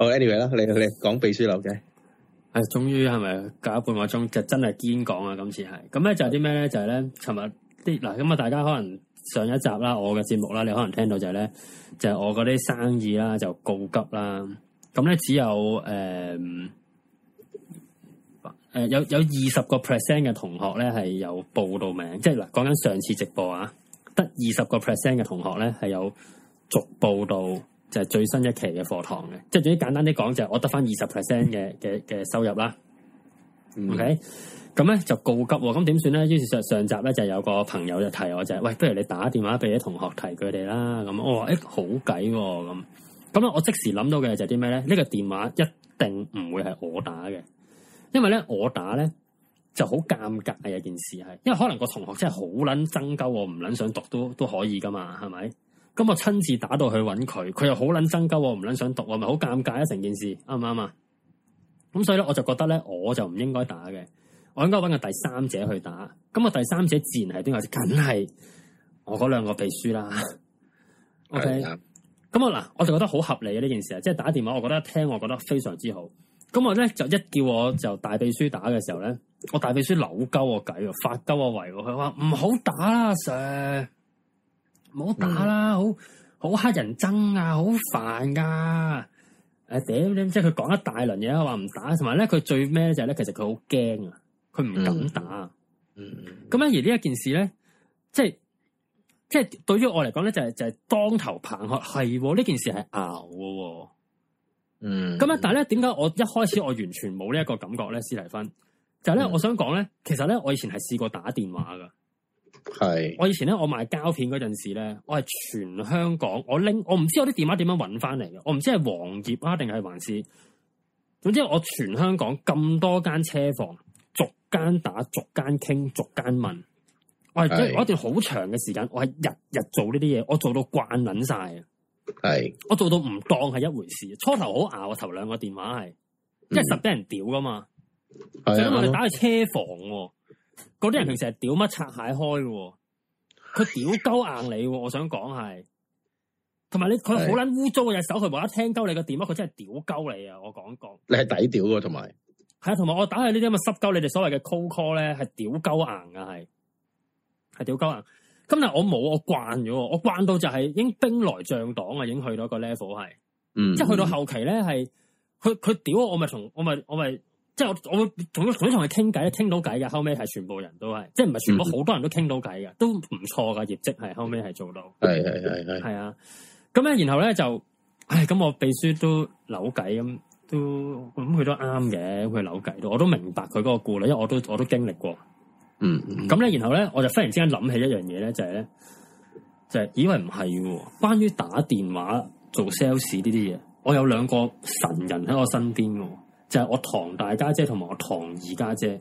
哦、oh,，anyway 啦，你你講秘書樓嘅，係終於係咪隔咗半個鐘就真係堅講啊？今次係，咁咧就係啲咩咧？就係咧，尋日啲嗱咁啊，大家可能上一集啦，我嘅節目啦，你可能聽到就係、是、咧，就係、是、我嗰啲生意啦就告急啦，咁咧只有誒，誒、呃、有有二十個 percent 嘅同學咧係有報到名，即係嗱講緊上次直播啊，得二十個 percent 嘅同學咧係有續報到。就係最新一期嘅課堂嘅，即係總之簡單啲講就係、是、我得返二十 percent 嘅嘅嘅收入啦。Mm hmm. OK，咁咧就告急，咁點算咧？於是上上集咧就有個朋友就提我就係、是，喂，不如你打電話俾啲同學提佢哋啦。咁我話誒好計咁，咁、欸、啊我即時諗到嘅就係啲咩咧？呢、這個電話一定唔會係我打嘅，因為咧我打咧就好尷尬嘅，有件事係，因為可能個同學真係好撚爭鳩，我唔撚想讀都都可以噶嘛，係咪？咁、嗯、我親自打到去揾佢，佢又好捻生鳩，我唔捻想讀，咪好尷尬啊，成件事，啱唔啱啊？咁所以咧，我就覺得咧，我就唔應該打嘅，我應該揾個第三者去打。咁、嗯、個第三者自然係邊個？梗係我嗰兩個秘書啦。O K，咁我嗱，我就覺得好合理嘅呢件事啊，即係打電話，我覺得一聽，我覺得非常之好。咁、嗯、我咧就一叫我就大秘書打嘅時候咧，我大秘書扭鳩我計啊，發鳩我圍我，佢話唔好打啦 Sir。唔、嗯、好打啦，好好乞人憎啊，好煩噶、啊！誒、啊，點點即係佢講一大輪嘢，話唔打，同埋咧佢最咩就係咧，其實佢好驚啊，佢唔敢打。嗯，咁咧而呢一件事咧，即係即係對於我嚟講咧，就係就係當頭棒喝，係呢件事係拗嘅。嗯，咁啊，但係咧，點解我一開始我完全冇呢一個感覺咧，史蒂芬？就咧、是，我想講咧，其實咧，我以前係試過打電話噶。係，是我以前咧，我賣膠片嗰陣時咧，我係全香港，我拎，我唔知我啲電話點樣搵翻嚟嘅，我唔知係黃頁啊，定係還是，總之我全香港咁多間車房，逐間打，逐間傾，逐間問，我係我一段好長嘅時間，我係日日做呢啲嘢，我做到慣捻晒，係是，我做到唔當係一回事，初頭好熬我頭兩個電話係，因為實俾人屌噶嘛就因為打去車房，啊。嗰啲人平時係屌乜拆蟹開嘅，佢屌鳩硬你，我想講係，同埋你佢好撚污糟嘅隻手，佢的無得聽鳩你個電話，佢真係屌鳩你啊！我講講，你係抵屌啊。同埋係啊，同埋我打下呢啲咁嘅濕鳩，你哋所謂嘅 call call 咧係屌鳩硬啊，係係屌鳩硬。今日我冇，我慣咗，我慣到就係已經兵來將擋啊，已經去到一個 level 係，嗯、即係去到後期咧係，佢佢屌我咪從我咪我咪。我即係我我會總總同佢傾偈，傾到偈嘅，後尾係全部人都係，即係唔係全部好、嗯、多人都傾到偈嘅，都唔錯噶，業績係後尾係做到。係係係係係啊！咁咧，然後咧就，唉、哎，咁我秘書都扭計咁，都咁佢、嗯、都啱嘅，佢扭計到，我都明白佢嗰個顧慮，因為我都我都經歷過。嗯，咁咧，然後咧，我就忽然之間諗起一樣嘢咧，就係、是、咧，就係以為唔係，關於打電話做 sales 呢啲嘢，我有兩個神人喺我身邊。就係我堂大家姐同埋我堂二家姐，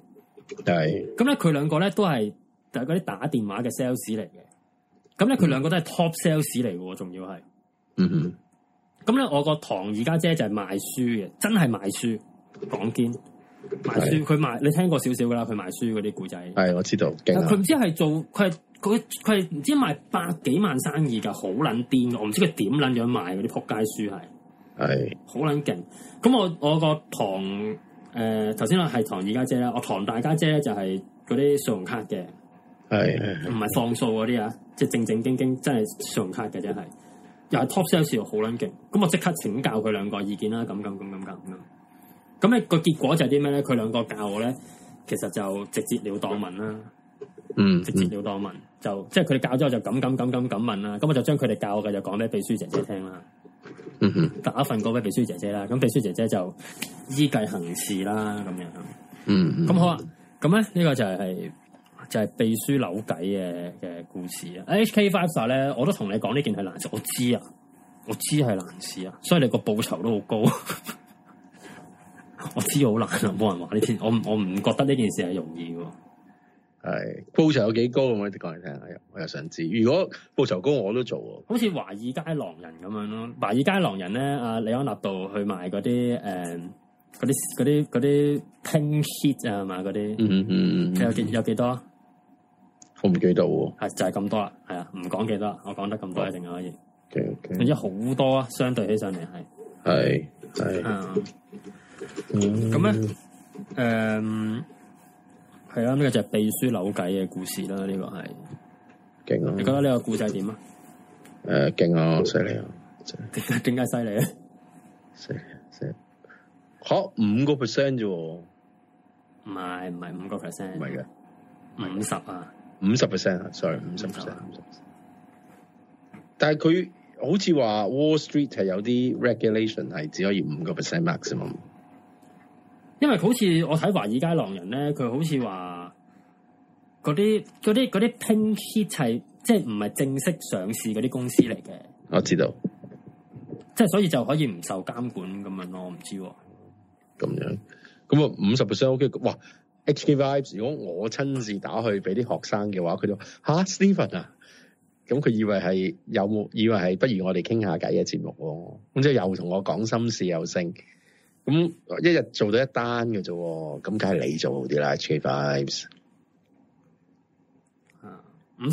係咁咧，佢兩個咧都係就係嗰啲打電話嘅 sales 嚟嘅，咁咧佢兩個都係 top sales 嚟嘅，仲要係，嗯哼，咁咧我個堂二家姐就係賣書嘅，真係賣書，講堅賣書，佢是賣你聽過少少噶啦，佢賣書嗰啲古仔，係我知道，佢唔知係做佢係佢佢係唔知賣百幾萬生意噶，好捻癲我唔知佢點捻樣賣嗰啲撲街書係。係好撚勁，咁是我我個堂誒頭先話係堂二家姐啦，我堂大家姐咧就係嗰啲信用卡嘅，係唔係放數嗰啲啊？即係正正經經真係信用卡嘅啫，係又係 top sales 好撚勁，咁我即刻請教佢兩個意見啦，咁咁咁咁咁咁，咁咧個結果就係啲咩咧？佢兩個教我咧，其實就直接了當問啦，嗯，直接了當問、嗯、就即係佢哋教咗我就咁咁咁咁咁問啦，咁我就將佢哋教嘅就講俾秘書姐姐聽啦。嗯哼，打一份稿俾秘書姐姐啦，咁秘書姐姐就依計行事啦，咁樣。嗯，嗯，咁好啊，咁咧呢、呢個就係、是、就係、是、秘書扭計嘅嘅故事 啊。HK Five Sir 咧，我都同你講呢件係難事，我知啊，我知係難事啊，所以你個報酬都好高。 我知好難啊，冇人玩你啲，我我唔覺得呢件事係容易嘅。係報酬有幾高咁樣講嚟聽啊！我又想知，如果報酬高，我都做啊！好似華爾街狼人咁樣咯，華爾街狼人咧，阿、啊、李安納度去賣嗰啲誒，嗰啲嗰啲嗰啲 pink heat 啊嘛，嗰啲，嗯 Heat，是是嗯，嗯有幾有幾多，就是、多？我唔記得喎。係就係咁多啦，係啊，唔講幾多，我講得咁多一定可以。總之好多啊，相對起上嚟係係係啊，咁咧誒。係啦，呢個就係秘書扭計嘅故事啦。呢個係，勁啊！你覺得呢個故仔點啊？誒，勁啊，犀利啊！點解？點解犀利啊！犀犀，吓五個 percent 啫？唔係唔係五個 percent，唔係嘅，五十啊，五十 percent 啊，sorry，五十 percent。但係佢好似話 Wall Street 係有啲 regulation 係只可以五個 percent maximum。因為好似我睇華爾街狼人咧，佢好似話嗰啲嗰啲啲 pink hit 係即係唔係正式上市嗰啲公司嚟嘅。我知道，即係所以就可以唔受監管咁樣咯。我唔知咁樣，咁啊五十 percent OK 哇。哇，HK Vibes，如果我親自打去俾啲學生嘅話，佢就吓 Stephen 啊，咁佢以為係有冇，以為係不如我哋傾下偈嘅節目，咁即係又同我講心事又剩。咁一日做到一單嘅啫，咁梗係你做好啲啦。HK Vibes，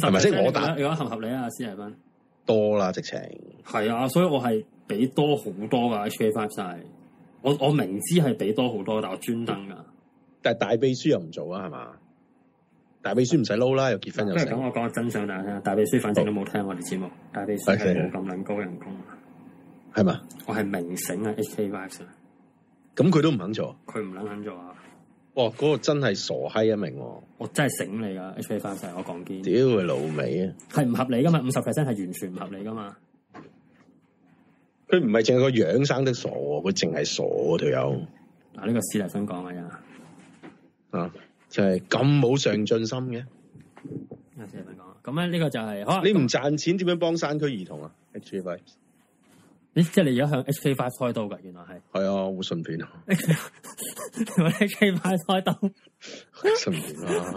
係咪即係我打你話合唔合理啊？先利芬多啦，直情係啊，所以我係俾多好多噶。HK Vibes 晒，我我明知係俾多好多，但我專登噶。但係大秘書又唔做啊，係嘛？大秘書唔使撈啦，又結婚又。咁、 啊啊啊啊、我講個真相大家聽，大秘書反正都冇聽我哋節目，好大秘書係冇咁捻高人工，係嘛、啊？嗎我係明醒啊 HK Vibes。咁佢都唔肯做，佢唔肯肯做啊！哦，嗰、那個真係傻閪一名、啊，我真係醒你噶，H F I，我講堅。屌佢老味、這個、啊！係唔合理噶嘛？五十 percent 係完全唔合理噶嘛？佢唔係淨係個樣生得傻，佢淨係傻，條友。嗱呢個司徒想講啊，啊就係咁冇上進心嘅、啊。阿司徒想講，咁咧呢個就係、是，可能你唔賺錢，點樣那幫山區兒童啊？H F I。即係你而家向 HK5 開刀噶，原來係係啊，好順便啊，向 HK5 開刀，順便啊。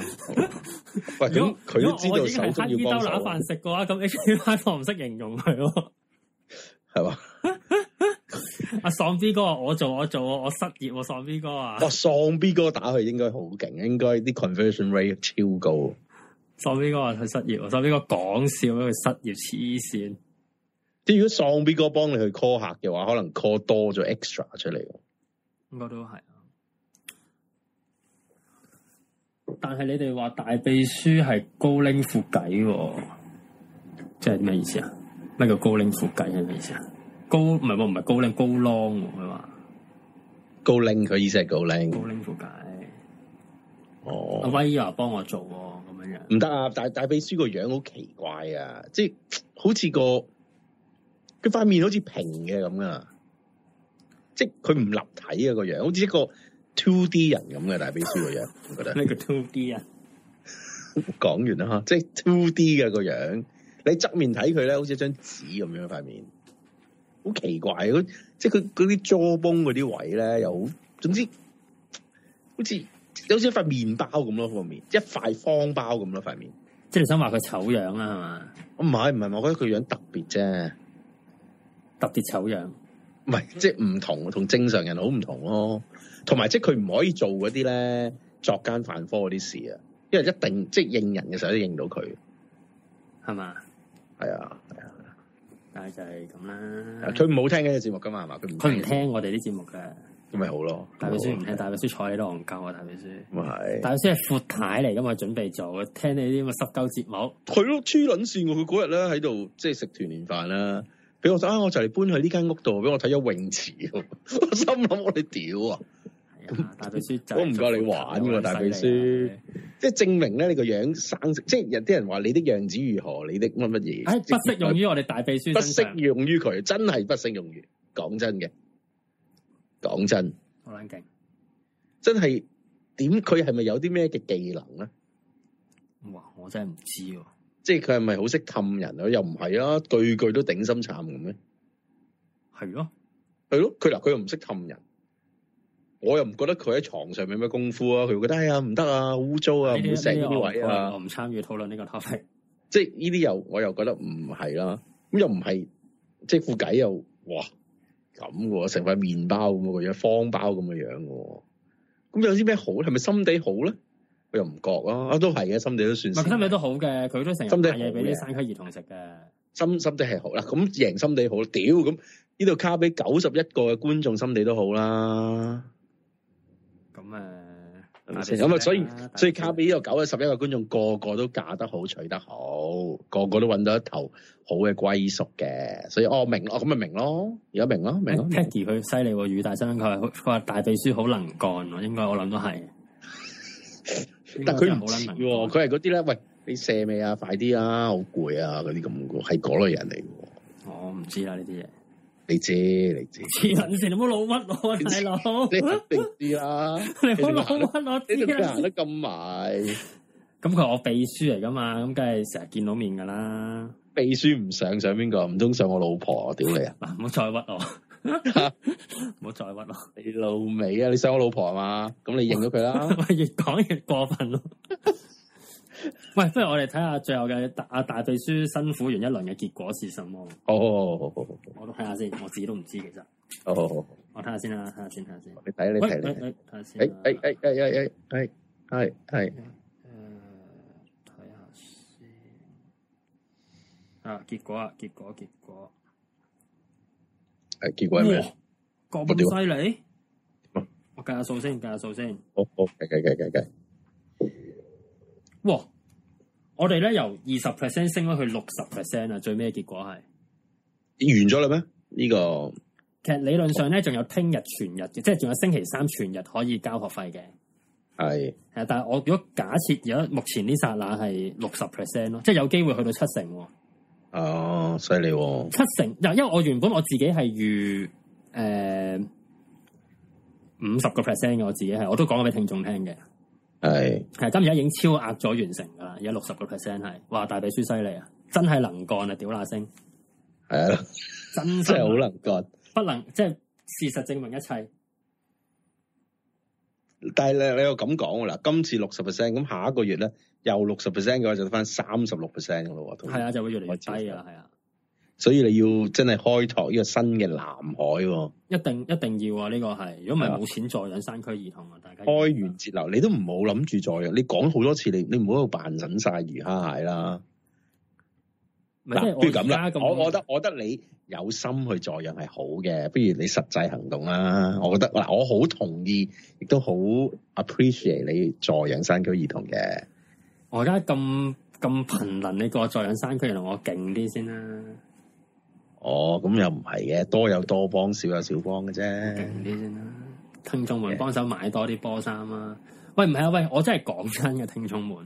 如果佢知道手都要兜拿飯食嘅話，咁 HK5 我唔識形容佢咯，係 嘛 、啊？阿喪 B 哥，我做我做我失業，我喪 B 哥啊！哇喪 B 哥打佢應該好勁，應該啲 conversion rate 超高。喪 B 哥話佢失業，喪 B 哥講笑咩？佢失業，黐線！即係如果喪 B 哥幫你去 call 客嘅話，可能 call 多咗 extra 出嚟。應該都係。但係你哋話大秘書係高領闊偈喎，即係咩意思啊？咩叫高領闊偈、啊？係咩意思啊？高唔係唔係高領高 long 佢話高領佢意思係高領高領闊偈？哦，阿威幫啊，幫我做咁樣樣。唔得啊！大大秘書個樣好奇怪啊！即係好似個。塊面好似平嘅咁啊，即係佢唔立體啊個樣，好似一個 two D 人咁嘅大悲書個樣，我覺得呢個 two D 啊。講 完啦吓，即係 two D 嘅個樣、樣。你側面睇佢咧，好似一張紙咁樣塊面，好奇怪，即係佢嗰啲 jawbone 嗰啲位咧，又好，總之好似好似一塊麵包咁咯，塊面一塊方包咁咯，塊面。即係你想話佢醜樣啊，係嘛？我唔係唔係，我覺得佢樣特別啫。特別醜樣，唔係即係唔同，同正常人好唔同咯。同埋即係佢唔可以做嗰啲咧作奸犯科嗰啲事啊，因為一定即係認人嘅時候都認到佢，係嘛？係啊係啊，但係就係咁啦。佢唔好聽緊呢個節目噶嘛，係嘛？佢唔佢唔聽我哋啲節目嘅，咁咪好咯？大秘書唔聽，大秘書坐喺度戇鳩啊！大秘書咪係大秘書係闊太嚟噶嘛？準備做聽你啲咁嘅濕鳩節目，佢咯黐撚線！佢嗰日咧喺度即係食團年飯啦。俾我啊！我就嚟搬去呢間屋度，俾我睇咗泳池。我心諗我哋屌啊！大秘書，我唔該你玩嘅喎，大秘書。嗯、即係證明咧，你個樣生，的即係有啲人話你的樣子如何，你的乜乜嘢？不適用於我哋大秘書、哎、不適用於佢，真係不適用於。講真嘅，講真。好冷靜。真係點？佢係咪有啲咩嘅技能咧？哇！ 我真係唔知。即係佢係咪好識氹人啊？又唔係啊？句句都頂心慘咁咩？係、啊、咯，係咯，佢嗱佢又唔識氹人，我又唔覺得佢喺床上面有咩功夫啊？佢覺得哎呀唔得啊，污糟啊，唔好食呢位啊！位啊我唔參與討論呢個 topic 即係呢啲又我又覺得唔係啦，咁又唔係，即係副偈又哇咁嘅、啊，成塊麵包咁嘅樣，方包咁嘅樣咁、啊、有啲咩好？係咪心地好咧？又唔覺咯，都係嘅，心地都算。唔係，心地都好嘅，佢都成日買嘢俾啲山區兒童食嘅。心心地係好啦，咁贏心地好，屌咁呢度卡俾九十一個嘅觀眾，心地都好啦。咁誒，咁啊，所以所以卡俾呢個九啊十一個觀眾，個個都嫁得好，娶得好，個個都揾到一頭好嘅歸屬嘅。所以我明，我咁咪明咯，而家明咯，明。Kiki 佢犀利，雨大生佢佢大秘書好能幹，應該我諗都係。但佢唔好諗喎，佢係嗰啲咧。喂，你射未啊？快啲啊！好攰啊！嗰啲咁嘅，係嗰類人嚟嘅。我唔知啦呢啲嘢。你知，你知。黐撚線，你冇老屈我啊，大佬！你一定知啦。你冇老屈我，點解行得咁埋？咁佢我秘書嚟噶嘛，咁梗係成日見到面噶啦。秘書唔上上邊個？唔通上我老婆啊！屌你啊！嗱，唔好再屈我。唔 好再屈咯！你老味啊！你想我老婆啊嘛？咁你認咗佢啦！ 越講越過分咯！ 喂，不如我哋睇下最後嘅阿大秘書辛苦完一輪嘅結果是什麼？ 哦，我都睇下先看看，我自己都唔知其實。哦， 我睇下先啦，睇下先，睇下先。你睇，你睇喂，你睇下先。哎哎哎哎哎係系係。誒 hay,、欸，睇下先。啊，結果啊，結果，結果。結果係結果係咩？咁犀利！ 我計下數先，計下數先。好好計計計計計。哇！我哋咧由二十 percent 升咗去六十 percent 啦，最尾嘅結果係你完咗啦咩？呢個其實理論上咧，仲有聽日全日，即係仲有星期三全日可以交學費嘅。係係的，但係我如果假設而家目前呢剎那係六十 percent 咯，即係有機會去到七成。哦，犀利、哦！七成嗱，因為我原本我自己係預誒五十個 percent 嘅，我自己係我都講咗俾聽眾聽嘅，係係是、嗯、今而家已經超額咗完成噶啦，而家六十個 percent 係，哇，大秘書犀利啊，真係能幹啊，屌乸聲係咯，真係好能幹， 能不能即係事實證明一切。但係你你又咁講嗱，今次六十 percent，咁下一個月咧？又六十 percent 嘅話，就得翻三十六 percent 嘅咯。係啊，就會越嚟越低啊，係啊。所以你要真係開拓呢個新嘅南海喎、啊。一定一定要啊！呢、呢個係如果唔係冇錢、啊、助養山區兒童啊，大家。開源節流，你都唔好諗住助養。你講好多次，你你唔好喺度扮晒魚蝦蟹啦。嗱係，不如咁啦。我我覺得我覺得你有心去助養係好嘅，不如你實際行動啦。我覺得嗱，我好同意，亦都好 appreciate 你助養山區兒童嘅。我而家咁咁貧能，你過在養山區、啊，同我勁啲先啦。哦，咁又唔係嘅，多有多幫，少有少幫嘅啫。勁啲先啦、啊，聽眾們幫手買多啲波衫啦、啊。喂，唔係啊，喂，我真係講真嘅，聽眾們，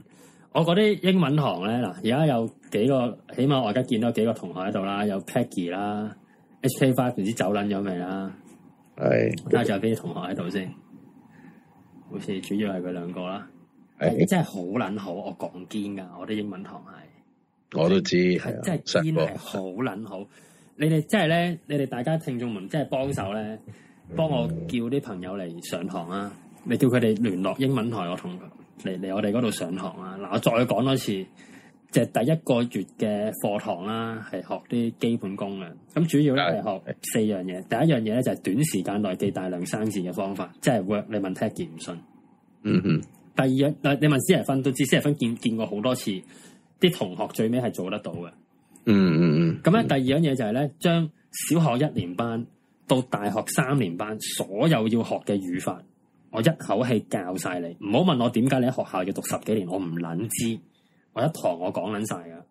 我嗰啲英文堂咧，嗱，而家有幾個，起碼我而家見到幾個同學喺度的啦，5, 有 Peggy 啦，HK Five 唔知走捻咗未啦。係的，睇下仲有邊啲同學喺度先。好似主要係佢兩個啦。你真係好捻好，我講堅噶，我啲英文堂係我都知，係真係堅係好捻好。你哋即係咧，你哋大家聽眾們即係幫手咧，幫我叫啲朋友嚟上堂啊。你叫佢哋聯絡英文台，我同佢嚟嚟我哋嗰度上堂啊。嗱，我再講多次，就係第一個月嘅課堂啦，係學啲基本功嘅。咁主要咧係學四樣嘢，第一樣嘢咧就係短時間內記大量生字嘅方法，即係 work。你問睇見唔信，嗯哼。第二樣，嗱，你問四廿分都知思芬，四廿分見見過好多次，啲同學最尾係做得到嘅，嗯。嗯嗯嗯。咁咧，第二樣嘢就係、是、咧，將小學一年班到大學三年班所有要學嘅語法，我一口氣教晒你。唔好問我點解你喺學校要讀十幾年，我唔捻知。我一堂我講捻晒噶。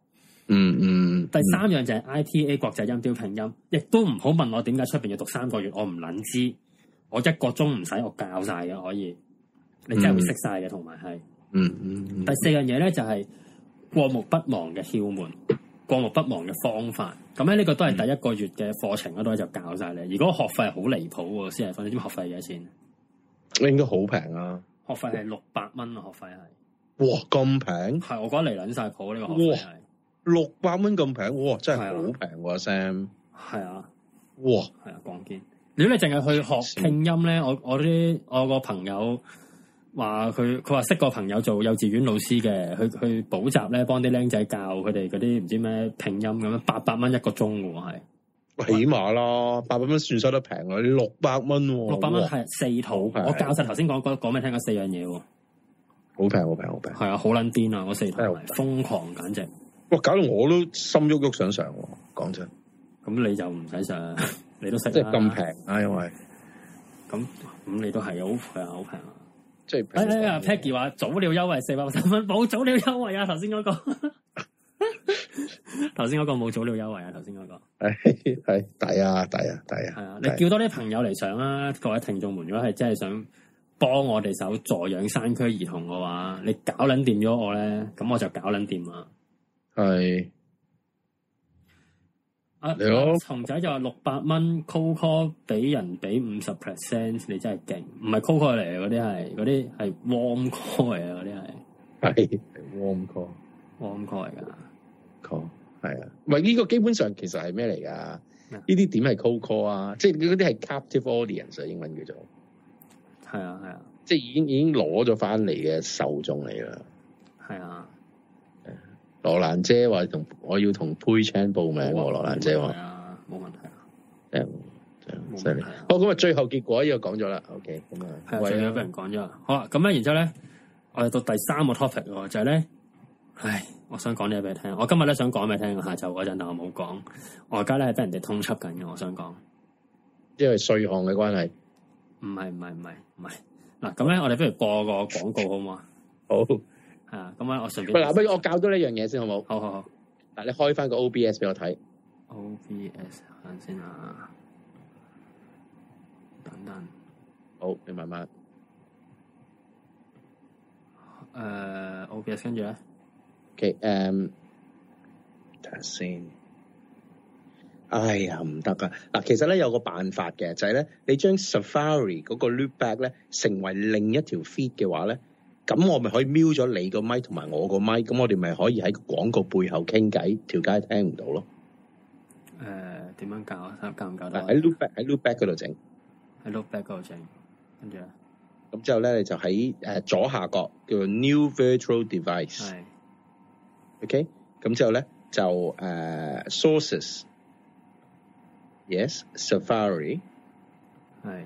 嗯嗯。第三樣就係 I T A 國際音標拼音，亦都唔好問我點解出邊要讀三個月，我唔捻知。我一個鐘唔使，我教晒嘅可以。你真係會識晒嘅，同埋係，嗯嗯。嗯嗯，第四樣嘢咧就係、是、過目不忘嘅竅門，過目不忘嘅方法。咁喺呢、這個都係第一個月嘅課程嗰度就教晒你。如果個學費好離譜喎，先係分。啲學費幾多錢？應該好平啊！學費係六百蚊。啊。學費係哇咁平，係我覺得離撚晒譜呢個學費係。哇，六百蚊咁平，哇真係好平喎，Sam。係啊，哇係啊，講堅哇、啊。如果你淨係去學拼音咧，我我啲我個朋友。話佢佢話識個朋友做幼稚園老師嘅，去去補習咧，幫啲僆仔教佢哋嗰啲唔知咩拼音咁樣，八百蚊一個鐘嘅係起碼啦，八百蚊算收得平啊，六百蚊六百蚊係四套，我教晒頭先講講講咩聽嗰四樣嘢，好平好平好平，係啊，好撚癲啊，我四套瘋狂簡直哇，搞到我都心喐喐想上，講真，咁你就唔使上， 你都識即係咁平啊，因為咁咁你都係好平啊，好平啊。哎呀，Peggy 話早料優惠四百五十蚊，冇早料優惠啊！頭先嗰個，頭先嗰個冇早料優惠啊！頭先嗰個、 哎，係係抵啊，抵、哎、啊，抵、哎、啊！係、哎、啊，你叫多啲朋友嚟上啊！哎、各位聽眾們，如果係真係想幫我哋手助養山區兒童嘅話，你搞捻掂咗我咧，咁我就搞捻掂啦。係。你好，蟲仔就話六百蚊 cold call 俾人俾五十 percent，你真係勁，唔係 cold call 嚟嘅，嗰啲係嗰啲係 warm call 啊，嗰啲係係 warm call，warm call 嚟噶 call，係啊，唔係呢個基本上其實係咩嚟噶？呢啲點係 cold call 啊，即係嗰啲係 captive audience 啊，英文叫做係啊係啊，即係已經已經攞咗翻嚟嘅受眾嚟啦，係啊。羅蘭姐話同我要同 Page Chan 報名喎，羅蘭姐話，係啊，冇問題啊，真真犀利。好，咁啊，最後結果呢個講咗啦，OK，咁啊，係啊，最後俾人講咗啦。好啦，咁咧，然之後咧，我哋到第三個 topic 喎，就係咧，唉，我想講嘢俾你聽。我今日咧想講俾你聽，我下晝嗰陣但我冇講，我而家咧係俾人哋通緝緊嘅，我想講，因為稅項嘅關係。唔係唔係唔係唔係，嗱，咁咧我哋不如播個廣告好唔好啊？好。好係啊，咁啊，我順便嗱，不如我教多呢樣嘢先好冇？好好好，嗱，你開翻個 OBS 俾我睇。OBS，等先啊，等等。好，你慢慢。誒，OBS 跟住咧，OK 誒，睇下先。哎呀，唔得噶。嗱，其實咧有個辦法嘅，就係咧，你將 Safari 嗰個 Loopback 咧，成為另一條 feed 嘅話咧。咁我咪可以瞄咗你個咪同埋我個咪，咁我哋咪可以喺個廣告背後傾偈，條街聽唔到咯。誒，點樣搞？教唔教得？喺 Loopback 喺 Loopback 嗰度整，喺 Loopback 嗰度整，跟住。咁之後咧，你就喺誒左下角叫做 New Virtual Device。係。OK，咁之後咧就誒 Sources。Yes，Safari。係。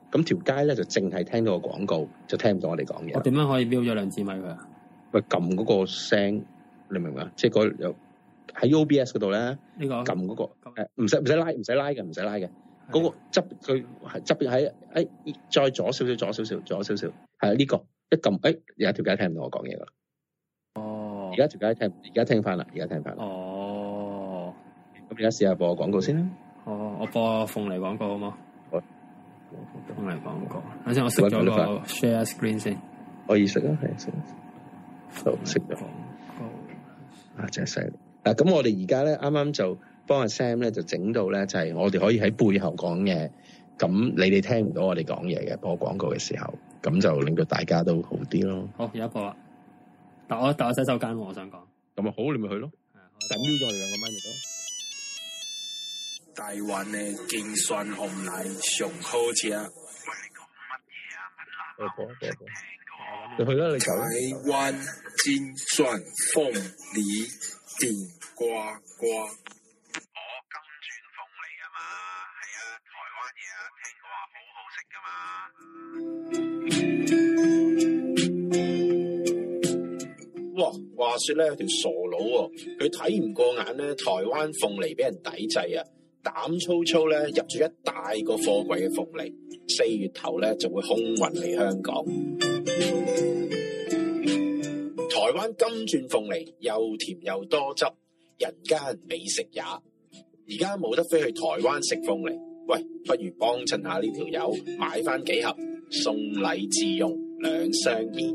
咁條街咧就淨係聽到個廣告，就聽唔到我哋講嘢。我點樣可以瞄咗兩字米佢啊？咪撳嗰個聲，你明唔明啊？即係有喺 OBS 嗰度咧，撳嗰個誒，唔使唔使拉，唔使拉嘅，唔使拉嘅。嗰個執佢係執喺誒，再左少少，左少少，左少少，係呢個一撳誒，而家條街聽唔到我講嘢噶啦。哦，而家條街聽，而家聽翻啦，而家聽翻啦。哦，咁而家試下播個廣告先啦。嗯、哦，我播鳳梨廣告好唔好？都我嚟講個，等先我熄咗個 share screen 先，可以熄啊，係熄，都熄咗。啊真犀利，啊咁我哋而家咧，啱啱就幫阿 Sam 咧就整到咧就係、是、我哋可以喺背後講嘢，咁你哋聽唔到我哋講嘢嘅播廣告嘅時候，咁就令到大家都好啲咯。好有一個，但我但我洗手間，我想講。咁啊好，你咪去咯。咁 U 咗嚟啦，兩個咪咪到。大灣嘅金信鳳奶，上好似食。你講乜嘢啊？你去啦，你走啦。台灣金鑽鳳梨頂瓜瓜，我金鑽鳳梨啊嘛，係啊，台灣嘢啊，聽過話好好食噶嘛。刮刮 哇，話說咧，有條傻佬、哦，佢睇唔過眼咧，台灣鳳梨俾人抵制啊！膽粗粗咧，入咗一大個貨櫃嘅鳳梨，四月頭咧就會空運嚟香港。台灣金鑽鳳梨又甜又多汁，人間美食也。而家冇得飛去台灣食鳳梨，喂，不如幫襯下呢條友買翻幾盒，送禮自用兩相宜。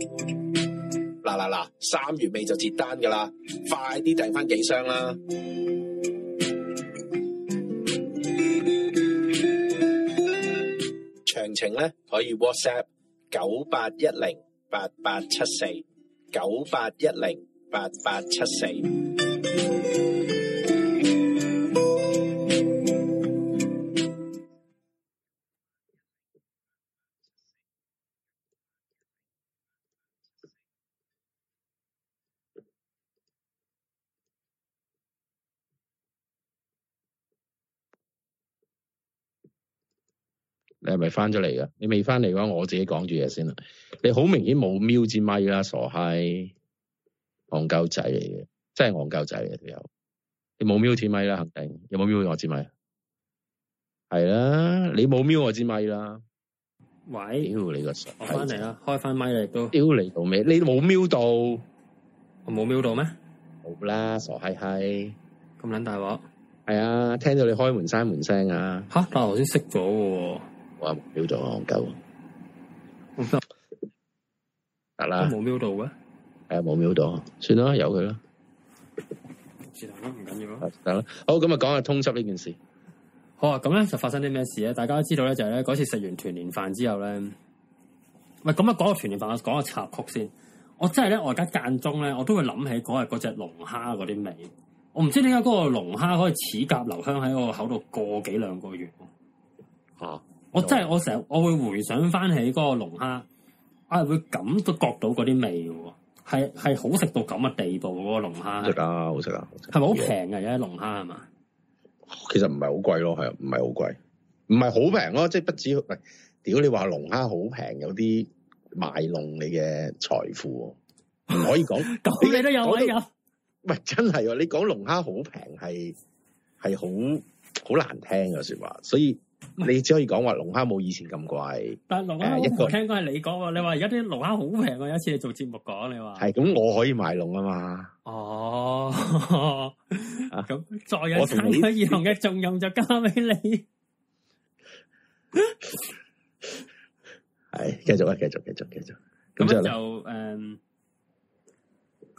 嗱嗱嗱，三月尾就截單噶啦，快啲訂翻幾箱啦！詳情咧可以 WhatsApp 九八一零八八七四九八一零八八七四。你係咪翻咗嚟噶？你未翻嚟嘅話，我自己講住嘢先啦。你好明顯冇瞄住咪啦，傻閪憨鳩仔嚟嘅，真係憨鳩仔嚟嘅都有。你冇瞄住咪啦，肯定有冇瞄住我支咪係啦、嗯。你冇瞄我支咪啦。喂，屌你個傻閪！我翻嚟啦，開翻咪嚟都屌你到咩？你冇瞄到我冇瞄到咩？冇啦，傻閪閪咁撚大鑊係啊！聽到你開門閂門聲啊！吓？但頭先熄咗喎。我冇瞄到啊，我夠。得啦。都冇瞄到嘅。係啊，冇瞄到。算啦，由佢啦。啦，唔緊要咯。得啦。好，咁啊，講下通緝呢件事。好啊，咁咧就發生啲咩事咧？大家都知道咧、就是，就係咧嗰次食完團年飯之後咧。喂，咁啊，講下團年飯，講下插曲先。我真係咧，我而家間中咧，我都會諗起嗰日嗰隻龍蝦嗰啲味。我唔知點解嗰個龍蝦可以齒頰留香喺我口度個幾兩個月。吓、啊？我真係我成日我會回想翻起嗰個龍蝦，我係會感都覺到嗰啲味嘅喎，係係好食到咁嘅地步嗰、嗰個龍蝦。食啊，好食啊！係咪好平嘅？而家龍蝦係嘛？其實唔係好貴咯，係唔係好貴？唔係好平咯，即係不止，喂。屌你話龍蝦好平，有啲賣弄你嘅財富，唔可以講啲嘢，都有，有。喂，真係啊、哦！你講龍蝦好平，係係好好難聽嘅說話，所以。你只可以講話龍蝦冇以前咁貴，但龍蝦我冇聽過係你講喎。個你話而家啲龍蝦好平啊！有一次你做節目講，你話係咁我可以買龍啊嘛。哦，咁、 嗯、 再有其他異嘅重任就交俾你。係， 繼續啊，繼續，繼續，繼續。咁就誒，咁、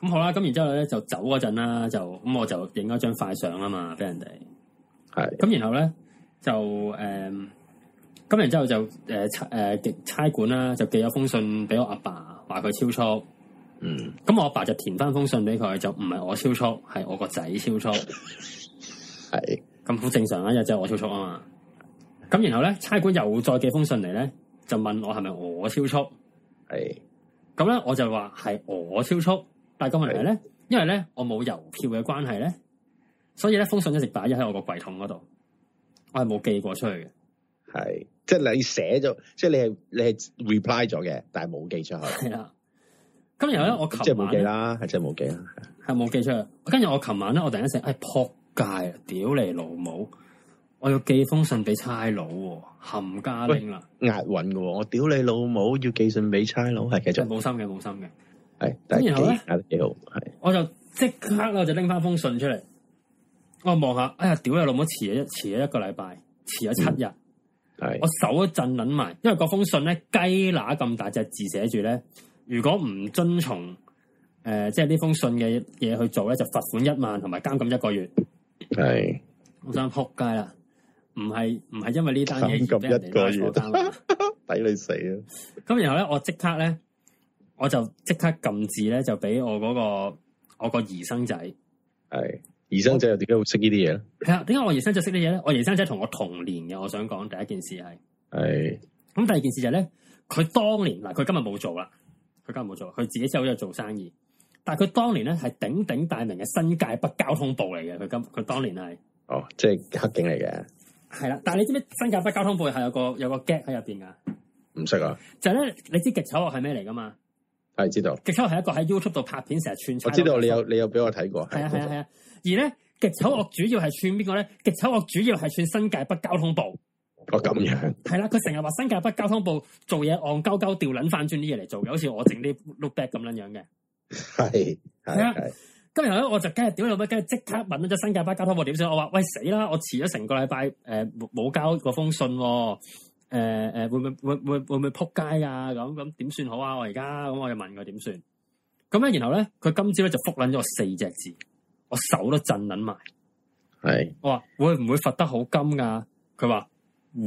uh, 好啦，咁然之後咧就走嗰陣啦，就咁我就影咗張快相啊嘛，俾人哋。係的，咁然後咧。就誒，咁、嗯、然之後就誒，差、呃、誒，差館啦，呃、就寄咗封信俾我阿爸，爸，話佢超速。嗯，咁我阿爸，爸就填翻封信俾佢，就唔係我超速，係我個仔超速。係咁好正常啦，因為就我超速啊嘛。咁然後咧，差館又再寄封信嚟咧，就問我係咪我超速？係咁咧，我就話係我超速，但係咁問嚟咧，是因為咧我冇郵票嘅關係咧，所以咧封信一直擺咗喺我個櫃桶嗰度。我係冇寄過出去嘅。係即係你寫咗，即係你係你係 reply 咗嘅，但係冇寄出去。係啦，今日後咧我即係冇寄啦，係真係冇寄啦，係冇寄出去。跟住我琴晚咧，我突然間醒，哎撲街，啊，屌你老母，我要寄封信俾差佬，冚家拎啦，押韻嘅，我屌你老母，要寄信俾差佬，係繼續冇心嘅，冇心嘅。係咁然後咧，幾好，係，我就即刻我就拎翻封信出嚟。我望下，哎呀，屌你老母，遲咗遲咗一個禮拜，遲咗七日。係 是我手震撚埋，因為嗰封信咧雞乸咁大隻字寫住咧，如果唔遵從誒，即係呢封信嘅嘢去做咧，就罰款一萬，同埋監禁一個月。係 是我想扑街啦，唔係唔係因為呢單嘢，監禁一個月，抵你死啊！咁 然後咧，我即刻咧，我就即刻禁止咧，就俾我嗰、那個我，、那個我，那個我，那個、我個兒生仔係。 姨甥仔又點解會識呢啲嘢咧？係啊，點解我姨甥仔識呢啲嘢咧？我姨甥仔同我同年嘅，我想講第一件事係。係。咁第二件事就係咧，佢當年嗱，佢今日冇做啦，佢今日冇做，佢自己收咗做生意。但係佢當年咧係鼎鼎大名嘅新界北交通部嚟嘅，佢今佢當年係。哦，即係黑警嚟嘅。係啦，但係你知唔知新界北交通部係有個有個 gap 喺入邊噶？唔識啊！就係咧，你知極醜惡係咩嚟噶嘛？係，知道。極醜係一個喺 YouTube 度拍片，成日串我，知道你有你有俾我睇過。係啊係啊係啊，而咧，極醜惡主要係串邊個咧？極醜惡主要係串新界北交通部。哦，咁樣。係啦、啊，佢成日話新界北交通部做嘢戇鳩鳩，掉撚翻轉啲嘢嚟做，好似我整啲 lookback 咁樣樣嘅。係。係啊，今日咧我就梗係屌老母，梗係即刻問咗隻新界北交通部點先？我話：喂死啦！我遲咗成個禮拜，誒冇冇交嗰封信喎。誒誒、呃，會唔會會會會唔會撲街啊？咁咁點算好啊？我而家咁，我就問佢點算。咁咧，然後咧，佢今朝咧就覆捻咗我四隻字，我手都震捻埋。係是我話會唔會罰得好甘噶？佢話會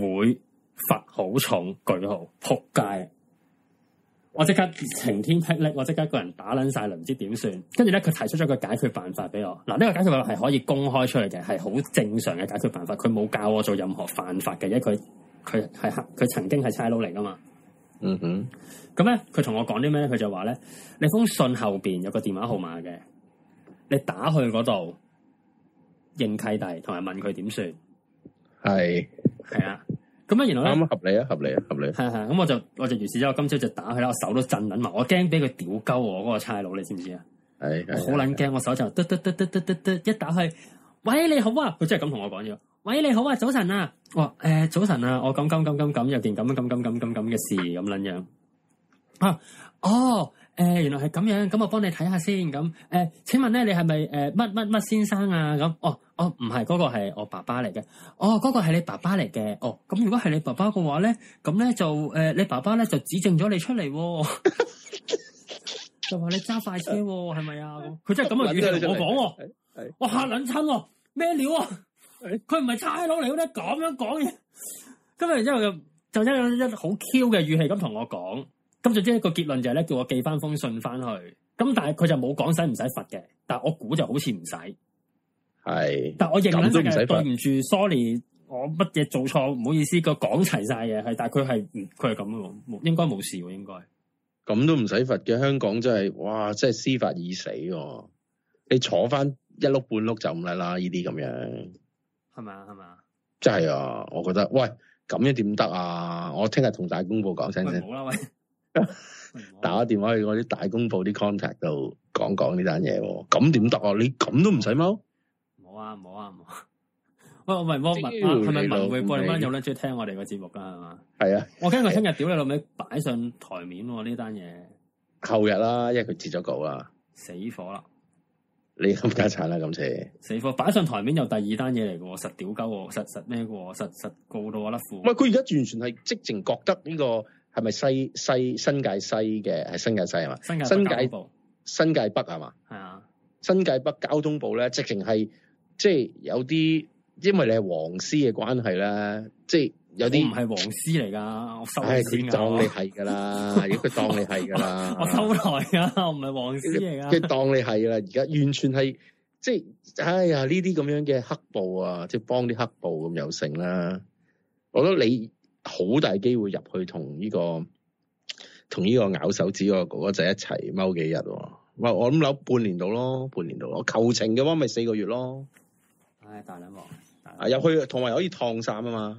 罰好重，句號撲街。我即刻晴天霹靂，我即刻一個人打捻晒，又唔知點算。跟住咧，佢提出咗個解決辦法俾我。嗱，呢、這個解決辦法係可以公開出嚟嘅，係好正常嘅解決辦法。佢冇教我做任何犯法嘅，因為佢。佢係合，佢曾經係差佬嚟噶嘛？嗯哼，咁咧佢同我講啲咩咧？佢就話咧，你封信後邊有個電話號碼嘅，你打去嗰度應契弟，同埋問佢點算。係係啊，咁咧然後咧啱合理啊，合理啊，合理。係係，咁我就我就完事之後，今朝就打去啦，我手都震緊埋，我驚俾佢屌鳩我嗰個差佬，你知唔知啊？係好撚驚，我手就嘟嘟嘟嘟嘟嘟嘟一打去，喂，你好啊，佢真係咁同我講咗。喂，你好啊，早晨啊，哇，誒，早晨啊，我咁咁咁咁咁有件咁咁咁咁咁咁嘅事咁捻樣啊，哦，誒，原來係咁樣，咁我幫你睇下先，咁，誒，請問咧，你係咪誒乜乜乜先生啊？咁，哦，哦，唔係，嗰個係我爸爸嚟嘅，哦，嗰個係你爸爸嚟嘅，哦，咁如果係你爸爸嘅話咧，咁咧就，誒，你爸爸咧就指證咗你出嚟，就話你揸快車，係咪啊？佢真係咁嘅語氣同我講，我吓卵親，咩料啊？佢唔係差佬嚟好咩？咁樣講嘢，今日之後就一好 Q 嘅語氣咁同我講，咁就即係個結論就係咧，叫我寄翻封信翻去。咁但係佢就冇講使唔使罰嘅，但我估就好似唔使。係，但係我認諗就係對唔住，sorry，我乜嘢做錯，唔好意思，個講齊晒嘢係，但係佢係佢係咁咯，應該冇事喎，應該。咁都唔使罰嘅，香港真係哇，真係司法已死啊。你坐翻一碌半碌就唔得啦，呢啲咁樣。係嘛？係嘛？真係啊！我覺得，喂，咁樣點得啊？我聽日同大公報講聲先。好啦，喂， 打電話去我啲大公報啲 contact 度講講呢單嘢喎。咁點得啊？你咁都唔使踎？冇啊，冇啊，冇。喂，我係，汪文問啊，係咪文匯過嚟咧？有咧中意聽我哋個節目噶係嘛？係啊。我驚佢聽日屌你老味擺上台面喎呢單嘢。後日啦，因為佢截咗稿啦。死火啦！你咁鬼慘啦、啊，今次死火擺上台面又第二單嘢嚟喎，實屌鳩，實實咩喎，實實告到我甩褲。唔係佢而家完全係直情覺得呢個係咪西西新界西嘅？係新界西係嘛？新界新界北係嘛？係啊，新界北交通部咧、啊，直情係即係有啲。因為你係黃絲嘅關係啦，即係有啲唔係黃絲嚟噶， 我收錢佢 當你係噶啦，如果佢當你係噶啦。我收台噶，我唔係黃絲嚟噶。佢當你係啦，而家完全係即係，哎呀呢啲咁樣嘅黑暴啊，即係幫啲黑暴咁又成啦。 我覺得你好大機會入去同呢、呢個同呢 個咬手指個哥哥仔一齊踎幾日喎、啊。我諗留半年度咯，半年度，我求情嘅話咪四個月咯。唉，大老王。 啊！入去同埋可以燙衫啊嘛，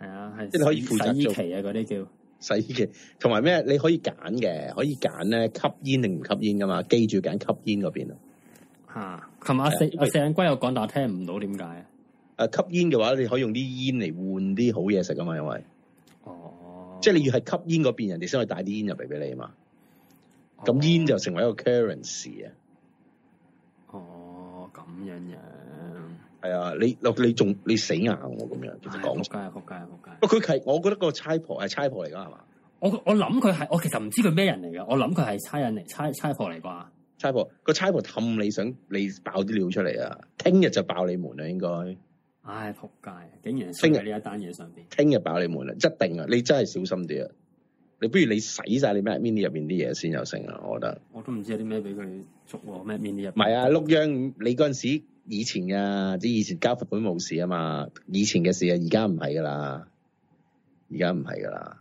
係啊，即係你可以洗衣機啊嗰啲叫洗衣機，同埋咩？你可以揀嘅，可以揀咧吸煙定唔吸煙噶嘛？記住揀吸煙嗰邊啊。吓，琴晚阿四眼龜又講，但係聽唔到，點解啊？誒，吸煙嘅話，你可以用啲煙嚟換啲好嘢食噶嘛？因為哦，即係你要係吸煙嗰邊，人哋先可以帶啲煙入嚟俾你啊嘛。咁煙就成為一個 currency 啊。哦，咁樣樣。係啊，你落你仲你死硬我咁樣其實講，仆街啊，仆街啊，仆街！佢係，我覺得個差婆係差婆嚟噶，係嘛？我我諗佢係，我其實唔知佢咩人嚟噶，我諗佢係差人嚟，差差婆嚟啩？差婆、個差婆氹你想你爆啲料出嚟啊！聽日就爆你門啦，應該。唉、哎，仆街！竟然聽日呢一單嘢上邊，聽日爆你門啊，一定啊！你真係小心啲啊！你不如你洗晒你咩 mini 入邊啲嘢先又剩啊！我覺得。我都唔知有啲咩俾佢捉喎，咩 mini 入？唔係啊，碌秧！你嗰陣時。以前嘅，啊，即以前交罰本冇事啊嘛，以前嘅事啊，而家唔係噶啦，而家唔係噶啦，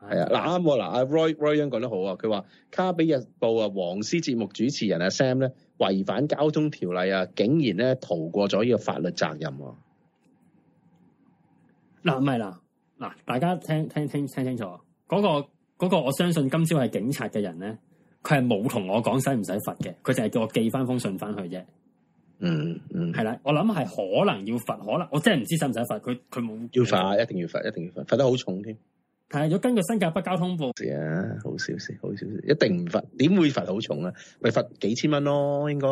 係啊嗱啱喎，嗱阿，啊啊啊，Roy Royon 講得好啊，佢話《卡比日報》啊，黃絲節目主持人阿，啊、Sam 咧違反交通條例啊，竟然咧逃過咗呢個法律責任喎，啊。嗱唔係啦，嗱，啊、大家聽聽聽聽清楚，嗰，嗰個嗰個我相信今朝係警察嘅人咧。佢係冇同我講使唔使罰嘅，佢就係叫我寄翻封信翻去啫、嗯。嗯嗯嗯，係啦，我諗係可能要罰，可能我真係唔知使唔使罰。佢佢冇要罰，一定要罰，一定要罰，罰得好重添。但係，如果根據新加坡交通部，是啊，好少少，好少少，一定唔罰，點會罰好重啊？咪罰幾千蚊咯，應該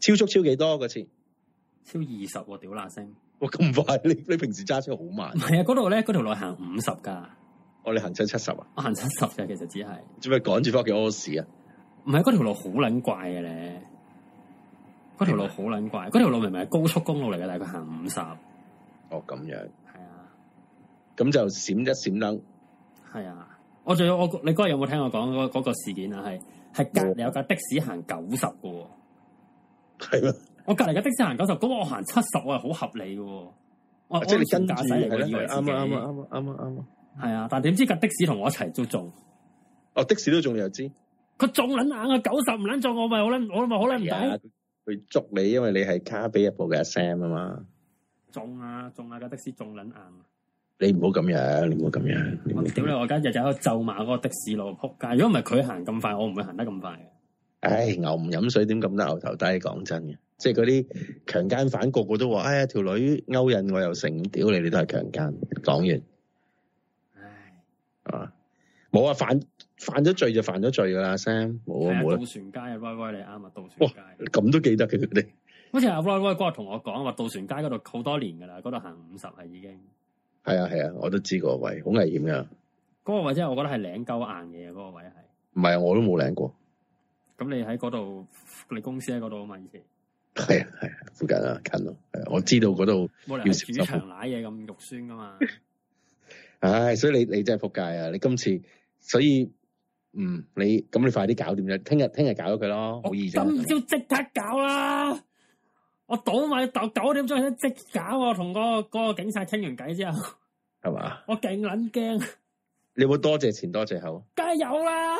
超速超幾多嗰次？超二十，我屌嗱聲，哇咁快？你你平時揸車好慢？係啊，嗰度咧，嗰條路行五十噶。我哋行緊七十啊！我行七十嘅，其實只係，做咩趕住翻屋企屙屎啊？唔係，嗰條路好撚怪嘅咧，嗰條嗎路好撚怪，嗰條路明明係高速公路嚟嘅，大概行五十。哦，咁樣。係啊。咁就閃一閃燈。係啊。我仲有我，你嗰日有冇聽我講嗰嗰個事件啊？係係隔籬有架的，的士行九十嘅。係咯嗎。我隔籬架的，的士行九十，咁我行七十，我係好合理嘅。啊、我即係你跟住，以為啱啊啱啱啊啱啊啱啊。係啊，但係點知架的士同我一齊都中，哦，的士都中你又知？佢中撚硬啊，九十唔撚撞我咪好撚，我咪好撚唔抵。佢捉，哎、你，因為你係卡俾一部嘅 Sam 啊嘛。中啊，中啊，架的士中撚硬。你唔好咁樣，你唔好咁樣。屌你，我今日就喺度咒罵嗰個的士佬仆街。如果唔係佢行咁快，我唔會行得咁快嘅。唉、哎，牛唔飲水點咁得牛頭低？講真嘅，即係嗰啲強奸犯個個都話，哎呀，條女勾引我又成，咁屌你，你都係強奸。講完。啊！冇啊！犯犯咗罪就犯咗罪噶啦，Sam 冇啊冇啊！渡船街啊，威威你啱啊！渡船街咁都記得嘅佢哋，好似阿威威哥同我講話，渡船街嗰度好多年噶啦，嗰度行五十係已經係啊係啊，我都知個位好危險噶。嗰個位即係我覺得係舐鳩硬嘢，嗰、那個位係唔係啊？我都冇舐過。咁你喺嗰度，你公司喺嗰度啊嘛？以前係啊係啊，附近啊近咯，啊，我知道嗰度要食長瀨嘢咁肉酸噶嘛。 唉，所以你你真係仆街啊！你今次所以，嗯，你咁你快啲搞掂啫，聽日聽日搞咗佢咯。思，今朝即刻搞啦， 我倒埋到九點鐘，即搞。我同、嗰個、嗰個警察傾完偈之後，係嘛吧？我勁撚驚。你有，有謝謝多謝前多謝後？梗係有啦，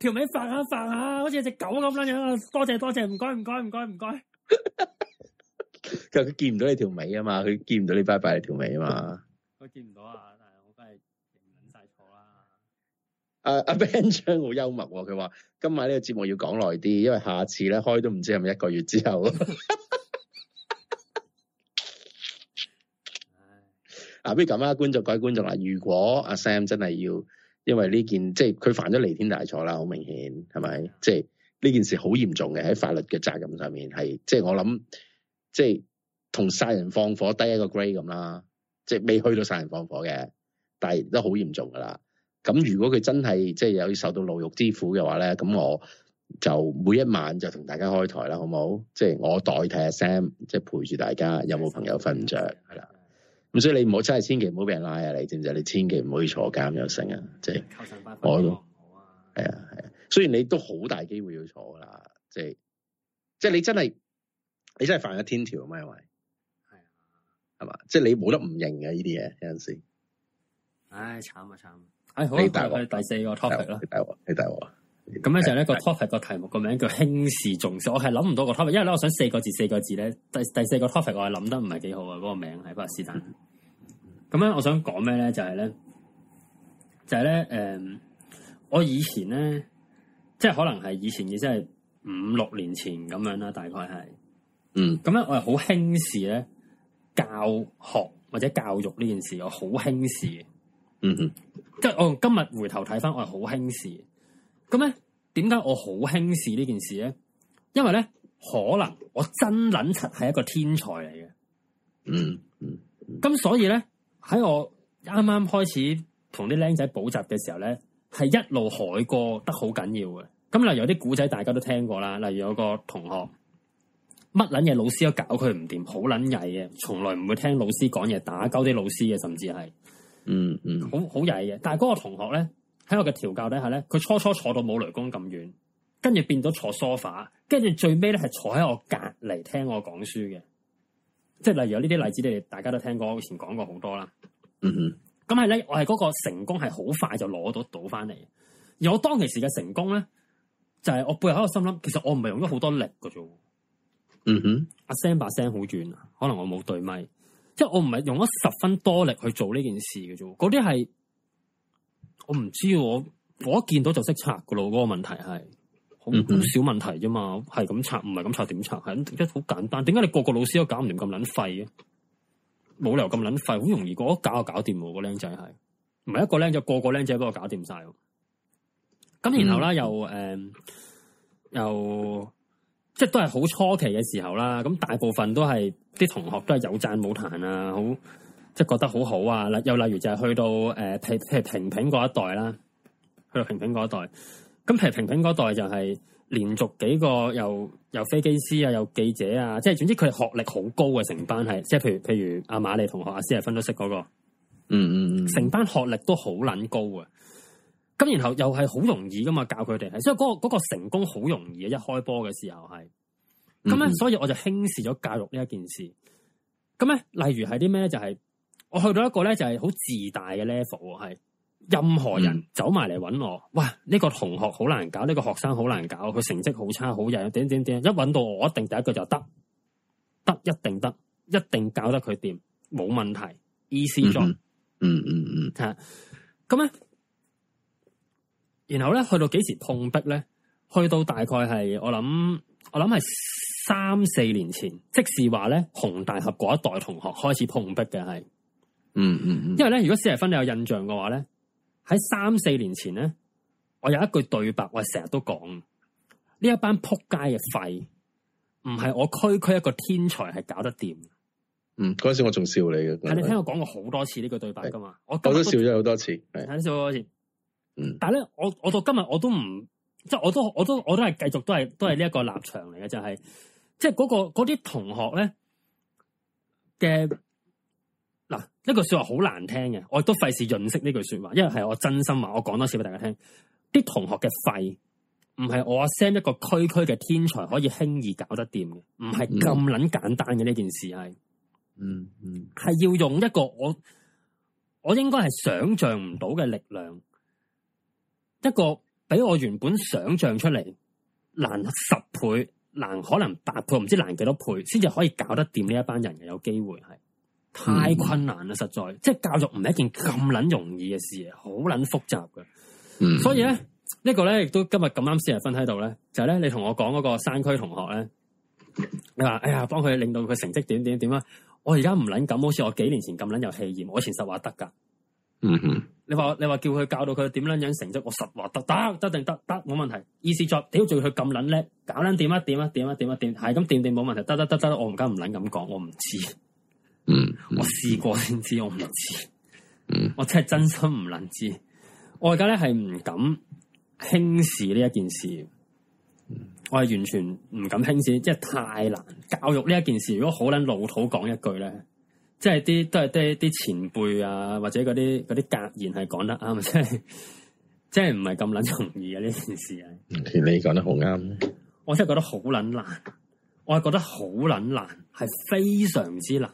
條尾發下發下，好似隻狗咁樣樣。多謝多謝，唔該唔該唔該唔該。佢話佢見唔到你條尾啊嘛，佢見唔到你拜拜你條尾啊嘛。佢 見唔到啊。阿阿、uh, Ben 張好幽默，啊，佢話今晚呢個節目要講耐啲，因為下次咧開都唔知係咪一個月之後。 啊，不如咁啦，觀眾，各位觀眾啦。如果阿、啊、Sam 真係要，因為呢件即係佢犯咗彌天大錯啦，好明顯係咪？ 即係呢件事好嚴重嘅，喺法律嘅責任上面係，即係我諗，即係同殺人放火低一個 grade 咁啦，即係未去到殺人放火嘅，但係都好嚴重噶啦。咁如果佢真係即係有受到牢獄之苦嘅話咧，咁我就每一晚就同大家開台啦，好唔好？即係我代替阿 Sam，即係陪住大家。有冇朋友瞓唔著？係啦。咁所以你唔好真係千祈唔好俾人拉啊！你知唔知？你千祈唔好去坐監又成啊！即係求神拜佛。係啊係啊。雖然你都好大機會要坐噶啦，即係即係你真係你真係犯咗天條啊嘛，因為係啊，係嘛？即係你冇得唔認嘅呢啲嘢有陣時。唉，慘啊慘！係、哎、好，第四個 topic 咯。你大鑊，你大鑊咁咧就係呢個 topic 個題目個名叫輕視重視。我係諗唔到個 topic，因為咧我想四個字四個字咧，第第四個 topic 我係諗得唔係幾好啊。嗰個名係不，是但咁咧，我想講咩咧就係咧，就係、是、咧，誒、就是嗯，我以前咧，即係可能係以前嘅，即係五六年前咁樣啦，大概係嗯。咁咧我係好輕視咧教學或者教育呢件事，我好輕視。嗯哼。即係我今日回頭睇翻，我係好輕視。咁咧，點解我好輕視呢件事咧？因為咧，可能我真捻柒係一個天才嚟嘅。嗯，嗯，咁所以咧，喺我啱啱開始同啲僆仔補習嘅時候咧，係一路海過得好緊要嘅。咁例如有啲古仔，大家都聽過啦。例如有個同學，乜捻嘢老師都搞佢唔掂，好捻曳嘅，從來唔會聽老師講嘢，打鳩啲老師嘅，甚至係。嗯嗯，好好曳嘅，但係嗰個同學咧，喺我嘅調教底下咧，佢初初坐到冇雷公咁遠，跟住變咗坐梳化，跟住最尾咧係坐喺我隔籬聽我講書嘅，即係例如有呢啲例子，你哋大家都聽過，我以前講過好多啦。咁係咧，我係嗰個成功係好快就攞到倒返嚟，嘅。而我當其時嘅成功咧，就係、是、我背後喺度心諗，其實我唔係用咗好多力嘅啫。嗯哼、mm，阿、hmm. Sam 把聲好遠啊，可能我冇對咪。即係我唔係用咗十分多力去做呢件事嘅啫，嗰啲係我唔知我我一見到就識拆噶咯，嗰、嗰個問題係好少問題啫嘛，係咁拆唔係咁拆點拆，係一好簡單。點解你個個老師都搞唔掂咁撚廢嘅？冇理由咁撚廢，好容易搞我一搞就搞掂喎，嗰個僆仔係唔係一個僆仔，個個僆仔都畀我搞掂晒。咁然後咧又誒又。呃又即係都係好初期嘅時候啦，咁大部分都係啲同學都係有讚冇彈啊，好即係覺得好好啊，嗱又例如就係去到誒譬譬如平平嗰一代啦，去到平平嗰一代，咁譬如平平嗰代就係連續幾個又有飛機師啊，有記者啊，即係總之佢哋學歷好高嘅成班係，即係譬如譬如阿馬麗同學啊，先亞分咗識嗰、那個，嗯嗯嗯，嗯嗯成班學歷都好撚高啊。咁然後又係好容易噶嘛教佢哋，所以嗰個嗰個成功好容易嘅，一開波嘅時候係咁咧，所以我就輕視咗教育呢一件事。咁咧，例如係啲咩就係我去到一個咧，就係好自大嘅 level，係任何人走埋嚟揾我，哇！呢個同學好難搞，呢個學生好難搞，佢成績好差好曳，點點點，一揾到我，我一定第一個就得，得一定得，一定教得佢掂，冇問題 easy job，嗯嗯嗯，係咁咧。嗯嗯嗯啊然後咧，去到幾時碰壁咧？去到大概係我諗，我諗係三四年前，即是話咧，洪大俠嗰一代同學開始碰壁嘅係、嗯，嗯嗯。因為咧，如果四麗芬你有印象嘅話咧，喺三四年前咧，我有一句對白，我係成日都講，呢一班撲街嘅廢，唔係我區區一個天才係搞得掂。嗯，嗰陣時我仲笑你嘅，你聽我講過好多次呢句對白噶嘛，是我，今我都笑咗好多次，睇笑多次。是嗯，但係咧，我我到今日我都唔即係，我都我都我都係繼續都係都係呢一個立場嚟嘅，就係、係、即係、嗰個嗰啲同學咧嘅嗱，呢句說話好難聽嘅，我亦都費事潤飾呢句說話，因為係我真心話，我講多次俾大家聽，啲同學嘅肺唔係我阿 Sam 一個區區嘅天才可以輕易搞得掂嘅，唔係咁捻簡單嘅呢、嗯、件事係、嗯，嗯嗯，係要用一個我我應該係想象唔到嘅力量。一個比我原本想象出嚟難十倍，難可能八倍，唔知難幾多倍，先至可以搞得掂呢一班人嘅，有機會係太困難啦，實在，即係教育唔係一件咁撚容易嘅事，好撚複雜嘅。嗯，所以咧、這個、呢個咧，亦都今日咁啱先嚟分喺度咧，就係、是、咧你同我講嗰個山區同學咧，你話哎呀，幫佢令到佢成績點點點啊！我而家唔撚敢好似我幾年前咁撚有氣焰而我以前實話得噶。嗯哼，你話你話叫佢教到佢點樣樣成績，我實話得得得定得得冇問題。意思再屌住佢咁捻叻，搞捻掂一掂一掂一掂啊掂，係咁掂掂，冇問題，得得得得，我而家唔捻咁講，我唔知。嗯，我試過先知，我唔知。嗯，我真係真心唔能知。我而家咧係唔敢輕視呢一件事。我係完全唔敢輕視，即係太難教育呢一件事。如果好捻老土講一句咧。即係啲都係啲啲前輩啊，或者嗰啲啲格言係講得啱，即係即係唔係咁捻容易啊。呢件事啊！你講得好啱，我真係覺得好捻難，我係覺得好捻難，係非常之難。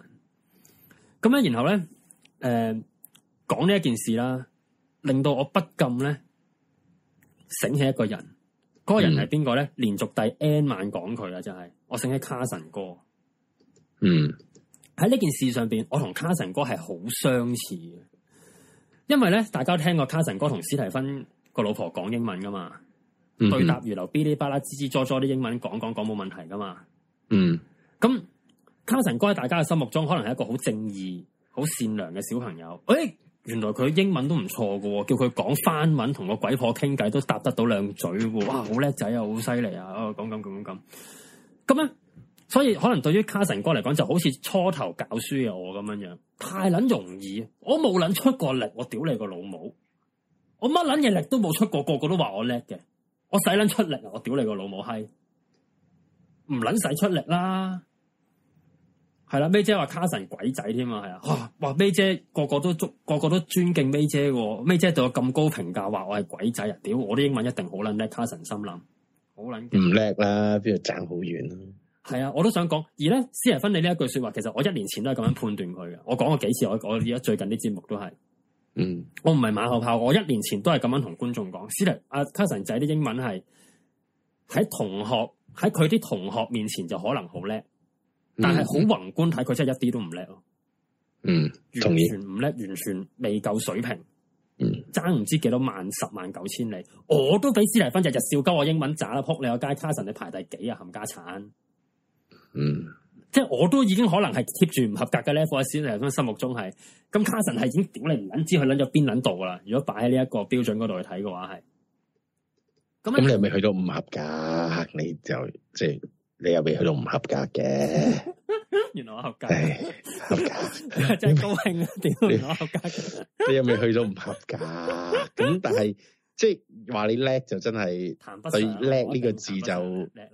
咁咧，然後咧，誒、呃，講呢一件事啦，令到我不禁咧醒起一個人，嗰、嗰個人係邊個咧？嗯、連續第 N 晚講佢啊，真係我醒起卡神哥，嗯。喺呢件事上邊，我同卡神哥係好相似嘅，因為咧，大家聽過卡神哥同史提芬個老婆講英文噶嘛？對答如流，嗶哩巴啦，吱吱喳喳啲英文講講講冇問題噶嘛？嗯，咁卡神哥喺大家嘅心目中，可能係一個好正義、好善良嘅小朋友。誒，原來佢英文都唔錯噶，叫佢講翻文同個鬼婆傾偈都答得到兩嘴，哇，好叻仔啊，好犀利啊！哦，講咁講咁咁咧。所以可能對於卡神哥嚟講，就好似初頭教書嘅我咁樣樣，太撚容易。我冇撚出過力，我屌你個老母！我乜撚嘢力都冇出過，個個都話我叻嘅，我使撚出力啊！我屌你個老母閪，唔撚使出力啦。係啦，May 姐話卡神鬼仔添啊，係啊，哇！May 姐個個都尊，個個都尊敬 May 姐喎，May 姐對我咁高評價，話我係鬼仔啊！屌我啲英文一定好撚叻，卡神心諗好撚唔叻啦，邊度掙好遠啊？係啊，我都想講。而咧，斯提芬你呢一句說話，其實我一年前都係咁樣判斷佢嘅。我講過幾次，我我而家最近啲節目都係，嗯，我唔係馬後炮。我一年前都係咁樣同觀眾講，斯提阿卡森仔啲英文係喺同學喺佢啲同學面前就可能好叻，但係好宏觀睇佢真係一啲都唔叻咯。嗯，完全唔叻，完全未夠水平。嗯，爭唔知幾多萬十萬九千里，我都俾斯提芬日日笑鳩我英文渣啦扑你個街。卡森你排第幾啊？冚家鏟。嗯，即係我都已經可能係 keep 住唔合格嘅 level 先，係咁心目中係。咁 Carson 係已經點你唔捻知佢捻咗邊捻度噶啦？如果擺喺呢一個標準嗰度去睇嘅話，係咁你未去到唔合格，你就即係你又未去到唔合格嘅。原來我合格，合格真係高興啊！屌， 我合格，你又未去到唔合格。咁但係即係話你叻就真係，對叻呢個字就叻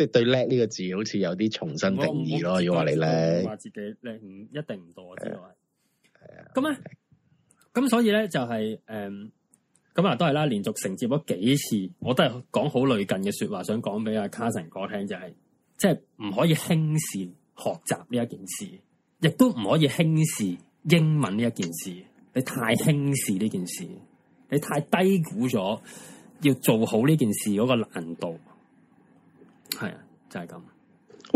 即係對叻呢、這個字，好似有啲重新定義咯。要話你叻，話自己叻唔一定唔多。我知道係咁咧，咁 Yeah. Yeah.、啊、所以咧就係、是、誒，咁、嗯、啊都係啦。連續承接咗幾次，我都係講好類近嘅說話，想講俾阿卡神哥聽，就係即係唔可以輕視學習呢一件事，亦都唔可以輕視英文呢一件事。你太輕視呢件事，你太低估咗要做好呢件事嗰個難度。就係咁，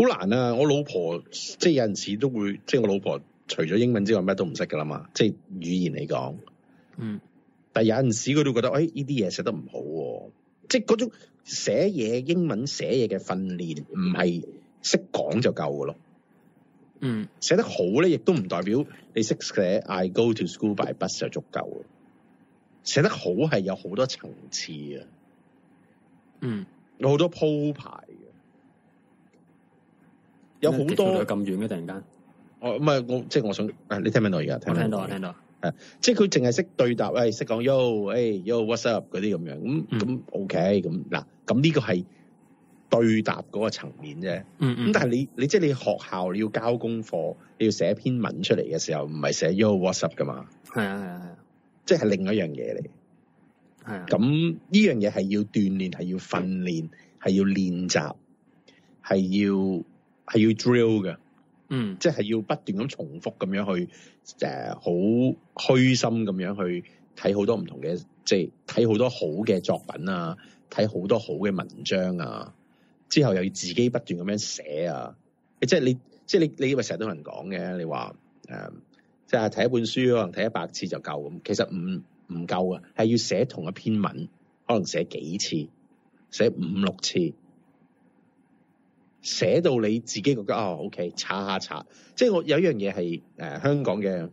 好難啊！我老婆即係有陣時都會，即係我老婆除咗英文之外，咩都唔識噶啦嘛。即係語言嚟講，嗯，但係有陣時佢都覺得，哎，呢啲嘢寫得唔好啊，即係嗰種寫嘢英文寫嘢嘅訓練，唔係識講就夠嘅咯。嗯，寫得好咧，亦都唔代表你識寫。I go to school by bus 就足夠嘅，寫得好係有好多層次啊。嗯，有好多鋪排。有好多咁遠嘅突然間，啊，我唔係我即係我想，誒、啊、你聽唔聽到而家？我聽到聽到。係即係佢淨係識對答，誒識講 Yo 誒、hey, Yo What's Up 嗰啲咁樣，咁咁、嗯、OK 咁嗱，咁呢個係對答嗰個層面啫。咁、嗯嗯、但係你你即係、就是、你學校你要交功課，你要寫篇文出嚟嘅時候，唔係寫 Yo What's Up 噶嘛？係啊係啊係啊，即係另一、嗯嗯、樣嘢嚟。咁呢樣嘢係要鍛煉，係要訓練，係要練習，係要。係要 drill 嘅，嗯，即係要不斷咁重複咁樣去，誒、呃，好虛心咁樣去睇好多唔同嘅，即係睇好多好嘅作品啊，睇好多好嘅文章啊，之後又要自己不斷咁樣寫啊，即係你，即係你，你以為成日都有人講嘅，你話誒、呃，即係睇一本書可能睇一百次就夠咁，其實唔唔夠啊，係要寫同一篇文，可能寫幾次，寫五六次。寫到你自己覺得啊、哦，OK，查下查，即係我有一樣嘢，係誒，香港嘅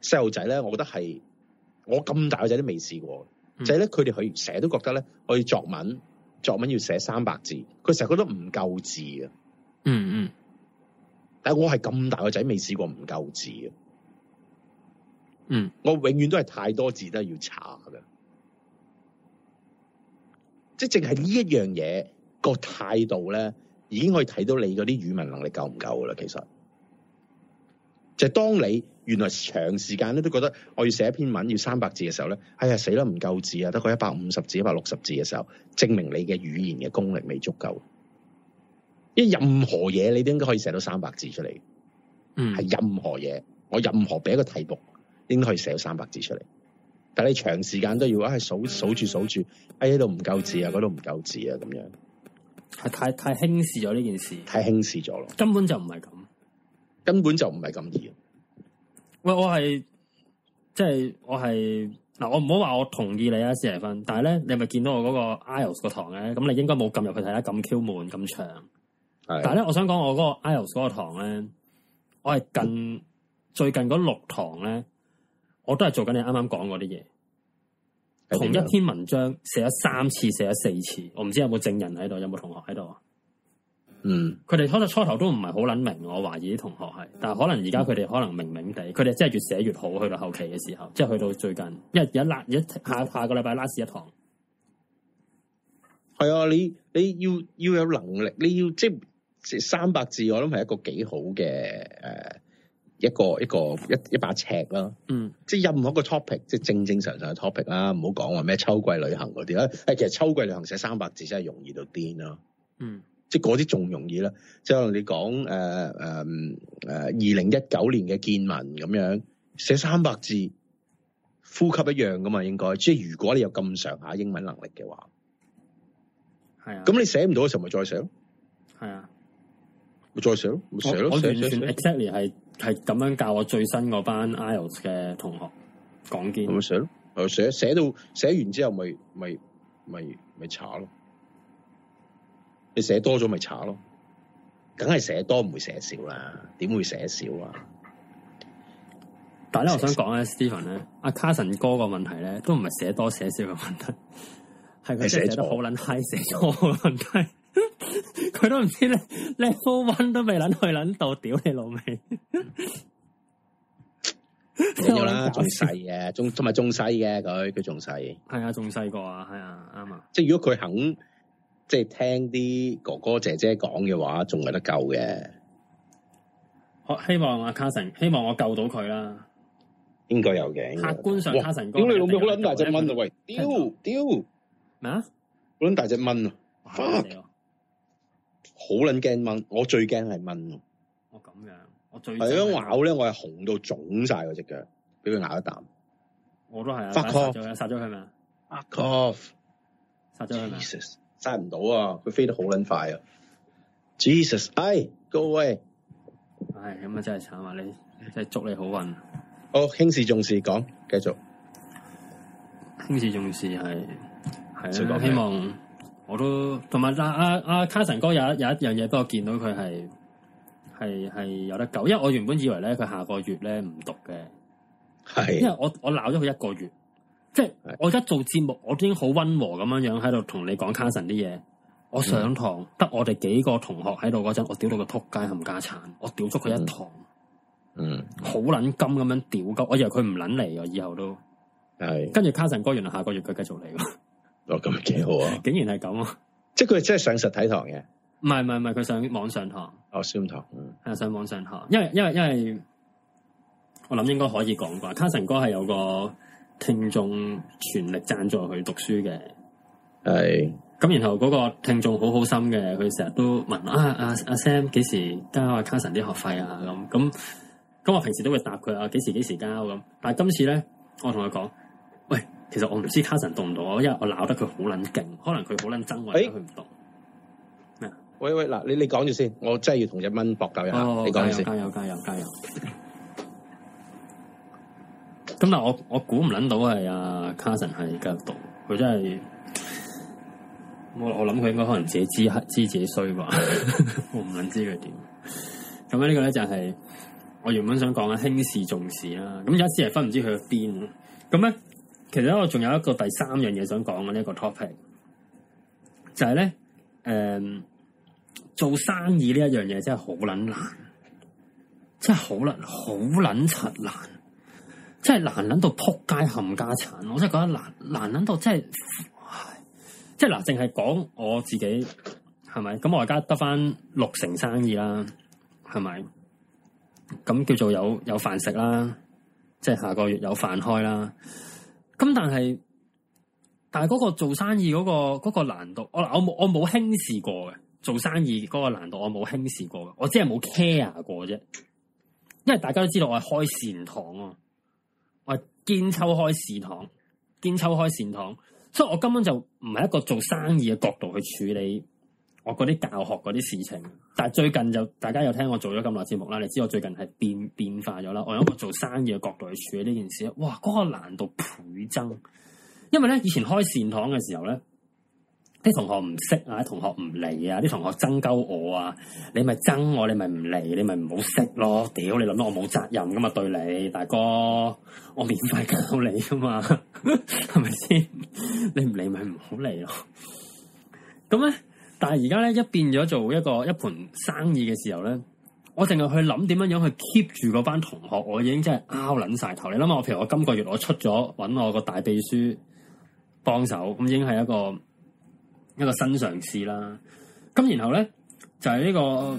細路仔咧，我覺得係我咁大個仔都未試過，嗯、就係咧，佢哋去成日都覺得咧，我要作文作文，要寫三百字，佢成日覺得唔夠字啊，嗯嗯，但係我係咁大個仔未試過唔夠字啊，嗯，我永遠都係太多字都係要查嘅，即係淨係呢一樣嘢，個態度咧。已經可以睇到你嗰啲語文能力夠唔夠噶啦，其實就係當你原來長時間咧都覺得我要寫一篇文要三百字嘅時候咧，哎呀死啦唔夠字啊，得佢一百五十字、一百六十字嘅時候，證明你嘅語言嘅功力未足夠。因為任何嘢你都應該可以寫到三百字出嚟，嗯，係任何嘢，我任何俾一個題目，應該可以寫到三百字出嚟。但係你長時間都要啊，數數住數住，哎喺度唔夠字啊，嗰度唔夠字啊咁樣。係太太輕視咗呢件事，太輕視咗咯，根本就唔係咁，根本就唔係咁易。喂，我係即係我係嗱，我唔好話我同意你啊，斯麗芬。但係咧，你係咪見到我個 IELTS 個堂咧？咁你應該冇撳入去睇啦，咁 Q 悶，咁長。係的，但係咧，我想講我個 IELTS 個堂咧，我係近最近嗰六堂咧，我都係做緊你啱啱講啲嘢。同一篇文章寫咗三次，寫咗四次，我唔知有冇證人喺度，有冇同學喺度？嗯，佢哋可能初頭都唔係好諗明，我懷疑啲同學係，但係可能而家佢哋可能明明地，佢哋真係越寫越好，去到後期嘅時候，即係去到最近，因為有拉下下個禮拜拉屎一堂，係啊，你你要要有能力，你要即係三百字，我諗係一個幾好嘅誒。呃一個一個一一把尺啦，嗯，即係任何一個 topic，即係正正常常嘅 topic 啦，唔好講話咩秋季旅行嗰啲，誒，其實秋季旅行寫三百字真係容易到癲咯，嗯，即係嗰啲仲容易啦，即係可能你講誒誒誒二零一九年嘅見聞咁樣寫三百字，呼吸一樣噶嘛應該，即係如果你有咁上下英文能力嘅話，係啊，咁你寫唔到嘅時候咪再寫咯，係啊，咪再寫咯，寫咯，我，寫吧我完全 exactly 係。係咁樣教我最新嗰班 IELTS 嘅同學講堅，咁咪寫咯，又寫寫到寫完之後咪咪咪咪查咯，你寫多咗咪查咯，梗係寫多唔會寫少啦，點會寫少啊？但係咧，我想講咧，Steven 咧，阿 Carson 哥個問題咧，都唔係寫多寫少嘅問題，係佢真寫得好捻 high，寫咗好捻 h 佢都唔知 level one 都未撚去撚到屌你老味。有啦，仲細嘅，中同埋仲細嘅，佢佢仲細。係啊，仲細個啊，係啊，啱啊。即係如果佢肯，即係聽啲哥哥姐姐講嘅話，仲係得救嘅。我希望阿卡神，希望我救到佢啦。應該有嘅。客觀上，卡神，屌你老母好撚大隻蚊啊！喂，丟丟咩啊？好撚大隻蚊啊 f u 好撚驚蚊，我最驚係蚊。我咁樣，我最係咁咬咧，我係紅到腫晒嗰隻腳，俾佢咬一啖。我都係。啊，Fuck off！殺咗佢咪？Fuck off，殺咗佢咪？Jesus，殺唔到啊！佢飛得好撚快啊！Jesus，唉、哎！Go away！唉！咁啊、哎、真係慘啊！你真係祝你好運。好輕視重視講，繼續輕視重視係，係啊，所以希望。我都同埋嗱阿阿卡神哥有一有一樣嘢，不過見到佢係係係有得救，因為我原本以為咧佢下個月咧唔讀嘅，係是因為我我鬧咗佢一個月，即係我而家做節目，我已經好溫和咁樣樣喺度同你講卡神啲嘢。我上堂得、嗯、我哋幾個同學喺度嗰陣，我屌到佢撲街冚家鏟，我屌咗佢一堂、嗯，嗯，好捻金咁樣屌急，我以為佢唔捻嚟噶，以後都係，是跟住卡神哥原來下個月佢繼續嚟。哦，咁咪幾好啊！竟然係咁、啊，即係佢真係上實體堂嘅，唔係唔係唔係，佢上網上堂哦，Zoom 堂，係啊、嗯，上網上堂，因為因為因為，我諗應該可以講啩，Casson 哥係有個聽眾全力贊助佢讀書嘅，係，咁然後嗰個聽眾好好心嘅，佢成日都問啊啊啊 Sam，幾時交卡神啊 Casson 啲學費啊咁咁，咁我平時都會答佢啊，幾時幾時交咁，但係今次咧，我同佢講，喂。其實我唔知卡神動唔到，因為我鬧得佢好捻勁，可能佢好捻憎我，佢唔動。喂喂，嗱你你講住先，我真係要同隻蚊搏下。哦哦、你講加油加油加油！咁但 我我估唔捻到係阿、啊、卡神係繼續動，佢真係我我諗佢應該可能自己知知自己衰啩， 我唔捻知佢點。咁 樣呢個咧就係、是、我原本想講嘅輕視重視啦，咁有一次係分唔知佢去邊咁咧。其實我仲有一個第三樣嘢想講嘅呢一個 topic，就係咧，誒、呃，做生意呢一樣嘢真係好撚難，真係好撚難，好撚柒難，真係難撚到扑街冚家鏟。我真係覺得難難撚到，即係即係嗱，淨係講我自己係咪？咁我而家得翻六成生意啦，係咪？咁叫做有有飯食啦，即係下個月有飯開啦。咁但係，但係嗰個做生意嗰個嗰個難度，我我冇我冇輕視過嘅，做生意嗰個難度我冇輕視過嘅，我只係冇 care 過啫。因為大家都知道我係開善堂啊，我係堅抽開善堂，堅抽開善堂，所以我根本就唔係一個做生意嘅角度去處理。我嗰啲教學嗰啲事情，但係最近就大家有聽我做咗咁耐節目啦，你知我最近係變變化咗啦。我喺我做生意嘅角度去處理呢件事，哇，嗰個難度倍增。因為咧，以前開善堂嘅時候咧，啲同學唔識啊，同學唔嚟啊，啲同學爭鳩我啊，你咪爭我，你咪唔嚟，你咪唔好識咯。屌你諗到我冇責任噶嘛？對你大哥，我免費教你噶嘛，係咪先？ 你唔嚟咪唔好嚟咯。咁咧。 但係而家咧一變咗做一個一盤生意嘅時候咧，我淨係去諗點樣樣去 keep 住嗰班同學，我已經真係拗捻晒頭。你諗下，我譬如我今個月我出咗搵我個大秘書幫手，咁已經係一個一個新嘗試啦。咁然後咧就係呢個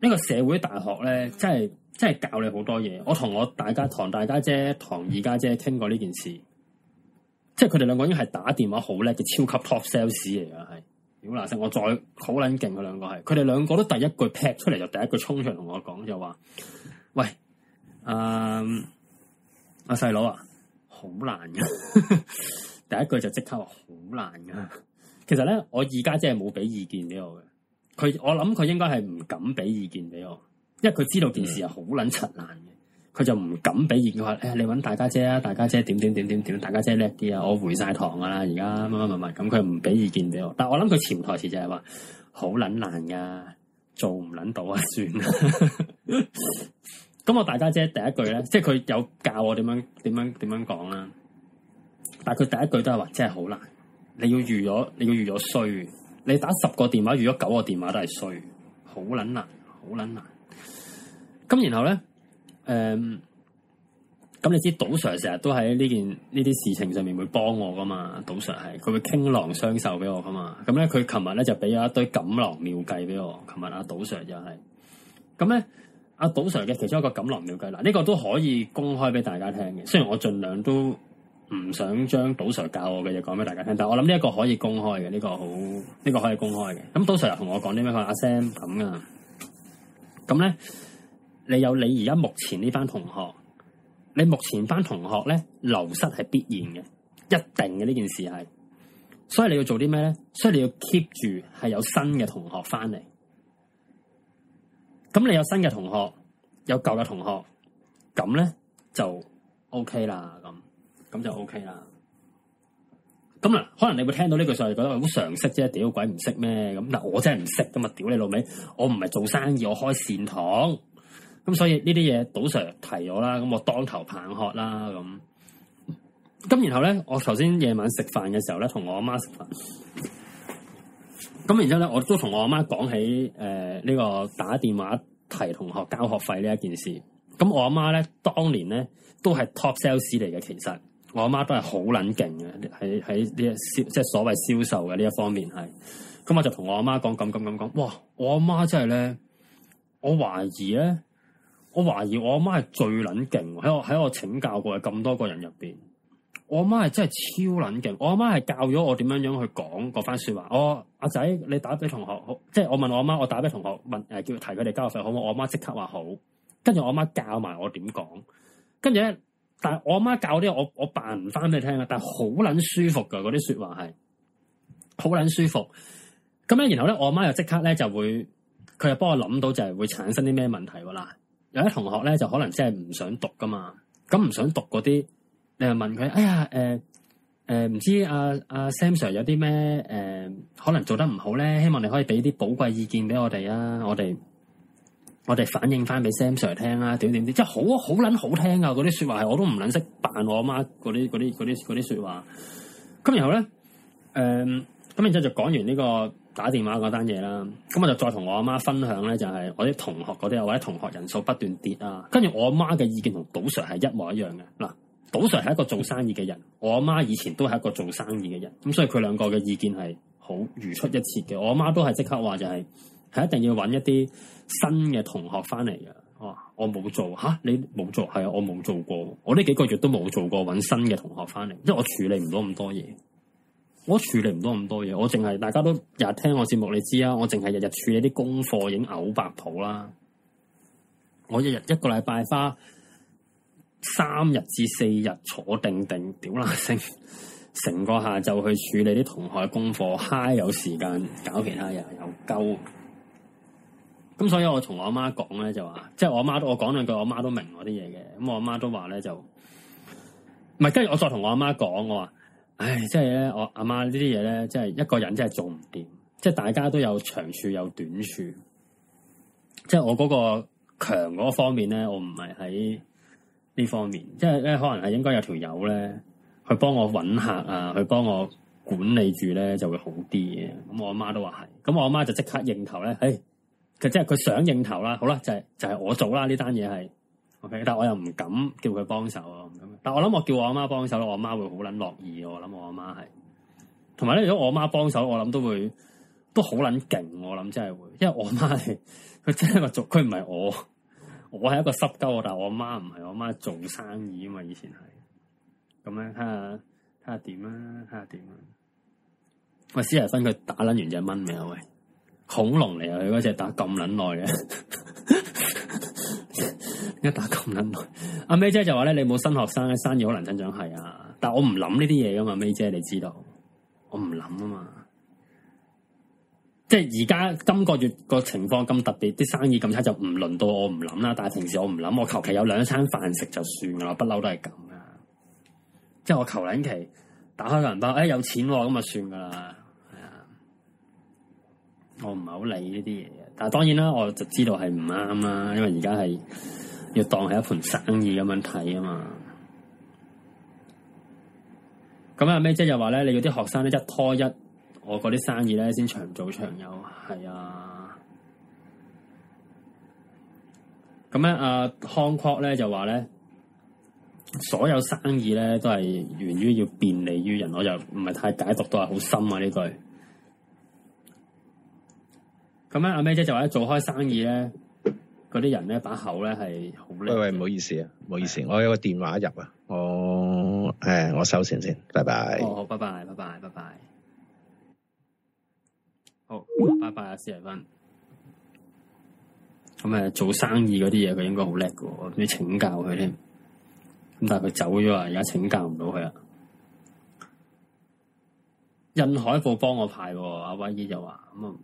呢個社會大學咧，真係真係教你好多嘢。我同我大家堂、唐大家姐、唐二家姐傾過呢件事，即係佢哋兩個已經係打電話好叻嘅超級 top sales 嚟噶，係。好難我再好撚勁，佢兩個係，佢哋兩個都第一句劈出嚟就，第一句衝出嚟同我講，就話：喂，阿細佬啊，好難噶！ 第一句就即刻話好難噶。其實咧，我而家真係冇俾意見俾我嘅，佢我諗佢應該係唔敢俾意見俾我，因為佢知道件事係好撚柒難嘅。佢就唔敢俾意見，話、哎、誒，你揾大家姐啊，大家姐點點點點點，大家姐叻啲啊，我回晒堂噶啦，而家乜乜乜乜咁，佢唔俾意見俾我。但係我諗佢潛台詞就係話，好捻難噶，做唔捻到啊，算啦。咁我大家姐第一句咧，即係佢有教我點樣點樣點樣講啦。但係佢第一句都係話，真係好難。你要預咗，你要預咗衰。你打十個電話，預咗九個電話都係衰。好捻難，好捻難。咁然後咧。誒，咁你知賭 Sir 成日都喺呢件呢啲事情上面會幫我噶嘛？賭 Sir 係佢會傾囊相授俾我噶嘛？咁咧佢琴日咧就俾咗一堆錦囊妙計俾我。琴日阿賭 Sir 又係，咁咧阿賭 Sir 嘅其中一個錦囊妙計，嗱呢個都可以公開俾大家聽嘅。雖然我盡量都唔想將賭 Sir 教我嘅嘢講俾大家聽，但係我諗呢一個可以公開嘅，呢個好呢個可以公開嘅。咁賭 Sir 又同我講啲咩？佢話阿 Sam 咁啊，咁咧。你有你而家目前呢班同學，你目前班同學咧流失係必然嘅，一定嘅呢件事係，所以你要做啲咩咧？所以你要 keep 住係有新嘅同學翻嚟，咁你有新嘅同學，有舊嘅同學，咁咧就 OK 啦，咁咁就 OK 啦，咁啦、啊，可能你會聽到呢句說話，覺得好、嗯、常識啫，屌鬼唔識咩咁嗱？我真係唔識噶嘛，屌你老味，我唔係做生意，我開善堂。咁所以呢啲嘢，賭 Sir 提咗啦，咁我當頭棒喝啦，咁。咁然後咧，我頭先夜晚食飯嘅時候咧，同我阿媽食飯。咁 然之後咧，我都同我阿媽講起誒呢、呃這個打電話提同學交學費呢一件事。咁我阿媽咧當年咧都係 top sales 嚟嘅，其實我阿媽都係好撚勁嘅，喺喺呢一即係所謂銷售嘅呢一方面係。咁我就同我阿媽講咁咁咁講，哇！我阿媽真係咧，我懷疑咧。我懷疑我阿媽係最捻勁喺我喺我請教過嘅咁多個人入邊，我阿媽係真係超捻勁。我阿媽係教咗我點樣樣去講嗰番說話。我阿仔你打俾同學，好即係我問我阿媽，我打俾同學問誒，叫、呃、提佢哋交學費好唔好？我阿媽即刻話好，跟住我阿媽教埋我點講，跟住咧，但係我阿媽教啲我我扮唔翻俾你聽啊，但係好捻舒服噶嗰啲說話係好捻舒服。咁咧，然後咧，我阿媽又即刻咧就會，佢又幫我諗到就係會產生啲咩問題啦。有啲同學咧就可能真係唔想讀噶嘛，咁唔想讀嗰啲，你又問佢，哎呀，誒、呃、誒，唔、呃、知阿阿、啊啊、Sam Sir 有啲咩誒，可能做得唔好咧，希望你可以俾啲寶貴意見俾我哋啊，我哋我哋反映翻俾 Sam Sir 聽啦、啊，點點點，即係好好捻好聽啊，嗰啲說話係我都唔捻識扮我阿媽嗰啲嗰啲嗰啲啲說話，咁然後咧，誒、呃，咁然之後就講完呢、這個。打電話嗰單嘢啦，咁我就再同我阿媽分享咧，就係、是、我啲同學嗰啲或者同學人數不斷跌啊。跟住我阿媽嘅意見同賭 Sir 係一模一樣嘅。嗱，賭 Sir 係一個做生意嘅人，我阿媽以前都係一個做生意嘅人，咁所以佢兩個嘅意見係好如出一轍嘅。我阿媽都係即刻話就係、是，係一定要揾一啲新嘅同學翻嚟嘅。我我冇做嚇、啊，你冇做係、啊、我冇做過，我呢幾個月都冇做過揾新嘅同學翻嚟，因為我處理唔到咁多嘢。我處理唔到咁多嘢，我淨係大家都日日聽我節目，你知啊。我淨係日日處理啲功課，影嘔白泡啦。我日日一個禮拜花三日至四日坐定定屌喇聲，成個下晝去處理啲同學嘅功課嗨，Hi, 有時間搞其他嘢，有鳩。咁所以我同我阿媽講咧，就話即係我阿媽都我講兩句，我阿媽都明我啲嘢嘅。咁我阿媽都話咧就唔係，跟住我再同我阿媽講，我話。唉，即係咧，我阿媽呢啲嘢咧，即係一個人真係做唔掂，即係大家都有長處有短處，即係我嗰個強嗰方面咧，我唔係喺呢方面，即係咧可能係應該有條友咧，去幫我揾客啊，去幫我管理住咧就會好啲嘅。咁我阿媽都話係，咁我阿媽就即刻認、欸、即刻應頭咧，唉，佢即係佢想應頭啦，好啦，就係、是、就係、是、我做啦呢單嘢係，OK，但我又唔敢叫佢幫手。但我諗我叫我阿媽幫手咯，我阿媽會好捻樂，樂意，我諗我阿媽係。同埋咧，如果我阿媽幫手，我諗都會都好捻勁，我諗真係會，因為我阿媽係佢真係個族，佢唔係我，我係一個濕鳩，但係我阿媽唔係，我阿媽做生意啊嘛，以前係。咁咧，睇下睇下點啦，睇下點。喂，施仁勳，佢打捻完隻蚊未啊？喂，恐龍嚟啊！佢嗰隻打咁捻耐嘅。一打咁捻耐，阿 May 姐就話咧：你冇新學生咧，生意好難增長，係啊。但係我唔諗呢啲嘢噶嘛，May 姐，你知道我唔諗啊嘛。即係而家今個月個情況咁特別，啲生意咁差，就唔輪到我唔諗啦。但係平時我唔諗，我求其有兩餐飯食就算噶啦，我不嬲都係咁噶。即係我求捻期打開個銀包，誒、哎、有錢咁啊算噶啦，係啊。我唔係好理呢啲嘢。但係當然啦，我就知道係唔啱啦，因為而家係。要當係一盤生意咁樣睇啊嘛，咁啊 May 姐就話咧，你要啲學生咧一拖一，我嗰啲生意咧先長做長有，係啊。咁咧阿康擴咧就話咧，所有生意咧都係源於要便利於人，我又唔係太解讀都係好深啊呢句。咁咧阿 May 姐就話咧做開生意咧，嗰啲人咧，把口咧係好叻。喂喂，唔好意思啊，唔好意思，是的 我有個電話入啊，是的 我誒，我收線先，拜拜哦。哦，拜拜，拜拜，拜拜。好，拜拜啊，思麗芬。咁誒，做生意嗰啲嘢佢應該好叻嘅，我啲請教佢添。咁但係佢走咗啊，而家請教唔到佢啊。印海報幫我派喎、啊，阿威姨就話咁啊，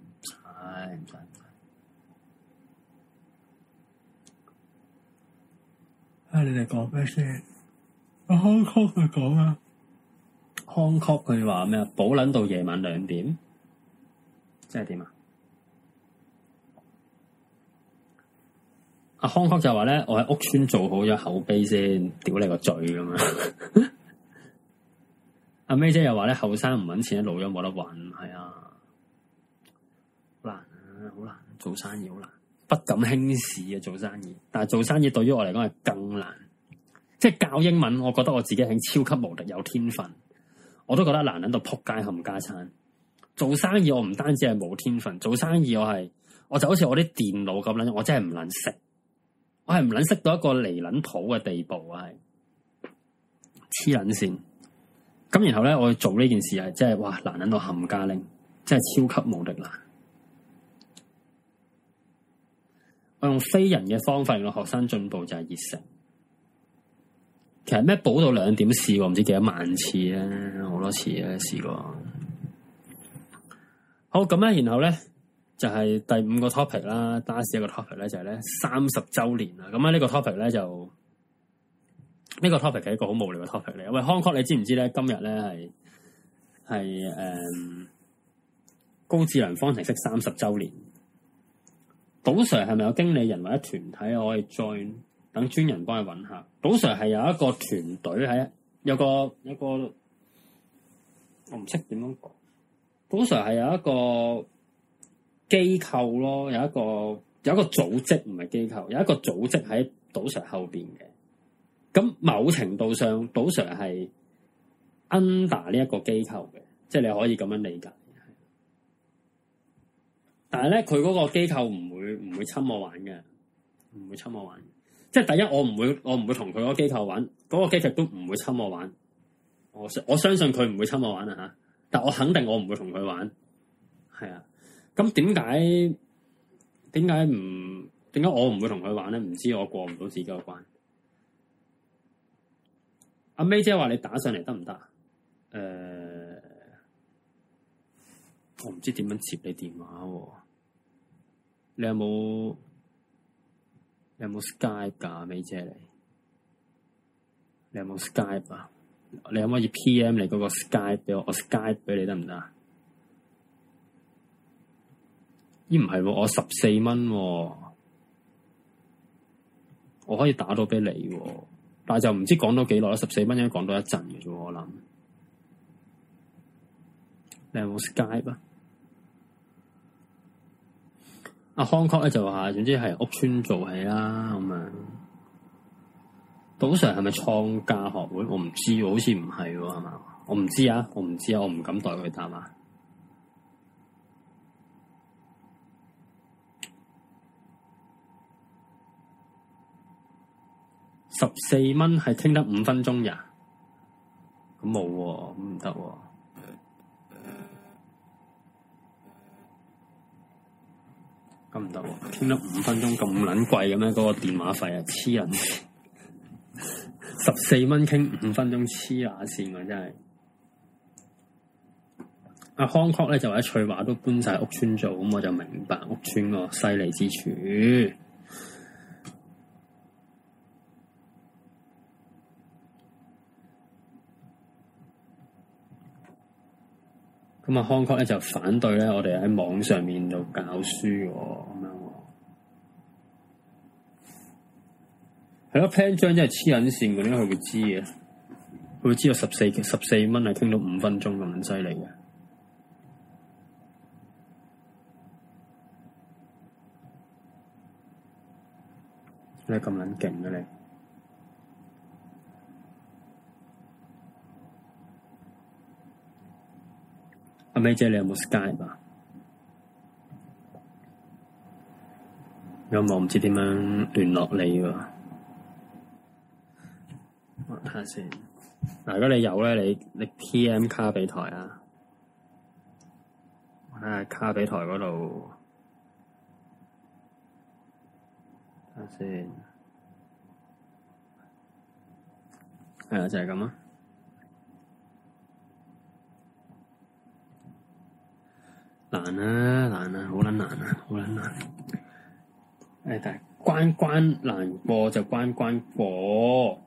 唉，唔使。啊！你哋講咩先？阿康曲佢講啊，康曲佢話咩啊？保卵到夜晚兩點，即係點啊？阿康曲就話咧，我喺屋村做好咗口碑先，屌你個嘴咁 啊！阿 May 姐又話咧，後生唔揾錢一路，老咗冇得搵，係啊，難啊，好難，做生意好難。不敢輕視啊！做生意，但係做生意對於我嚟講係更難。即係教英文，我覺得我自己係超級無敵有天分，我都覺得難撚到扑街冚家鏟。做生意，我唔單止係冇天分，做生意我係我就好似我啲電腦咁樣，我真係唔撚識，我係唔撚識到一個離撚譜嘅地步，係黐撚線。咁然後咧，我做呢件事係真係哇難撚到冚家拎，真係超級無敵難。我用非人嘅方法令到學生進步就係熱誠，其實咩補到兩點試過唔知幾多萬次啊，好多次啊試過好。好咁咧，然後咧就係、是、第五個 topic 啦，第四、這個、一個 topic 咧就係咧三十周年啦。咁啊呢個 topic 咧就呢個 topic 係一個好無聊嘅 topic 嚟。喂，康 code，你知唔知咧今日咧係係誒高智能方程式三十周年？賭 Sir 係咪有經理人或者團體可以 join？等專人幫你揾下。賭 Sir 係有一個團隊喺，有個有個，我唔識點樣講。賭 Sir 係有一個機構咯，有一個，有一個，有，一個，有，一個有一個組織唔係機構，有一個組織喺賭 Sir 後邊嘅。咁某程度上，賭 Sir 係 under 呢一個機構嘅，即係你可以咁樣理解。但係咧，佢嗰個機構唔會唔會侵我玩嘅，唔會侵我玩。即係第一，我唔會我唔會同佢嗰機構玩，嗰個機構都唔會侵我玩。我我相信佢唔會侵我玩啊，吓，但我肯定我唔會同佢玩。係啊，咁點解點解唔點解我唔會同佢玩咧？唔知我過唔到自己個關。阿 May 姐話你打上嚟得唔得？誒、呃，我唔知點樣接你電話喎。你有冇你有冇 Skype 㗎、啊、美姐你？你有冇 Skype 啊？你可唔可以 PM 你嗰個 Skype 畀我？我 Skype 畀你得唔得啊？咦，唔係、喎、我十四蚊，我可以打到畀你、喎，但係就唔知講咗幾耐，十四蚊應該講到一陣嘅啫，我諗。你有冇 Skype 啊？阿康克就話，總之係屋村做戲啦咁啊。島常係咪創價學會？我唔知喎，好似唔係喎，係嘛？我唔知，我唔知啊，我唔知啊，我唔敢代佢答啊。十四蚊係聽得五分鐘呀？咁冇喎，咁唔得喎。咁唔得喎，傾得五分鐘咁撚貴嘅咩？嗰、嗰個電話費 啊，黐人！十四蚊傾五分鐘黐下線啊，真係！阿康確咧就喺翠華都搬晒屋村做，咁我就明白屋村個犀利之處。咁啊，康康咧就反對咧，我哋喺網上面度教書喎，咁樣喎。係咯，plan 張真係黐銀線嗰啲，點解佢會知嘅？佢會知道十四十四蚊係傾到五分鐘咁撚犀利嘅。你咁撚勁嘅你。阿妹姐，Amazing, 你有冇 Skype 啊？有冇唔知點樣聯絡你㗎？我睇下先。嗱，如果你有咧，你你 PM 卡畀台啊。我睇下卡畀台嗰度。睇下先。係啊，就係咁啊。難啊，難啊，好撚難啊，好撚難、啊哎！但係關關難過就關關過。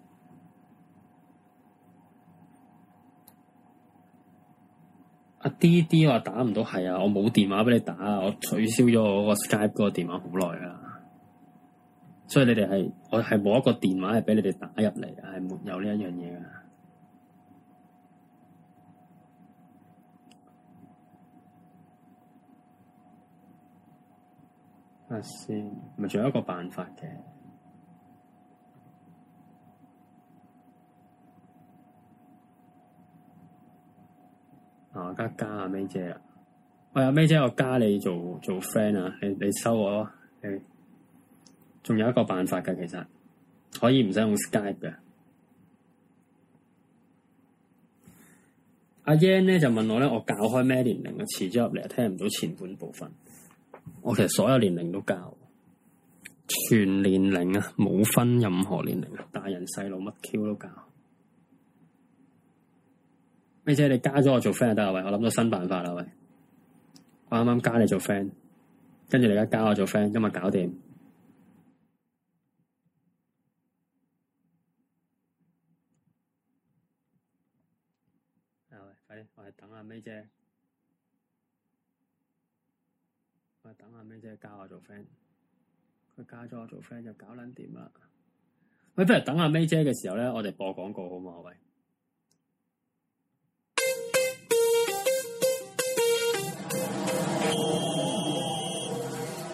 阿、啊、D D 話打唔到，係啊，我冇電話畀你打啊，我取消咗我個 Skype 嗰個電話好耐啊。所以你哋係我係冇一個電話係畀你哋打入嚟，係冇有呢一樣嘢。先，咪仲有一個辦法嘅。啊，加加下 May 姐啊，我、哎、阿 May 姐，我加你做做 friend 啊，你，你收我？你仲有一個辦法嘅，其實可以唔使用、用 Skype 嘅。阿、啊、Yen 呢就問我咧，我教開咩年齡啊？遲咗入嚟，聽唔到前半部分。我其實所有年齡都教，全年齡啊，冇分任何年齡啊，大人細路乜 Q 都教。咩姐，你加咗我做 friend 啊？得啦喂，我諗到新辦法啦喂、啊，我啱啱加你做 friend，跟住，你而家加我做 friend，今日搞掂。啊喂，快啲，我哋等阿咩姐。等阿 May 姐加我做 friend，佢加咗我做 friend 就搞撚掂啦！喂，不如等阿 May 姐嘅時候咧，我哋播廣告好唔好？喂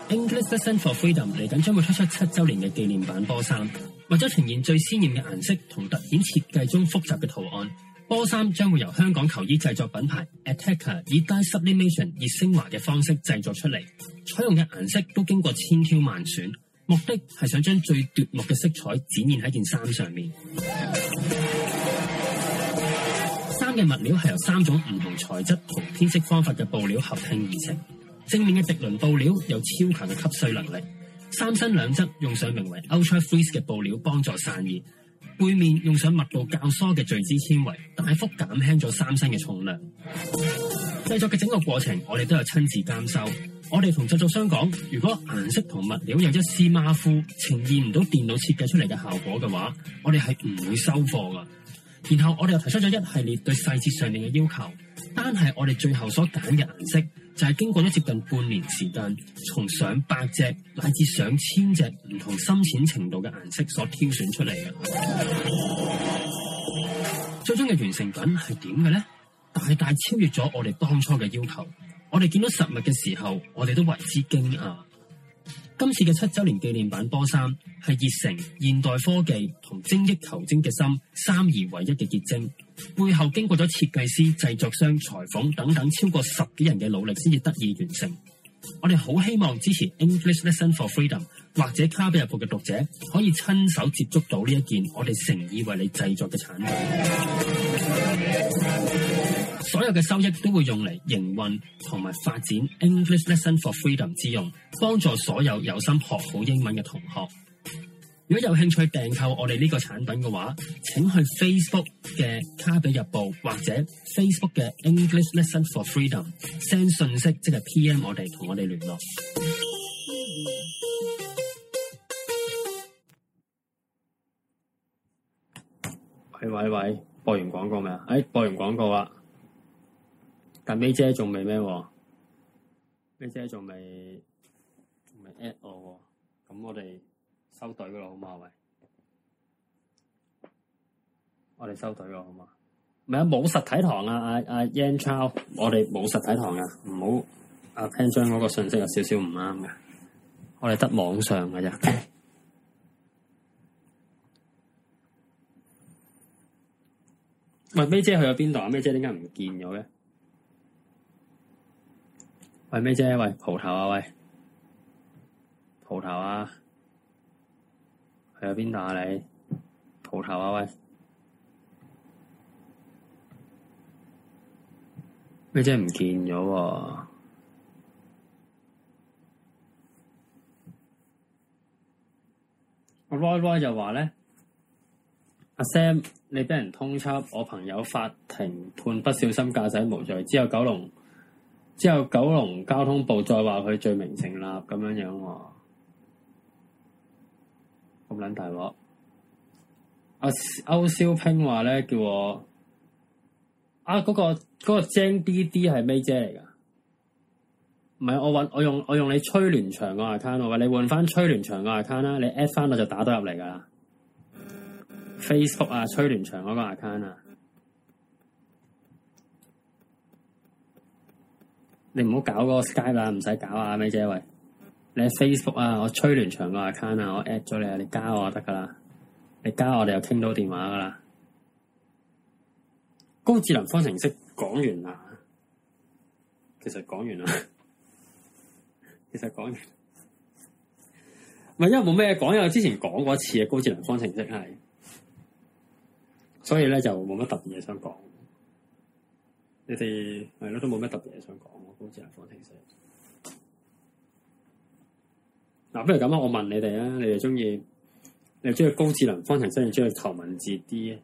，English Design for Freedom 嚟緊將會推出七周年嘅紀念版波衫，為咗呈現最鮮艷嘅顏色同凸顯設計中複雜嘅圖案。波衫將會由香港球衣製作品牌 Attacker 以 dye sublimation 熱升華嘅方式製作出嚟，採用嘅顏色都經過千挑萬選，目的係想將最奪目嘅色彩展現喺件衫上面。衫嘅物料係由三種唔同材質同編織方法嘅布料合拼而成，正面嘅滌綸布料有超強嘅吸水能力，三身兩側用上名為 Ultra Freeze 嘅布料幫助散熱。背面用上密度較疏嘅聚酯纖維，大幅減輕咗三星嘅重量。製作嘅整個過程，我哋都有親自監修。我哋同製作商講，如果顏色同物料有一絲馬虎，呈現唔到電腦設計出嚟嘅效果嘅話，我哋係唔會收貨噶。然後我哋又提出咗一系列對細節上面嘅要求，單係我哋最後所揀嘅顏色。就係經過咗接近半年時間，從上百隻乃至上千隻唔同深淺程度嘅顏色所挑選出嚟嘅。 最終嘅完成品係點嘅咧？大大超越咗我哋當初嘅要求。我哋見到實物嘅時候，我哋都為之驚訝。今次嘅七周年紀念版波衫係熱誠、現代科技同精益求精嘅心三而唯一嘅結晶。背後經過咗設計師、製作商、裁縫等等超過十幾人嘅努力，先至得以完成。我哋好希望支持 English Lesson for Freedom 或者卡比日報嘅讀者，可以親手接觸到呢一件我哋誠意為你製作嘅產品。所有嘅收益都會用嚟營運同埋發展 English Lesson for Freedom 之用，幫助所有有心學好英文嘅同學。如果有興趣訂購我哋呢個產品嘅話，請去 Facebook 嘅卡比日報或者 Facebook 嘅 English Lesson for Freedom，send 信息，即係 PM 我哋同我哋聯絡。喂喂喂，播完廣告未啊？誒、哎，播完廣告啦，但 May 姐仲未咩？May 姐仲未，仲未 at 我？咁我哋。收隊咯，好唔好？係咪？我哋收隊咯，好唔好？唔係啊，冇實體堂啊，阿、啊、阿 Yan Chow 我哋冇實體堂噶唔好阿 Ken 將嗰個信息，有少少唔啱噶我哋得網上噶啫。 喂，咩姐去咗邊度啊？咩姐點解唔見咗嘅？喂，咩姐？喂，葡萄啊，喂，葡萄啊！喺邊度啊你？鋪頭啊喂！咩真係唔見咗？我 why why 就話咧，阿 Sam 你俾人通緝，我朋友法庭判不小心駕駛無罪，之後九龍，之後九龍交通部再話佢罪名成立，咁樣樣喎。咁撚大鑊！阿歐蕭拼話咧叫我啊嗰、嗰個嗰、嗰個 Jam D D 係咩姐嚟㗎？唔係我揾我用我用你崔聯祥個 account，我話你換翻崔聯祥個 account 啦，你 at 翻我就打到入嚟㗎啦。Facebook 啊，崔聯祥嗰個 account 啊，你唔好搞嗰個 Skype 啦，唔使搞啊，咩姐喂。你喺 Facebook 啊，我催聯場個 account 啊，我 at 咗你啊，你加我就得噶啦，你加我哋又傾到電話噶啦。高智能方程式講完啦，其實講完啦，其實講完，咪因為冇咩講，因為之前講過一次嘅高智能方程式係，所以咧就冇乜特別嘢想講。你哋係咯，都冇乜特別嘢想講。高智能方程式。嗱、啊，不如咁啦，我問你哋啊，你哋中意，你中意高智能方程式定中意頭文字 D？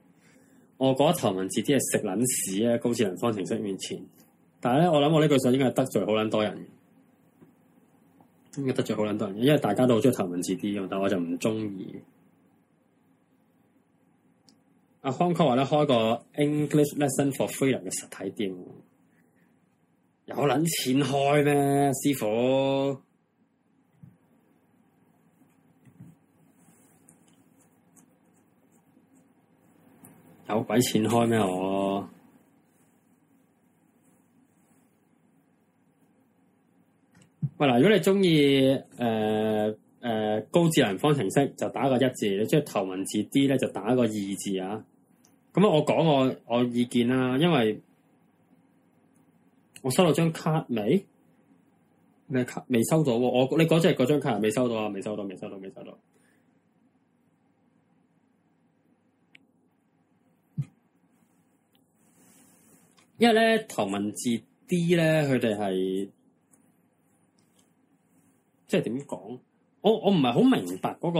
我覺得頭文字 D 係食撚屎嘅，高智能方程式面前，但係咧，我諗我呢句想應該係得罪好撚多人，應該得罪好撚多人，因為大家都好中意頭文字 D 嘅，但係我就唔中意。阿、啊、康哥話咧，開個 English lesson for free 人嘅實體店，有撚錢開咩，師傅？有鬼錢開咩我？喂嗱，如果你鍾意誒誒高智能方程式，就打一個一字，即係頭文字 D 咧，就打一個二字啊。咁、嗯、啊，我講我我意見啦，因為我收到張卡未？咩卡未收到？我你嗰隻嗰張卡未收到啊？未收到，未收到，未收到。因為咧，頭文字 D 咧，佢哋係即係點講？我我唔係好明白嗰、嗰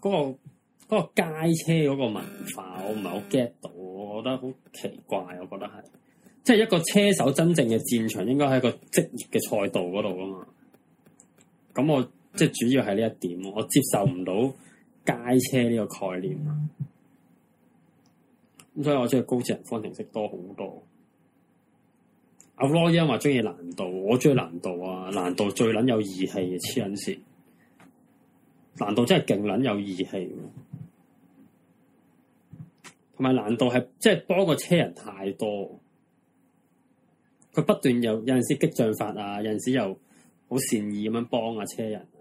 個、嗰個、嗰個街車嗰個文化，我唔係好 get 到，我覺得好奇怪，我覺得係即係一個車手真正嘅戰場，應該喺個職業嘅賽道嗰度啊嘛。咁我即係主要係呢一點，我接受唔到街車呢個概念。咁所以我中意高智能方程式多好多。阿羅伊啊，話中意難度，我中意難度啊！難度最捻有義氣嘅黐捻線，難度真係勁捻有義氣，同埋難度係即係幫個車人太多，佢不斷有有陣時激將法啊，有陣時又好善意咁樣幫啊車人啊，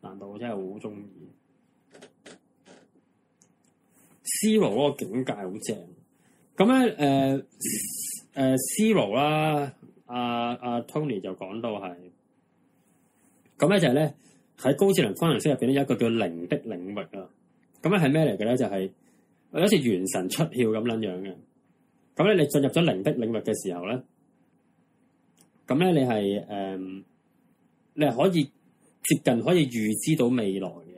難度我真係好中意，C 羅嗰個境界好正，咁咧誒。呃 誒、呃、zero 啦、啊，阿、啊、阿 Tony 就講到係。咁、嗯、咧就係咧喺高智能方程式入邊咧有一個叫零的領域啊。咁咧係咩嚟嘅咧？就係好似元神出竅咁樣樣嘅。咁、嗯、咧你進入咗零的領域嘅時候咧，咁咧你係誒，你係、嗯、可以接近可以預知到未來。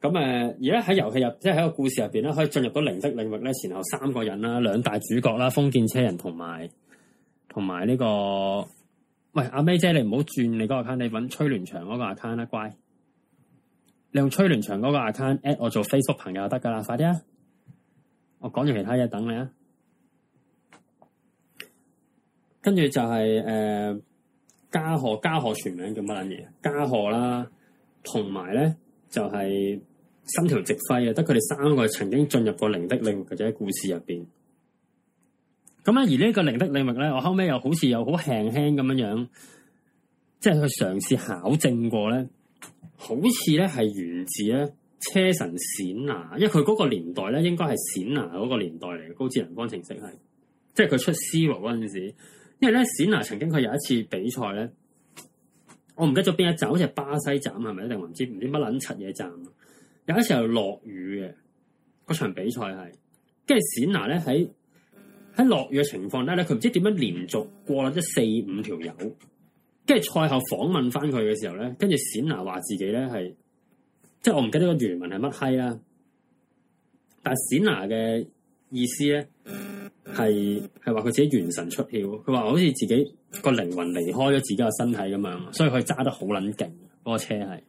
咁誒、嗯，而家喺遊戲入，即係喺個故事入邊咧，可以進入到靈異領域咧，前後三個人啦，兩大主角啦，封建車人同埋同埋呢個，喂，阿 May 姐，你唔好轉你嗰個 account，你揾崔聯祥嗰個 account 啦，乖，你用崔聯祥嗰個 account add 我做 Facebook 朋友就得噶啦，快啲啊！我講完其他嘢等你啊，跟住就係誒嘉禾，嘉、呃、禾全名叫乜撚嘢？嘉禾啦，同埋咧就係、是。三條直輝啊，得佢哋三個曾經進入過《靈的領域》，或者喺故事入邊咁咧。而呢一個《靈的領域》咧，我後尾又好似又好輕輕咁樣樣，即係佢嘗試考證過咧，好似咧係源自咧車神閃娜，因為佢嗰個年代咧，應該係閃娜嗰個年代嚟嘅，高智能方程式係，即係佢出 C 羅嗰陣時，因為咧閃娜曾經佢有一次比賽咧，我唔記得咗邊一站，好似係巴西站係咪，定唔知唔知乜捻七嘢站？有一時候落雨嘅，嗰場比賽係，跟住冼拿咧喺喺落雨嘅情況咧，佢唔知點樣連續過咗一四五條友，跟住賽後訪問翻佢嘅時候咧，跟住冼拿話自己咧係，即係我唔記得個原文係乜閪啦，但係冼拿嘅意思咧係係話佢自己元神出竅，佢話好似自己個靈魂離開咗自己個身體咁樣，所以佢揸得好撚勁，嗰、嗰個車係。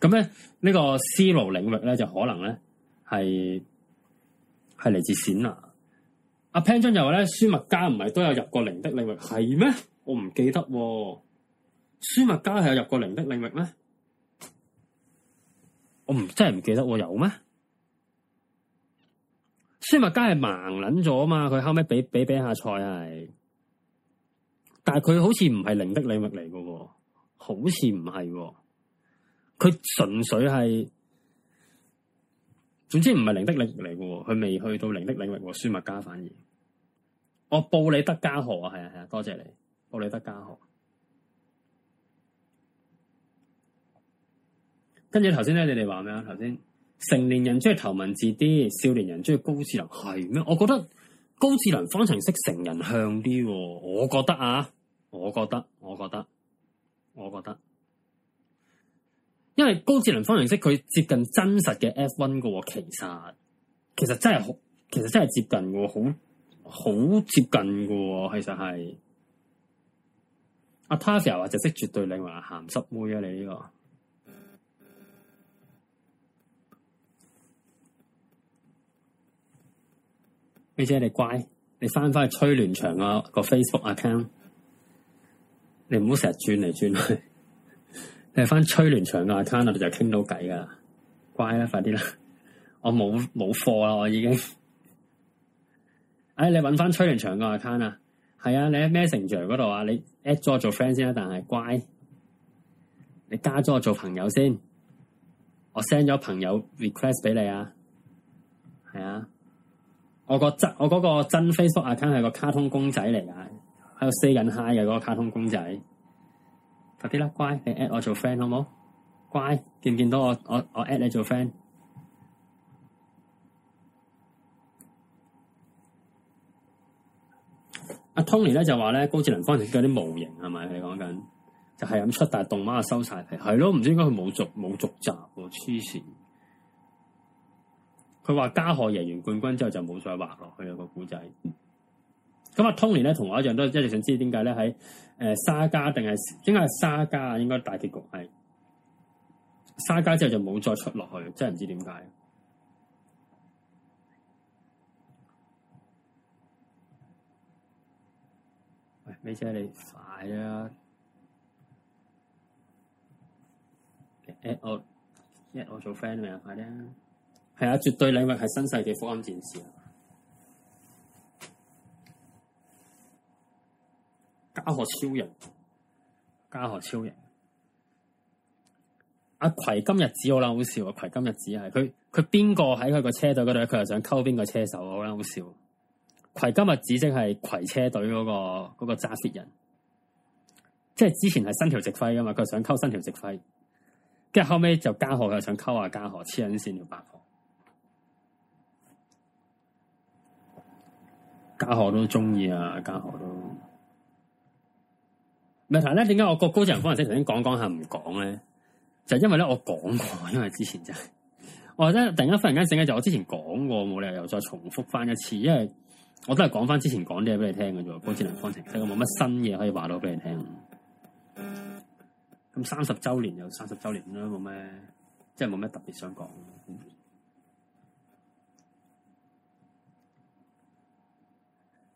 咁咧，呢個 Zero 領域咧，就可能咧係係嚟自閃娜。阿 p n 潘章就話咧，孫文嘉唔係都有入過零的領域係咩？我唔記得喎、啊。孫文嘉係有入過零的領域咩？我唔真係唔記得喎、啊，有咩？孫文嘉係盲撚咗啊嘛！佢後尾比比比下賽係，但係佢好似唔係零的領域嚟嘅喎，好似唔係喎。佢純粹係，總之唔係零的領域嚟嘅，佢未去到零的領域，蘇物家反而，我布里德加河是啊，係啊係啊，多謝你，布里德加河。跟住頭先咧，你哋話咩啊？頭先成年人中意頭文字 D，少年人中意高智能係咩？我覺得高智能方程式成人向啲，我覺得啊，我覺得，我覺得，我覺得。因為高智能方程式佢接近真實嘅 F 一嘅，其實其實真係好，其實真係接近嘅，好好接近嘅，其實係阿 Tavia 話就識絕對你話咸濕妹啊你呢，這個，你姐你乖，你翻翻去催聯場個個 Facebook account，你唔好成日轉嚟轉去。你翻催連長個 account，我哋就傾到偈噶。乖啦，快啲啦，我冇冇貨啦，我已經。 哎，你搵翻催連長個 account 啊？係啊，你喺 Messenger 嗰度啊？你 add 咗我做 friend 先啦，但係乖，你加咗我做朋友先。我 send 咗朋友 request 俾你啊。係啊，我、那個、我個真我個真 Facebook account 係個卡通公仔嚟噶，喺度 say 緊 hi 嘅嗰、嗰個卡通公仔。快啲啦，乖，你 at 我做 friend 好唔好？乖，見唔見到我？我我 at 你做 friend。阿 Tony 咧就話咧，高智能方程式啲模型係咪？佢講緊就係、是、咁出大，大係動漫收晒皮，係咯？唔知應該佢冇續冇續集喎，黐線。佢話加賀贏完冠軍之後就冇再畫落去啦、那個古仔。咁啊，Tony 咧同我一樣都一直想知點解咧喺。誒、呃，沙家定係應該係沙家啊？應該大結局係沙家之後就冇再出落去，真係唔知點解。喂，美姐，你快啊！誒，我即我做 friend 咪快啲啊！係啊，絕對領域係新世紀福音戰士啊！嘉賀超人，嘉賀超人，阿葵今日子好啦，好笑啊！葵今日子係佢，佢邊個喺佢個車隊嗰度，佢又想溝邊個車手好啦，好笑！葵今日子即係葵車隊嗰、嗰個、嗰個揸 fit 人，即係之前係新條直飛噶嘛，佢想溝新條直飛，跟住後尾就嘉賀，佢又想溝下嘉賀，黐人線條八婆，嘉賀都中意啊，嘉賀都。咪嗱咧，點解我個高智次方程式頭先講講下唔講咧？就係因為咧，我講過，因為之前就係我覺得突然間忽然間醒嘅，就我之前講過冇理由又再重複翻一次，因為我都係講翻之前講啲嘢俾你聽嘅啫。高智次方程式我冇乜新嘢可以話到俾你聽。咁三十周年又三十周年啦，冇咩，即係冇咩特別想講。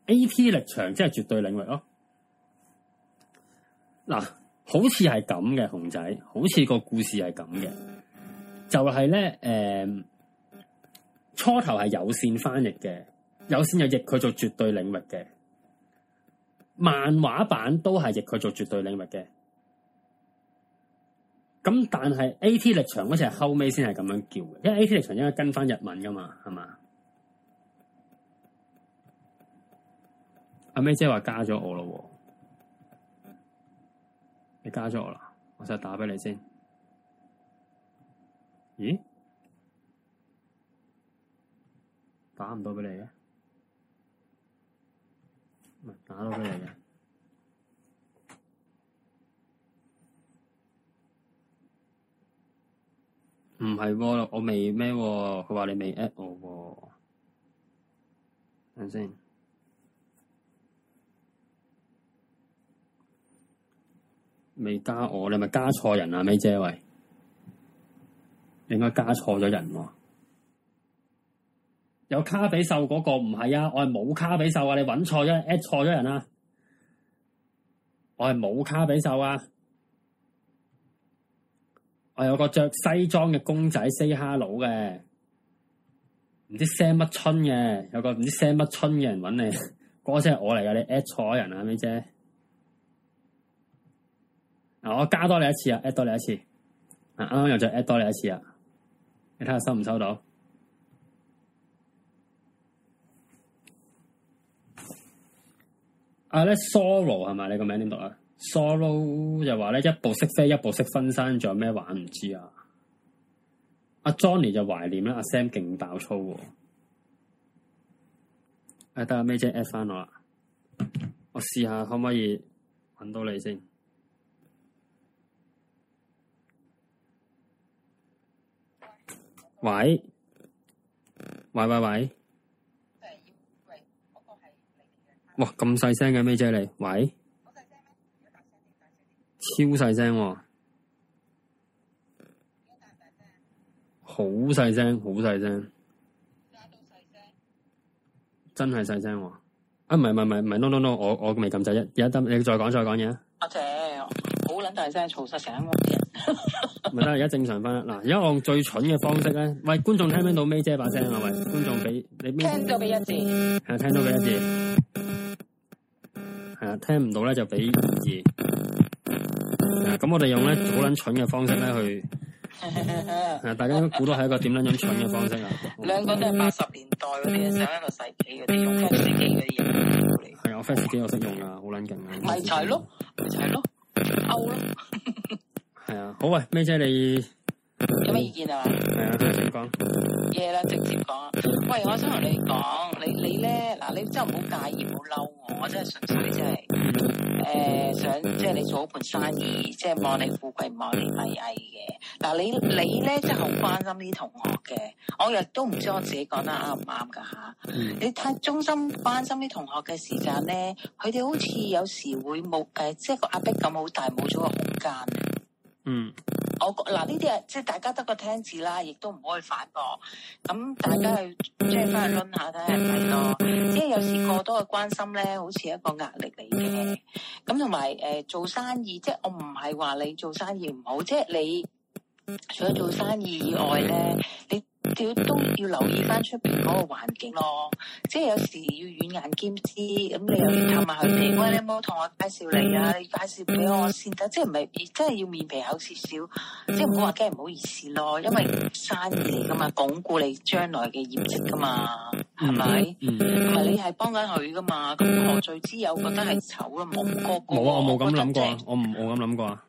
A P 力場即係絕對領域咯。嗱、啊，好似係咁嘅熊仔，好似個故事係咁嘅，就係、是、咧，誒、呃，初頭係有線翻譯嘅，有線就譯，佢做絕對領域嘅。漫畫版都係譯佢做絕對領域嘅。咁但係 A T 力場嗰時係後尾先係咁樣叫嘅，因為 A T 力場應該跟翻日文噶嘛，係嘛？阿 May 姐話加咗我咯、啊。你加咗我啦，我就打畀你先。咦？打唔到畀你嘅？打到畀你嘅？唔係喎？我未咩喎？佢話、啊、你未 at 我喎、啊。等陣先。未加我，你咪加錯人啊！咪姐喂，你應該加錯咗人，啊。有卡比獸嗰個唔係啊，我係冇卡比獸啊！你揾錯咗，at 錯咗人啊！我係冇卡比獸啊！我有個着西裝嘅公仔 say hello 嘅，唔知咩乜春嘅，有個唔知咩乜春嘅人揾你，嗰聲係我嚟噶，你 at 錯人啊！咪姐？我加多你一次啊 at 多你一次，啊啱啱又再 at 多你一次啊，你睇下收唔收到？阿 Alex Solo 係咪？你個名點讀啊？Solo 就話咧，一步識飛，一步識分身，仲有咩玩唔知啊？阿 Johnny 就懷念啦，阿、啊、Sam 勁爆粗。誒、啊，得阿 May 姐 at 翻我，我試下可唔可以搵到你先？喂，喂喂喂，喂，哇，咁細聲嘅咩啫你？喂，細聲，超細聲，好細聲，好細聲，真係細聲，啊唔係唔係唔係，no no no，我我未撳制一，有一得你再講再講嘢啊。Okay. 好撚大聲嘈失成啊！咪得而家正常翻嗱，而家我用最蠢嘅方式咧，喂觀眾聽唔聽到？May 姐把聲啊！喂觀眾俾你聽到俾一字，係聽到俾一字，係啊聽唔到咧就俾二字。咁，我哋用咧好撚蠢嘅方式咧去，大家估到係一個點撚樣蠢嘅方式啊？兩個都係八十年代嗰啲啊，同一個世紀嘅嘢，fans 機嘅嘢嚟。係啊，fans 機我識用噶，好撚勁啊！咪就係咪係咯。吧吧好咯，係 啊，好啊，咩啫你？有咩意見啊？係啊， yeah, 直接講。嘢啦，直接講。喂，我想同你講，你你咧嗱，你真係唔好介意，唔好嬲我，我真係純粹真係。誒、呃，想即係你做好盤生意，即係望你富貴，望你利利嘅。嗱、啊，你你咧即係好關心啲同學嘅，我亦都唔知我自己講得啱唔啱噶吓。合合嗯、你太中心關心啲同學嘅時間咧，佢哋好似有時會冇誒，即係個壓迫感好大，冇咗個空間。嗯我，我嗱呢啲啊，即係大家得個聽字啦，亦都唔可以反駁。咁大家去即 h a 翻去輪下睇係咪咯？即係有時過多嘅關心咧，好似一個壓力嚟嘅。咁同埋誒，做生意，即係我唔係話你做生意唔好，即係你除咗做生意以外咧，嗯、你。都要留意翻出邊嗰個環境咯，即係有時要遠眼兼知。咁你又探下佢哋，喂，你有冇同我介紹嚟啊？你介紹俾我先得，即係唔係？真係要面皮厚少少，即係唔好話驚唔好意思咯，因為生意嚟噶嘛，鞏固你將來嘅業績噶嘛，係咪、嗯？唔係、嗯、你係幫緊佢噶嘛，咁何罪之有？覺得係醜咯，冇好沒過。冇啊，我冇咁諗過，我唔冇咁諗過啊。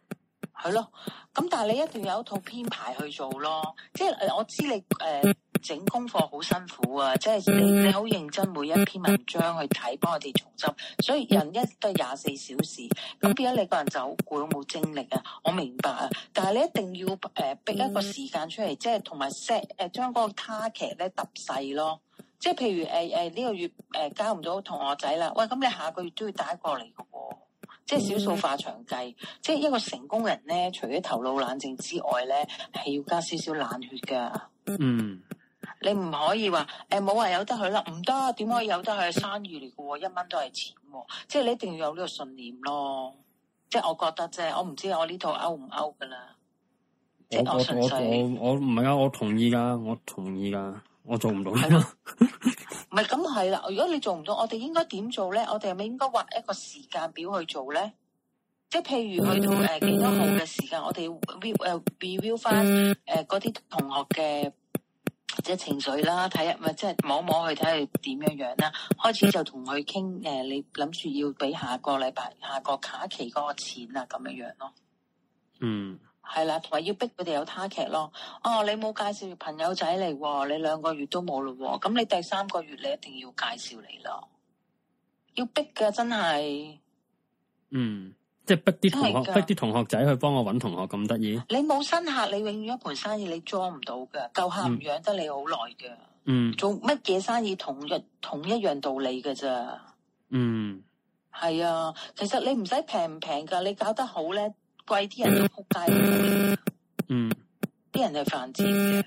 係咯，咁但係你一定要有一套編排去做咯，即係我知你誒整、呃、功課好辛苦啊，即係你好認真每一篇文章去睇，幫我哋重執。所以人一都係廿四小時，咁變咗你個人就好攰，冇精力啊？我明白啊，但係你一定要誒、呃、逼一個時間出嚟，即係同埋 set 誒將嗰個 target 咧揼細咯。即係譬如誒誒呢個月誒、呃、交唔到同學仔啦，喂咁你下個月都要打過嚟噶喎。嗯、即係少數化長計，即係一個成功人咧，除咗頭腦冷靜之外咧，係要加少少冷血噶。嗯，你唔可以話誒，冇、呃、話有得去啦，唔得點可以有得去？生意嚟噶，一蚊都係錢，即係你一定要有呢個信念咯。即係我覺得即啫，我唔知我呢套勾唔勾 u t 噶啦。即係我純我我唔係啊，我同意噶，我同意噶。我做唔到，係咯吧？唔係咁係啦。如果你做唔到，我哋應該點做咧？我哋係咪應該畫一個時間表去做咧？即係譬如去到誒、呃、幾多號嘅時間，我哋 view 誒 review 翻誒嗰啲同學嘅即係情緒啦，睇下咪即係摸摸去睇下點樣樣啦。開始就同佢傾誒，你諗住要俾下個禮拜下個假期嗰個錢啊，咁樣樣咯。嗯。係啦，同埋要逼佢哋有他劇咯。哦，你冇介紹朋友仔嚟喎，你兩個月都冇咯。咁你第三個月你一定要介紹嚟咯。要逼噶，真係。嗯，即係逼啲同學，的的逼啲同學仔去幫我搵同學，咁得意。你冇新客，你永遠一盤生意你裝唔到噶，舊客唔養得你好耐噶。嗯。做乜嘢生意同，同一同一樣道理噶咋？嗯。係啊，其實你唔使平唔平噶，你搞得好咧。貴啲人都撲街，嗯，啲人就犯賤，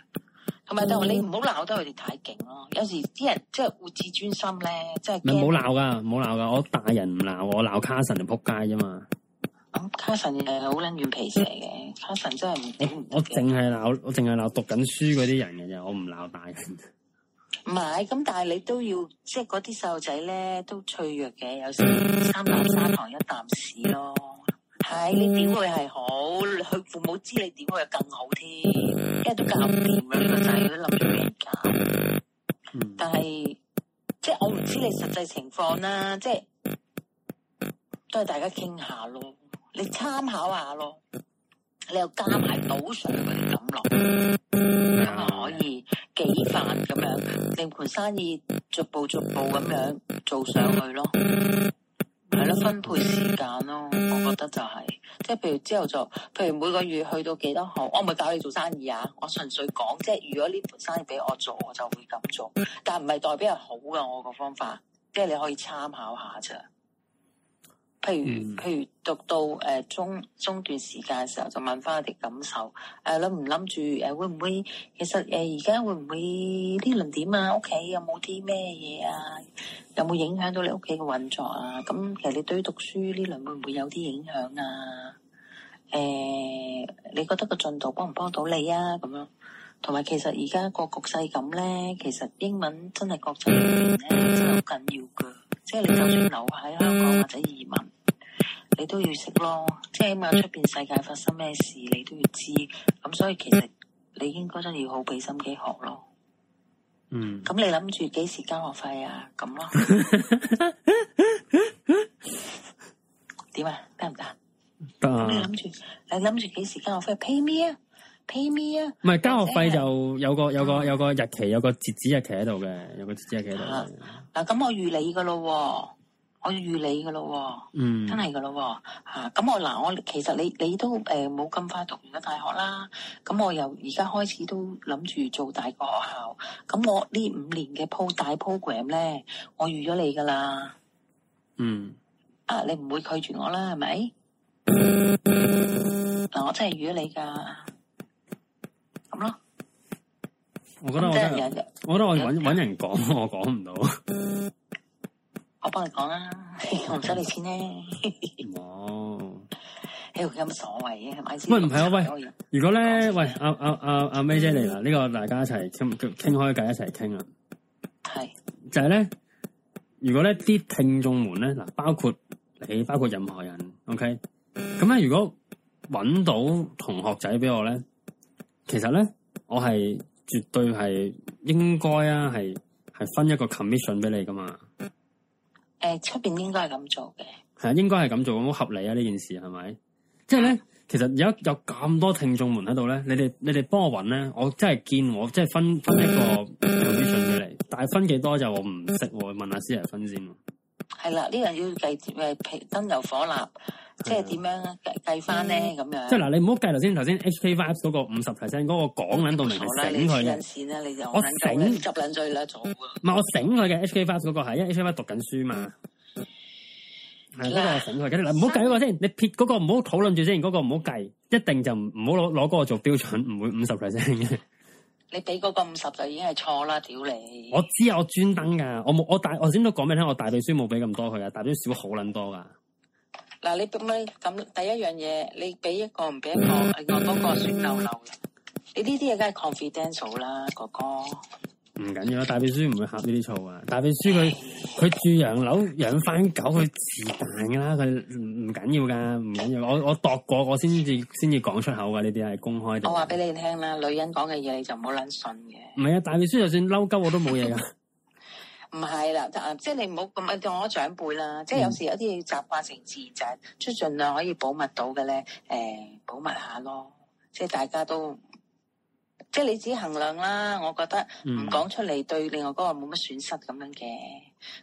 同埋就你唔好鬧得佢哋太勁咯。有時啲人即係護自尊心咧，即係唔唔好鬧噶，唔好鬧噶，我大人唔鬧，我鬧卡神就撲街啫嘛。咁卡神誒好捻軟皮蛇嘅，卡神真係唔、欸、我我淨係鬧，我淨係鬧讀緊書嗰啲人嘅啫，我唔鬧大人。唔係，咁但係你都要，即係嗰啲細路仔咧都脆弱嘅，有時三啖砂糖一啖屎咯。係，點、哎、會係好？佢父母知你點會更好添，因為都搞唔掂啦個仔，都諗住俾人搞。但係，即係我唔知你實際情況啦，即係都係大家傾下咯，你參考下咯，你又加埋賭上佢哋飲落，咁啊可以幾萬咁樣，令佢生意逐步逐步咁樣做上去咯。係咯，分配時間咯，我覺得就係、是，即係譬如之後就，譬如每個月去到幾多號，我唔係教你做生意啊，我純粹講，即係如果呢盤生意俾我做，我就會咁做，但唔係代表係好嘅，我個方法，即係你可以參考下咋。譬如譬如讀到誒、呃、中中段時間嘅時候，就問翻一啲感受誒，諗唔諗住誒，會唔會其實，誒而家會唔會呢輪點啊？屋企有冇啲咩嘢啊？有冇影響到你屋企嘅運作啊？咁其實你對於讀書呢輪會唔會有啲影響啊？誒、呃，你覺得個進度幫唔幫到你啊？咁樣，同埋其實而家個局勢咁咧，其實英文真係國際語言咧，真係好緊要㗎。即係你就算留喺香港或者移民。你都要識咯，即係起碼，出邊世界發生咩事，你都要知。咁所以其實你應該真係要好俾心機學咯。嗯。咁你諗住幾時交學費啊？咁咯。點 啊？得唔得？得啊。你諗住？你諗住幾時交學費？Pay me 啊！Pay me 啊！唔係交學費就是、有個有個有個，有個日期，有個截止日期喺度嘅，有個截止日期喺度嗱，咁我預你噶咯。我預你噶咯，嗯，真，真係噶咯，吓咁我嗱，我其實你你都誒冇咁快讀完個大學啦，咁、啊啊、我由而家開始都諗住做大個學校，咁、啊、我呢五年嘅鋪大 program 咧、啊，我預咗你噶啦，嗯，啊，你唔會拒絕我啦，係咪？嗱、嗯，我真係預咗你噶，咁咯，我覺得我，、就是、我覺得我搵搵有人講，我講唔到。 我幫你講啦，我唔使你錢咧。哦 哇，哎，有乜所謂啊？喂，唔係啊，喂，如果咧，喂阿阿阿阿 May 姐嚟啦，呢、嗯、個大家一齊傾傾開偈，一齊傾啊。係是。就係咧，如果咧啲聽眾們咧嗱，包括你，包括任何人，OK？咁咧，如果搵到同學仔俾我咧，其實咧，我係絕對係應該啊，係係分一個 commission 俾你噶嘛。誒，出邊、呃、應該係咁做嘅，係啊，應該係咁做，好合理啊，呢件事係咪？即係咧，其實而家有咁多聽眾們喺度咧，你哋你哋幫我搵咧，我真係見我即係分分一個通知信俾你，但係分幾多就我唔識，我問下思爺分先。係啦，呢樣要計誒，譬如燈油火蠟，即係點樣計計翻咧咁樣。即係嗱，你唔、那個、醒好計頭先，頭先 HK Five 嗰個五十 percent 嗰個講緊到明就醒佢啦。我醒，我醒佢啦，唔係我醒佢嘅 HK Five 嗰個係，因為 HK Five 讀緊書嘛。係嗰個醒佢嗱，唔好計嗰個先，你撇嗰個唔好討論住先，嗰個唔好計，一定就唔唔好攞攞嗰個做標準，唔會五十 percent 嘅。你俾嗰個五十就已經係錯啦！屌你！我知啊，我專登噶，我冇我大我先都講俾你聽，我大秘書冇俾咁多佢啊，大秘書少好捻多噶。嗱，你咁樣咁第一樣嘢，你俾一個唔俾一個，我嗰個算漏漏。你呢啲嘢梗係 confidential 啦，哥哥。唔緊要啊，大秘書唔會呷呢啲醋啊！大秘書佢佢住洋樓養翻狗，佢自彈噶啦，佢唔唔緊要噶，唔緊要。我我度過，我先至先至講出口噶呢啲係公開。我話俾你聽啦，女人講嘅嘢你就唔好撚信嘅。唔係啊，大秘書就算嬲鳩我都冇嘢噶。唔係 啦，啦，即係你唔好咁啊，當我長輩啦。即係有時有啲要習慣性自彈，即係盡量可以保密到嘅咧，誒、呃，保密下咯。即係大家都。即係你自己衡量啦，我覺得唔講出嚟對另外嗰個冇乜損失咁樣嘅，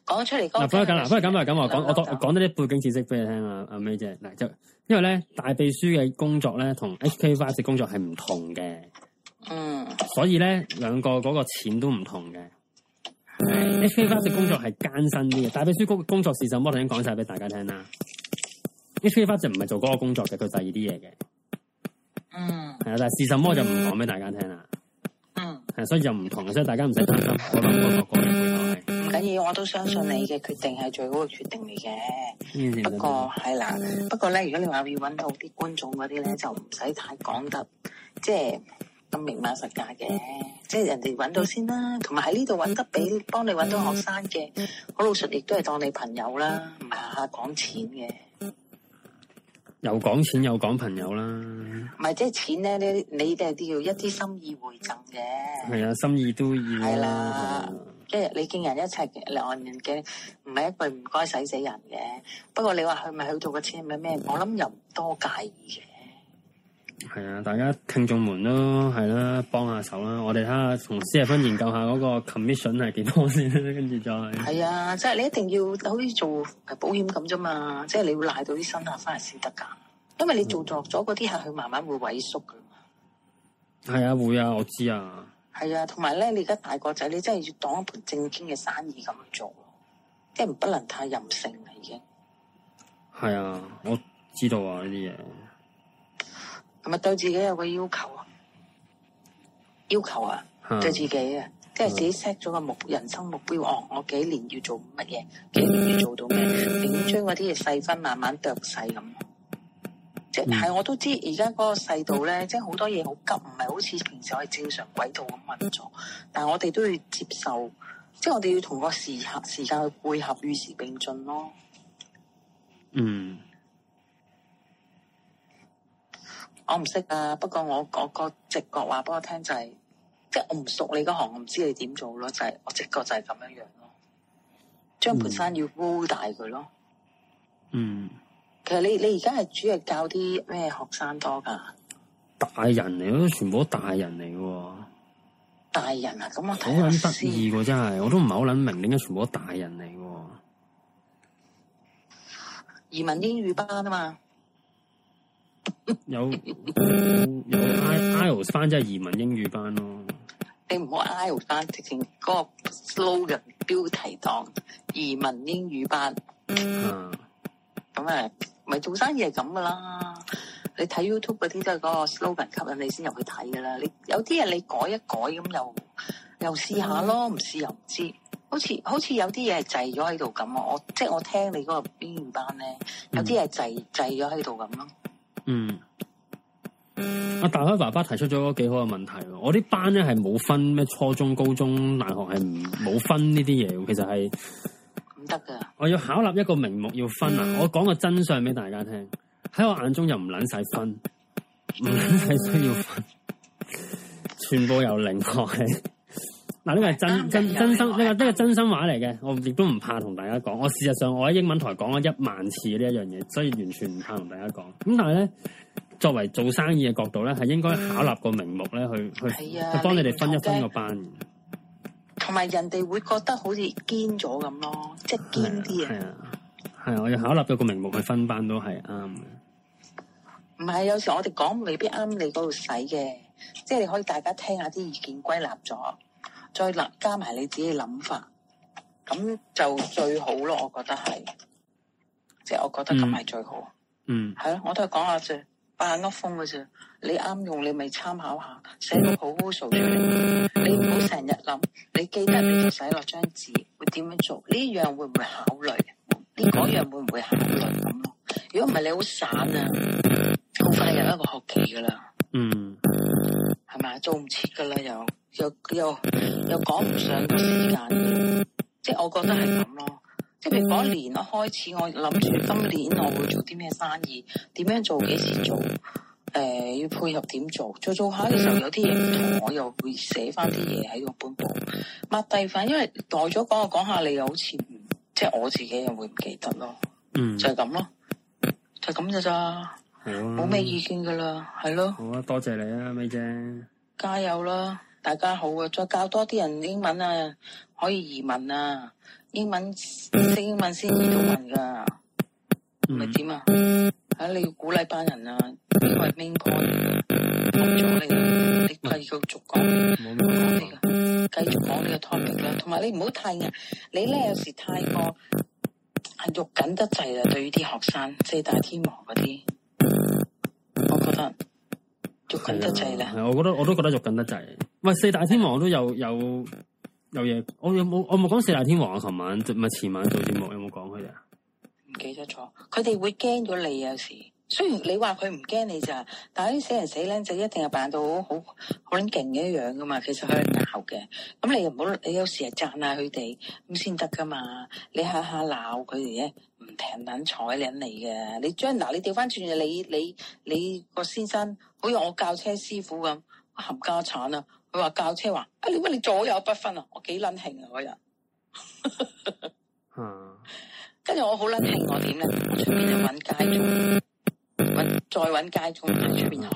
講出嚟嗰個，個。嗱、嗯，翻去咁啦，翻去咁就係咁話。講我講多啲背景知識俾你聽啊，阿 May 姐。嗱，就因為咧大秘書嘅工作咧，同 HK Five 工作係唔同嘅。嗯。所以咧兩個嗰個錢都唔同嘅。HK Five 工作係艱辛啲嘅，大秘書工工作事實我頭先講晒俾大家聽啦。HK Five 就唔係做嗰個工作嘅，佢第二啲嘢嘅。嗯，係啊，但係是什麼就唔講俾大家聽啦。嗯，係所以就唔同，所以大家唔使擔心。我我我嘅背後係唔緊要，我都相信你嘅決定係最好嘅決定嚟嘅。不過係啦，不過咧，如果你話要揾到啲觀眾嗰啲咧，就唔使太講得即係咁明碼實價嘅，即係人哋揾到先啦。同埋喺呢度揾得俾幫你揾到學生嘅，好老實亦都係當你朋友啦，唔係下下講錢嘅。又講錢又講朋友啦，唔係即係錢咧，你你哋都要一啲心意回贈嘅。係 啊，心意都要。係啦，即係、 啊、你見人一齊嚟，兩個人嘅，唔係一句唔該使死人嘅。不過你話佢咪去做個簽，咪咩？ 我諗又唔多介意嘅。係啊，大家聽眾們咯，係啦、啊，幫下手啦，我哋睇下從四廿分研究下嗰個 commission 係幾多先，跟住再係啊，即、就、係、是、你一定要好似做保險咁啫嘛，即係你會賴到啲新客翻嚟，先得噶因為你做作咗嗰啲客，佢慢慢會萎縮噶嘛。係啊，會啊，我知啊。係啊，同埋咧，你而家大個仔，你真係要當一盤正經嘅生意咁做，即係唔不能太任性、啊、已經。係啊，我知道啊呢啲嘢。係咪對自己有個要求啊？要求啊， 對自己啊， 即係自己 set 咗個目人生目標，我、 哦、我幾年要做乜嘢？幾年要做到咩？點樣將嗰啲嘢細分，慢慢疊細咁。即係，我都知而家嗰個世道咧，即係好多嘢好急，唔係好似平時可以正常軌道咁運作。但係我哋都要接受，即係我哋要同個時刻時間去配合，與時並進咯。嗯。我唔識啊，不過我我個直覺話俾我聽就係、是，即、就、係、是、我唔熟你嗰行，我唔知你點做咯，就係、是、我直覺就係咁樣樣咯。張培山要煲大佢咯。嗯。其實你你而家係主要教啲咩學生多噶？大人嚟，我全部都大人嚟嘅。大人啊，咁我睇下先。好捻得意喎，真係，我都唔係好捻明點解全部都大人嚟嘅。移民英語班啊嘛。有有，有 IELTS 班，即係移民英語班咯。你唔好 IELTS 班，直情嗰個 slogan 標題黨移民英語班。嗯，咁啊，咪、啊、做生意係咁噶啦。你睇 YouTube 嗰啲都係嗰個 slogan 吸引你先入去睇噶啦。你有啲嘢你改一改咁，又又試下咯，唔試又唔知。好似好似有啲嘢係滯咗喺度咁啊。我即係我聽你嗰個英語班咧，有啲嘢係滯滯咗喺度咁咯。嗯，阿、啊、大海爸爸提出咗一個幾好嘅問題。我啲班咧係冇分咩初中、高中、大學，係冇分呢啲嘢。其實係唔得噶。我要考立一個名目要分啊！嗯、我講個真相俾大家聽。喺我眼中又唔捻使分，唔捻使需要分， 全部由零學起。 嗱，呢個係真真真心，呢個呢個真心話嚟嘅。我亦都唔怕同大家講。我事實上我喺英文台講咗一萬次呢一樣嘢，所以完全唔怕同大家講。咁但係咧，作為做生意嘅角度咧，係應該考立個名目咧去、嗯、去去幫你哋分一分個班。同埋人哋會覺得好似堅咗咁咯，即係堅啲啊！係啊，係啊，我要考立咗個名目去分班都係啱嘅。唔係有時我哋講未必啱你嗰度使嘅，即係你可以大家聽下啲意見歸納咗。再加埋你自己嘅諗法，咁就最好咯。我覺得係，即係、嗯、我覺得咁係最好。嗯，係咯，我都係講下啫，扮屋風嘅啫。你啱用你咪參考下，寫個 proposal 出嚟。你唔好成日諗，你記得你就寫落張紙，會點樣做？呢樣會唔會考慮？呢嗰樣會唔會考慮咁咯？如果唔係你好散啊，好快入一個學期噶啦。嗯。係咪啊？做唔切㗎啦，又又又又講唔上個時間， 即係我覺得係咁咯。即係譬如講年一開始我諗住今年我會做啲咩生意，點樣做，幾時做，誒、呃、要配合點做，做做下嘅時候有啲嘢唔同，我又會寫翻啲嘢喺個本簿，抹低翻，因為代咗講下講下，你又好似即係我自己又會唔記得咯。嗯， 就係咁咯，就係咁嘅咋。冇咩、 啊、 意見噶啦，係咯。好是啊 lah 是， 多謝你啊，咪姐。加油啦，大家好啊，再教多啲人英文啊，可以移民啊，英文識英文先移民噶，咪點啊？吓、啊，你要鼓勵班人啊，邊個邊個，冇咗你， 你，你繼續續講，繼續講呢個，繼續講呢個 topic 啦。同埋你唔好太硬，你咧有時太過係喐緊得滯啊，對於啲學生，四大天王嗰啲。我覺得肉緊得滯啦，我覺得我都覺得肉緊得滯。喂，四大天王都有有有嘢，我有冇我冇講四大天王啊。琴晚唔係前晚做節目有冇講佢啊？唔記得咗，佢哋會驚到你有時。雖然你話佢唔驚你咋，但係啲死人死靚仔一定係扮到好好好捻勁嘅一樣噶嘛。其實佢係鬧嘅，咁你又唔好你有時係讚下佢哋咁先得噶嘛。你下下鬧佢哋咧，唔停捻彩捻嚟嘅。你將嗱你調翻轉你你你個先生，好似我教車師傅咁冚、啊、家產啦。佢話教車話啊，點、哎、解你左右不分啊？我幾捻興啊，嗰日。 嗯。跟住我好捻興，我點咧？出面就揾街咗。再搵街中喺出邊學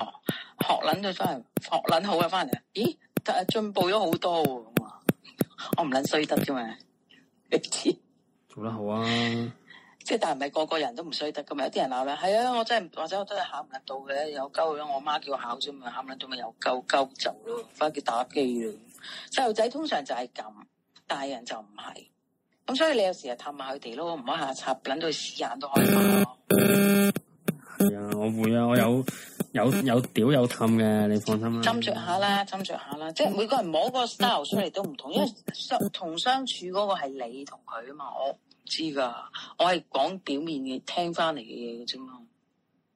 學捻到翻嚟，學捻好啊翻嚟，咦，進步咗好多喎！我唔捻衰得噶嘛，你 知做得好啊！即係但係唔係個個人都唔衰得噶嘛，有啲人鬧咧，係啊，我真係或者我真係考捻到嘅，有鳩咯，我媽叫我考啫嘛，考捻到咪有鳩鳩走咯，翻去打機咯。細路仔通常就係咁，大人就唔係，咁所以你有時啊探下佢哋咯，唔好下插捻到佢屎眼都開翻 係啊，我會啊，我有有有屌有氹嘅，你放心啦。斟酌下啦，斟酌下啦，即係每個人摸個 style 出嚟都唔同，因為相同相處嗰個係你同佢啊嘛。我唔知噶，我係講表面嘅聽翻嚟嘅嘢嘅啫嘛。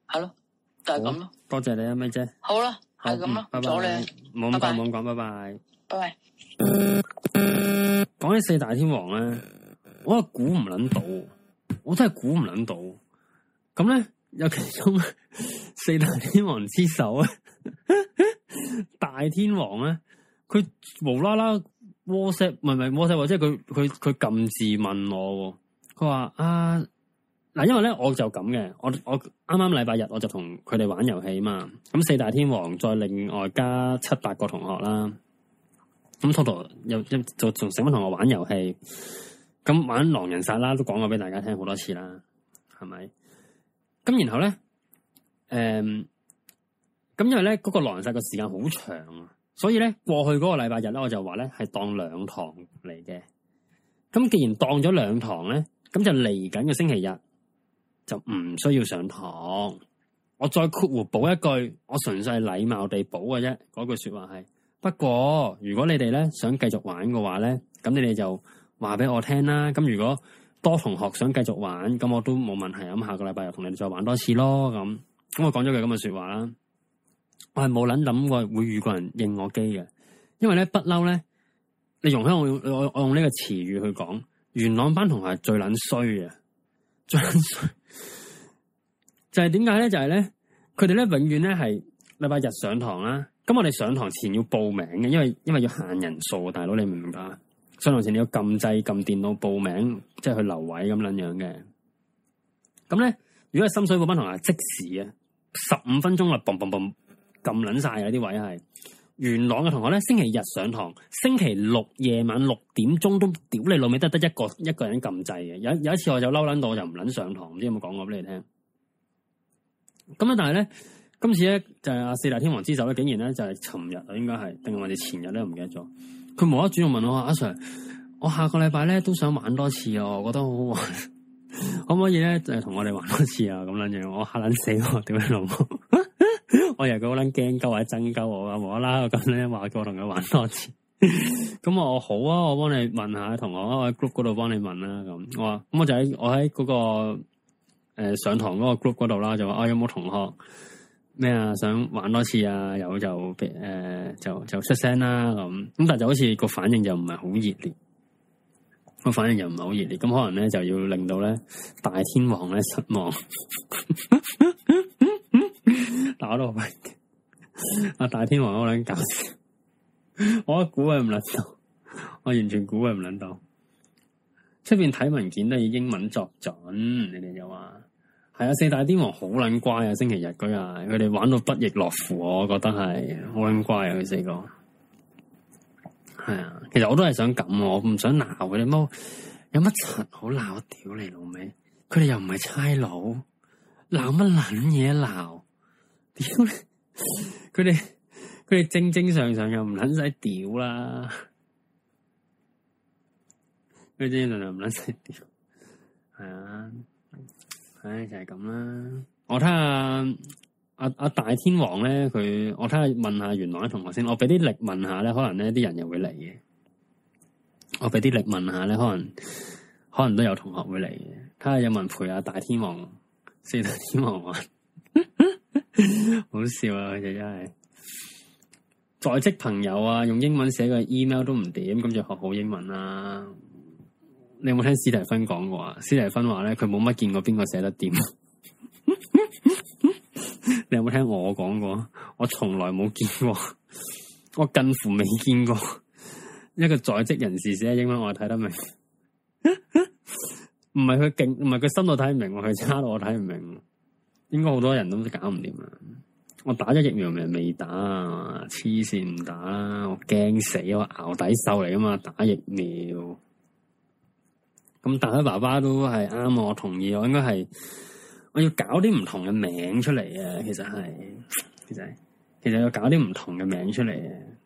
係 咯、嗯，就係咁咯。多謝你啊，咩姐。好啦，係咁咯，唔、嗯、唔阻你啊。唔好咁講，唔好講，拜拜。拜拜。講、嗯、起四大天王咧，我都估唔捻到，我真係估唔捻到。咁咧？有其中四大天王之首啊， 大天王咧，佢無啦啦 WhatsApp，唔係唔係 WhatsApp，即係佢佢佢撳字問我，佢話啊，嗱，因為咧我就咁嘅，我我啱啱禮拜日我就同佢哋玩遊戲嘛，咁四大天王再另外加七八個同學啦，咁 total 又就仲成班同學玩遊戲，咁玩狼人殺啦，都講過俾大家聽好多次啦，係咪？咁然後咧，誒、嗯，咁因為咧嗰，那個落完晒嘅時間好長啊，所以咧過去嗰個禮拜日咧，我就話咧係當兩堂嚟嘅。咁既然當咗兩堂咧，咁就嚟緊嘅星期日就唔需要上堂。我再括弧補一句，我純粹係禮貌地補嘅啫。嗰句說話係，不過如果你哋咧想繼續玩嘅話咧，咁你哋就話俾我聽啦。咁如果多同學想繼續玩，咁我都冇問題，咁下個禮拜又同你哋再玩多次咯，咁咁我講咗句咁嘅說話啦。我係冇捻諗過會遇過人應我機嘅，因為咧不嬲咧，你容許我，我，我用我我用呢個詞語去講，元朗班同學係最捻衰嘅，最捻衰 就係點解咧？就係、是、咧，佢哋咧永遠咧係禮拜日上堂啦。咁我哋上堂前要報名嘅，因為因為要限人數，大佬你明唔明白？上堂前你要撳掣撳電腦報名，即係去留位咁樣樣嘅。咁咧，如果係深水埗班同學即時嘅十五分鐘啦，嘣嘣嘣撳捻晒有啲位係元朗嘅同學咧，星期日上堂，星期六夜晚六點鐘都屌你老味得得一個一個人撳掣嘅。有有一次我就嬲捻到，我就唔捻上堂，唔知有冇講過俾你聽。咁咧，但係咧，今次咧就係啊四大天王之首咧，竟然咧就係尋日啊，應該係定我哋前日咧，唔記得咗。佢無啦啦轉頭問我話阿、啊、Sir，我下個禮拜咧都想玩多次啊、哦，我覺得好好玩， 可唔可以咧就係同我哋玩多次啊？咁樣嘢我嚇撚死我，點樣老母？ 我以為佢好撚驚鳩或者憎鳩我啊，無啦啦咁樣話叫我同佢玩多次。咁 我好啊，我幫你問下同學，我喺 group 嗰度幫你問啦、啊。咁我咁我就喺我喺嗰、那個誒、呃、上堂嗰個 group 嗰度啦，就話啊有冇同學？咩啊？想玩多次啊？有就誒、呃，就就出聲啦咁。咁但係就好似個反應就唔係好熱烈，個反應又唔係好熱烈。咁可能咧就要令到咧大天王咧失望，打到去。阿 大天王好捻搞笑， 我估佢唔捻到，我完全估佢唔捻到。出邊睇文件都以英文作準，你哋就話。係啊，四大天王好撚乖啊，星期日嗰日佢哋玩到不亦樂乎，我覺得係好撚乖啊，佢四個係啊，其實我都係想咁，我唔想鬧佢哋，冇有乜柒好鬧，屌你老味？佢哋又唔係差佬，鬧乜撚嘢鬧？屌，佢哋佢哋正正常常又唔撚使屌啦，佢哋正正常常唔撚使屌，係啊。唉，就係、是、咁啦。我睇下阿阿大天王咧，佢我睇下問下原來啲同學先。我俾啲力問下咧，可能咧啲人又會嚟嘅。我俾啲力問下咧，可能可能都有同學會嚟嘅。睇下有冇人陪阿、啊、大天王，四大天王啊， 好笑啊！佢哋真係在職朋友啊，用英文寫個 email 都唔掂，咁就學好英文啦、啊。你有冇聽史提芬講過啊？史提芬話咧，佢冇乜見過邊個寫得掂。 你有冇聽我講過？我從來冇見過， 我近乎未見過一個在職人士寫英文，我睇得明。唔係佢勁，唔係佢深度睇唔明，我係差到我睇唔明。應該好多人都搞唔掂啊！我打咗疫苗未？未打啊！黐線唔打，我驚死我，牛底瘦嚟噶嘛，打疫苗。咁但係爸爸都係啱，我同意，我應該係我要搞啲唔同嘅名出嚟啊。其實係，其實其實要搞啲唔同嘅名出嚟，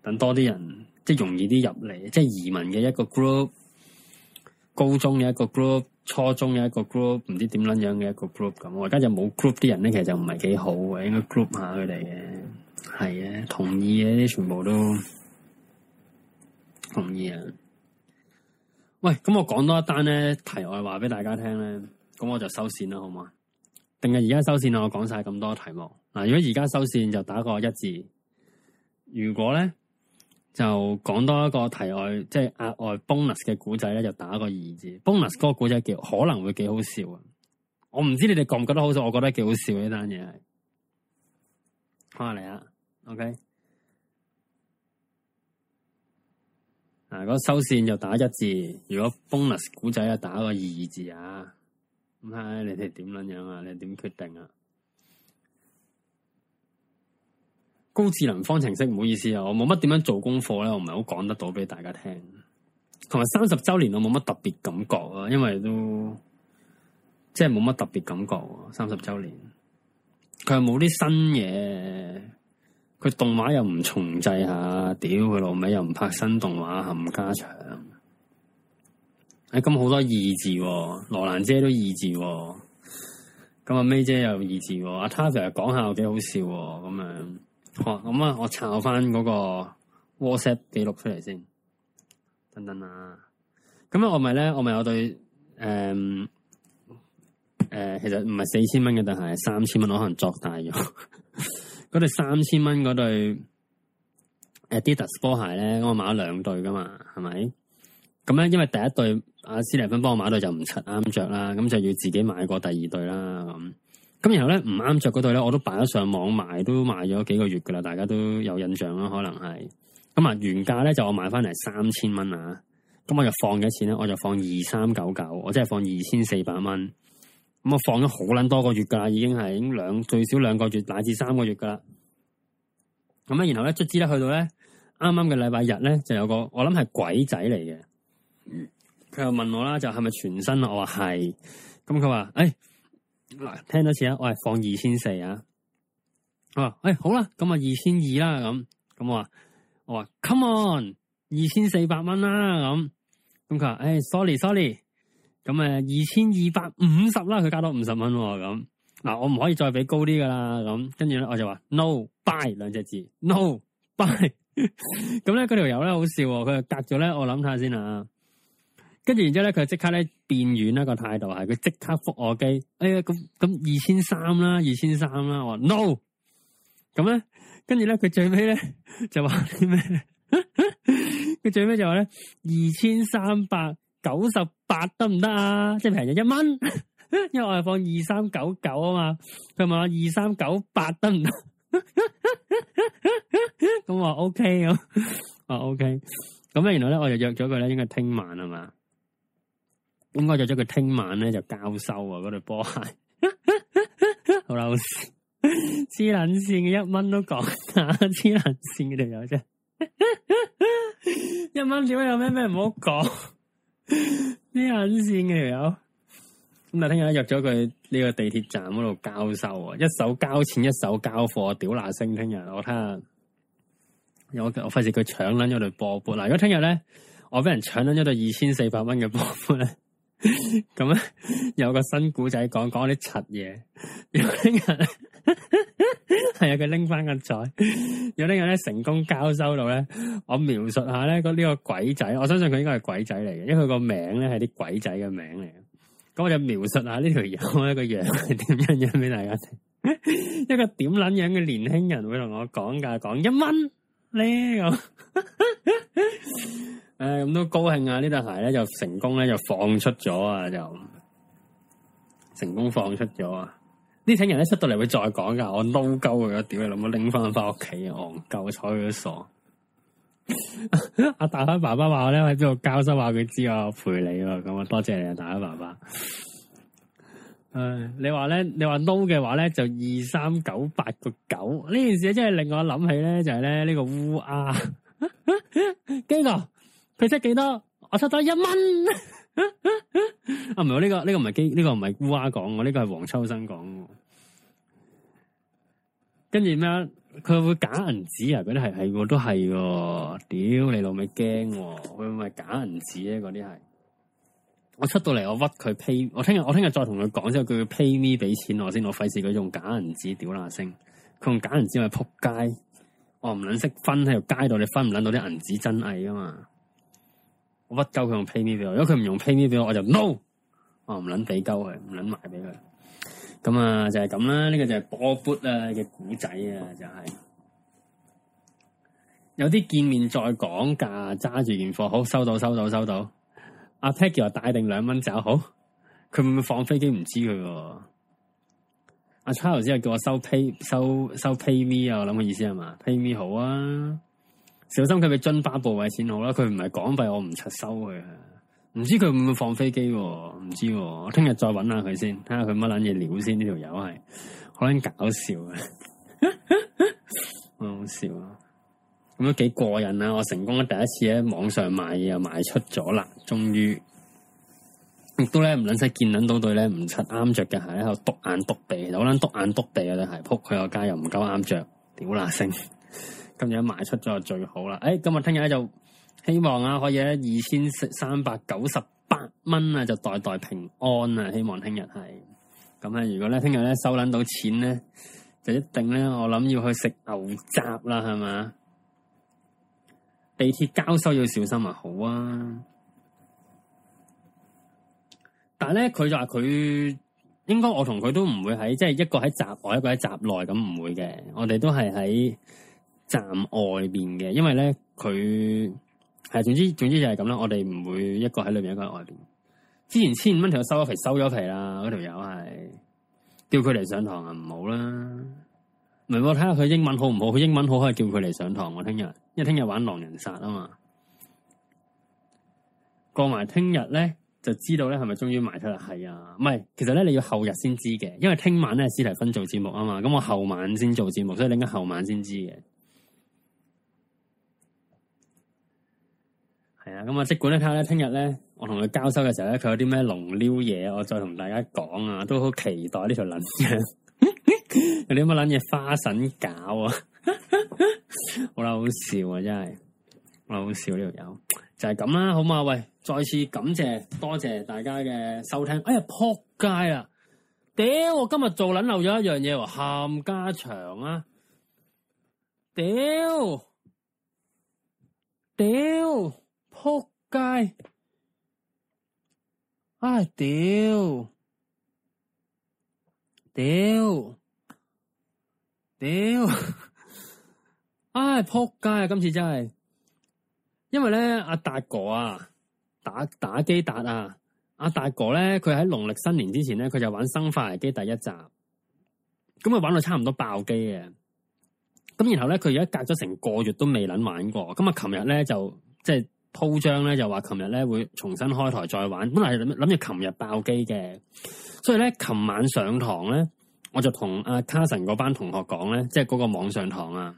等多啲人即係容易啲入嚟，即係移民嘅一個 group，高中嘅一個 group，初中嘅一個 group，唔知點樣樣嘅一個 group 咁。我而家就冇 group 啲人咧，其實就唔係幾好嘅，應該 group 下佢哋嘅。係啊，同意啊，啲全部都同意啊。喂，咁、哎、我講多一單咧題外話俾大家聽咧，咁我就收線啦，好嘛？定係而家收線啊？我講晒咁多題目嗱，如果而家收線就打個一字。如果咧就講多一個題外，即係額外 bonus 嘅故仔咧，就打個二字。bonus 嗰個故仔叫，可能會幾好笑啊？我唔知你哋覺唔覺得好笑，我覺得幾好笑呢單嘢係。下嚟啊 OK 嗱，如果收線就打一字；如果 bonus 股仔啊，打個二,二字啊。咁、哎、係你哋點捻樣啊？你點決定啊？高智能方程式，唔好意思啊，我冇乜點樣做功課咧，我唔係好講得到俾大家聽。同埋三十周年，我冇乜特別感覺啊，因為都即係冇乜特別感覺、啊。三十周年，佢又冇啲新嘢。佢動畫又唔重製下，屌佢老味，又唔拍新動畫冚家鏟，哎，咁好多二字、哦，羅蘭姐都二字、哦，咁阿 May 姐又二字、哦，阿 Taser 成日講下我幾好笑、哦，咁樣，好咁啊，我抄翻嗰個 WhatsApp 記錄出嚟先，等等啊，咁啊我咪咧，我咪有對誒誒、嗯嗯，其實唔係四千蚊嘅，但係三千蚊我可能作大咗。 嗰對三千蚊嗰對 Adidas 波鞋咧，我買咗兩對噶嘛，係咪？咁咧，因為第一對阿斯利芬幫我買對就唔出啱着啦，咁就要自己買過第二對啦。咁，咁然後咧唔啱着嗰對咧，我都擺咗上網賣，都賣咗幾個月噶啦，大家都有印象啦，可能係。咁啊，原價咧就我買翻嚟三千蚊啊，咁我就放幾錢咧？我就放二三九九，我即係放二千四百蚊。咁啊，嗯、我放咗好撚多個月噶，已經係已經兩最少兩個月乃至三個月噶啦。咁、嗯、啊，然後咧卒之咧去到咧啱啱嘅禮拜日咧，就有個我諗係鬼仔嚟嘅。佢、嗯、又問我啦，就係、是、咪全新、嗯哎、啊？我話係。咁佢話，誒，嗱，聽多次啦，我係放二千四啊。啊，誒、嗯，好啦，咁、哎、啊，二千二啦，咁，咁我話，我話 come on，二千四百蚊啦，咁，咁佢話，誒，sorry，sorry。咁誒，二千二百五十啦，佢加多五十蚊，咁嗱、啊，我唔可以再俾高啲噶啦，咁跟住咧，我就話 no buy 兩隻字，no buy，咁咧嗰條友咧好笑、喔，佢就隔咗咧，我諗下先、啦啊，跟住然之後咧，佢就即刻咧變軟啦個態度係，佢即刻覆我機，哎呀，咁咁二千三啦，二千三啦，我話 no，咁咧，跟住咧佢最尾咧就話啲咩，佢 最尾就話咧二千三百。九十八得唔得啊？即係平咗一蚊，因為我係放二三九九啊嘛。佢問我二三九八得唔得？咁我 OK 咯，哦 OK。咁咧，然後咧，我就約咗佢咧，應該聽晚啊嘛？咁我約咗佢聽晚咧就交收啊！嗰對波鞋好啦，黐捻線嘅一蚊都講，黐捻線嘅又有啫，一蚊點有咩咩唔好講？啲眼線嘅條友，咁 但係聽日入咗佢呢個地鐵站嗰度交收啊，一手交錢一手交貨，屌乸星。聽日我睇下，我我費事佢搶捻咗對波波啦，啊。如果聽日咧，我俾人搶捻咗對二千四百蚊嘅波波咧，咁 咧有個新古仔講講啲柒嘢。如果聽日咧，係啊，佢拎翻個袋，有拎嘅咧成功交收到咧。我描述下咧，呢個鬼仔，我相信佢應該係鬼仔嚟嘅，因為佢個名咧係啲鬼仔嘅名嚟。咁 我就描述下呢條友咧個樣係點樣樣俾大家聽。 一個點捻樣嘅年輕人會同我講噶，講一蚊咧咁。誒， 咁都高興啊！這個、呢對鞋咧就成功咧就放出咗啊，就成功放出咗啊。呢層人咧出到嚟會再講噶，我嬲鳩噶，屌你諗乜拎翻翻屋企啊，我夠彩佢都傻。阿 大芬爸爸話咧喺度交心話佢知啊，我陪你啊，咁啊多謝你啊，大芬爸爸。 唉，你話咧，你、no、話嬲嘅話咧就二三九八個九，呢件事真係令我諗起咧就係、是、咧呢、這個烏鴉。 基哥，佢出幾多？我出得一蚊。啊唔係，呢、這個呢、這個唔係基，呢、這個唔係烏鴉講，我、這、呢個係黃秋生講。跟住咩？佢會假銀紙啊！嗰啲係係，我都係。屌你老味驚！佢會唔會係假銀紙咧，嗰啲係。我出到嚟，我屈佢 pay。我聽日，我聽日再同佢講之後，佢要 pay me 俾錢我先。我費事佢用假銀紙，屌那星。佢用假銀紙咪撲街。我唔捻識分喺條街度，你分唔捻到啲銀紙真偽噶嘛？我屈鳩佢用 pay me 俾我，如果佢唔用 pay me 俾我，我就 no 我。我唔捻俾鳩佢，唔捻賣俾佢。咁啊，就係咁啦，呢、這個就係波布啊嘅古仔啊，就係、是、有啲見面再講價，揸住件貨，好收到收到收到。阿、啊、Peggy 話帶定兩蚊走，好，佢會唔會放飛機唔知佢、啊。阿 Charles 頭先又叫我收 pay 收收 pay me 啊，我諗個意思係嘛，pay me 好啊，小心佢俾津巴布韋錢好啦，佢唔係港幣，我唔出收佢啊。唔知佢會唔會放飛機、哦？唔知、哦，我聽日再搵下佢先，睇下佢乜捻嘢料先。呢條友係好捻搞笑啊！ 好笑啊！咁都幾過癮啊！我成功咗第一次喺網上買嘢又賣出咗啦，終於亦都咧唔捻使見捻到對咧唔出啱着嘅鞋喺度篤眼篤鼻。好捻篤眼篤鼻嘅對鞋，撲佢個街又唔夠啱着，屌啦聲 今日賣出咗就最好啦！誒、欸，今日聽日咧就。希望啊，可以咧二千三百九十八蚊啊，就代代平安啊！希望聽日係咁啊，如果咧聽日咧收捻到錢咧，就一定咧，我諗要去食牛雜啦，係嘛？地鐵交收要小心啊，好啊！但係咧，佢就話佢應該我同佢都唔會喺，即係一個喺閘外，一個喺閘內，咁唔會嘅，我哋都係喺站外邊嘅，因為咧佢。係，總之總之就係咁啦。我哋唔會一個喺裏面一個喺外邊。之前千五蚊條收咗皮，收咗皮啦。嗰條友係叫佢嚟上堂啊，唔好啦。明唔明？我睇下佢英文好唔好。佢英文好可以叫佢嚟上堂。我聽日，因為聽日玩狼人殺啊嘛。過埋聽日咧，就知道咧係咪終於埋出嚟。係啊，唔係。其實咧你要後日先知嘅，因為聽晚咧史提芬做節目啊嘛。咁我後晚先做節目，所以你應該後晚先知嘅。咁啊，即管睇下咧，聽日咧，我同佢交收嘅時候咧，佢有啲咩龍撩嘢，我再同大家講啊，都好期待呢條撚嘢。有啲乜撚嘢花神搞啊？好啦，好笑啊，真係，好啦，好笑呢條友，就係咁啦，好嘛？喂，再次感謝，多謝大家嘅收聽。哎呀，扑街啊！屌，我今日做撚漏咗一樣嘢喎，冚家鏟啊！屌，屌！扑街！唉，屌！屌！屌！ 唉，扑街啊！今次真係，因為咧阿達哥啊，打打機達啊，阿、啊、達哥咧佢喺農曆新年之前咧，佢就玩生化危機第一集，咁啊玩到差唔多爆機嘅，咁然後咧佢而家隔咗成個月都未捻玩過，咁啊琴日咧就即係。鋪張咧就話，琴日咧會重新開台再玩，本來諗住琴日爆機嘅，所以咧琴晚上堂咧，我就同阿卡神嗰班同學講咧，即係嗰個網上堂啊，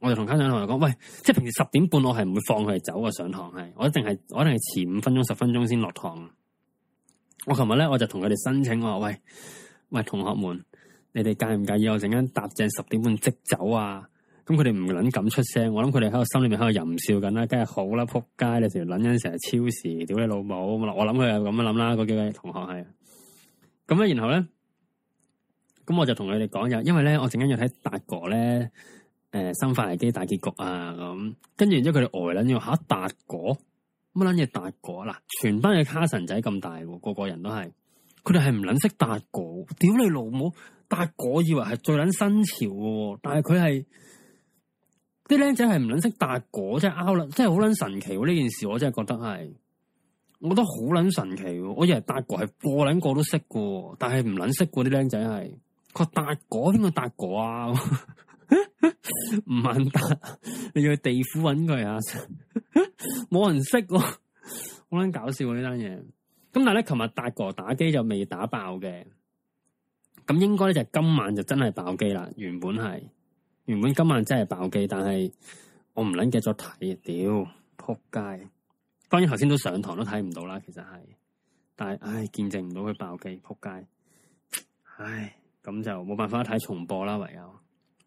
我就同卡神同學講，喂，即係平時十點半我係唔會放佢哋走啊，上堂係，我一定係，我一定係遲五分鐘十分鐘先落堂。我琴日咧我就同佢哋申請我，我話喂，喂，同學們，你哋介唔介意我陣間搭正十點半即走啊？咁佢哋唔卵敢出聲，我諗佢哋喺個心裏面喺度淫笑緊啦，梗係好啦，扑街你成日卵緊成日超時，屌你老母！我諗佢又咁樣諗啦，嗰幾位同學係，咁咧然後咧，咁我就同佢哋講又，因為咧我陣間要睇達哥咧，誒、呃、生化危機大結局啊咁，跟住然之後佢哋呆卵要吓達哥乜卵嘢達哥啦？全班嘅卡神仔咁大個個人都係，佢哋係唔卵識達哥，屌你老母！達哥以為係最卵新潮，但係佢係。啲僆仔係唔捻識達哥，真係拗啦，真係好捻神奇呢、啊、件事，我真係覺得係，我覺得好捻神奇、啊。我以為達哥係個捻個，個都識嘅，但係唔捻識嘅啲僆仔係，個達哥點解達哥啊？唔問達，你要去地府揾佢 啊。冇人識，好捻搞笑、啊、呢單嘢。咁但係咧，琴日達哥打機就未打爆嘅，咁應該咧就今晚就真係爆機啦。原本係。原本今晚真係爆機，但係我唔捻繼續睇，屌撲街！當然頭先都上堂都睇唔到啦，其實係，但係唉見證唔到佢爆機，撲街！唉咁就冇辦法睇重播啦，唯有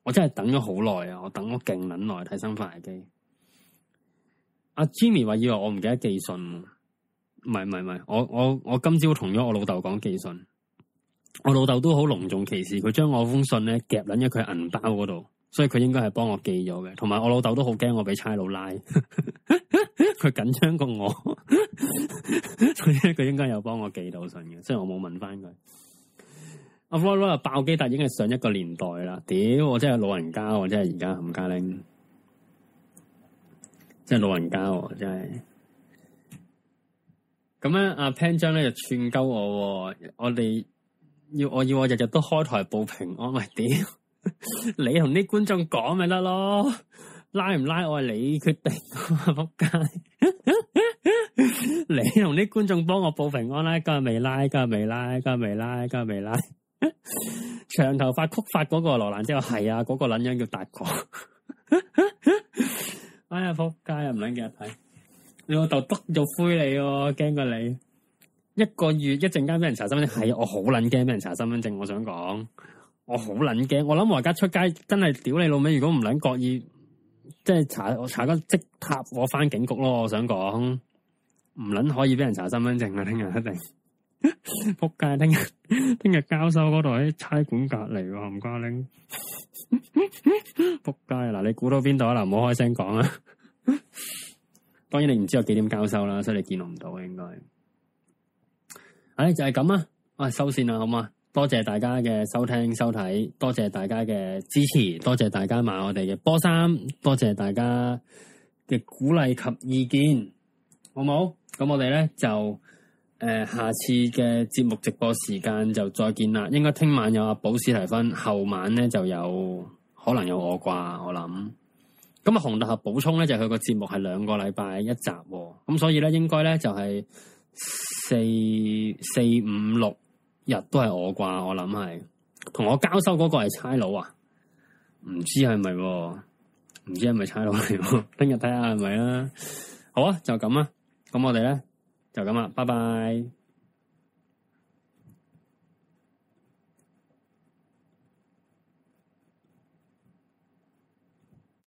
我真係等咗好耐啊！我等咗勁捻耐睇生化危機。阿 Jimmy 話，以為我唔記得寄信，唔係唔係唔係，我我我今朝同咗我老豆講寄信，我老豆都好隆重其事，佢將我封信咧夾捻咗佢銀包嗰度。所以佢應該係幫我寄咗嘅，同埋我老豆都好驚我俾差佬拉，佢緊張過我， 所以佢應該有幫我寄到信嘅。雖然我冇問翻佢。阿 f a l o w 爆機達已經係上一個年代啦，屌我真係老人家喎，我真係而家冚家拎，真係老人家喎真樣，啊啊、我真係。咁咧，阿 Pan 張咧就串鳩我，我哋要我要我日日都開台報平安，喂屌！ 你同啲觀眾講咪得咯，拉唔拉我係你決定。仆 街混蛋！ 你同啲觀眾幫我報平安啦，今日未拉，今日未拉，今日未拉，今日未拉。 長頭髮、曲髮嗰個羅蘭之後係啊，嗰、那個撚樣叫達哥。 哎呀，仆街又唔捻嘅睇，你老豆得咗灰、哦、你，驚過你一個月一陣間俾人查身份證，係 啊，我好捻驚俾人查身份證。我想講。我好捻驚，我諗我而家出街真係屌你老味！如果唔捻，覺意，即係查，我查個積塔，我翻警局咯！我想講，唔、嗯、捻可以俾人查身份證啊！聽日一定，扑 街！聽日聽日交收嗰度喺差館隔籬個冚家拎，扑街！嗱，你估到邊度啊？嗱，唔 好、哎啊、開聲講啊！當然你唔知我幾點交收啦，所以你見我唔到應該、哎就是、啊，應該。唉，就係咁啊！喂，收線啦，好嘛？多謝大家嘅收聽收睇，多謝大家嘅支持，多謝大家買我哋嘅波衫，多謝大家嘅鼓勵及意見，好冇？咁我哋咧就誒、呃，下次嘅節目直播時間就再見啦。應該聽晚有阿寶士提芬，後晚咧就有可能有我啩，我諗。咁啊，洪大俠補充咧，就佢、是、個節目係兩個禮拜一集喎，咁所以咧，應該咧就係四四五六。日都係我啩，我諗，係同我交收嗰個係差佬啊，唔知係咪，唔知係咪差佬嚟，聽日睇下係咪啊？好啊，就咁啊，咁我哋咧就咁啦，啊，拜拜。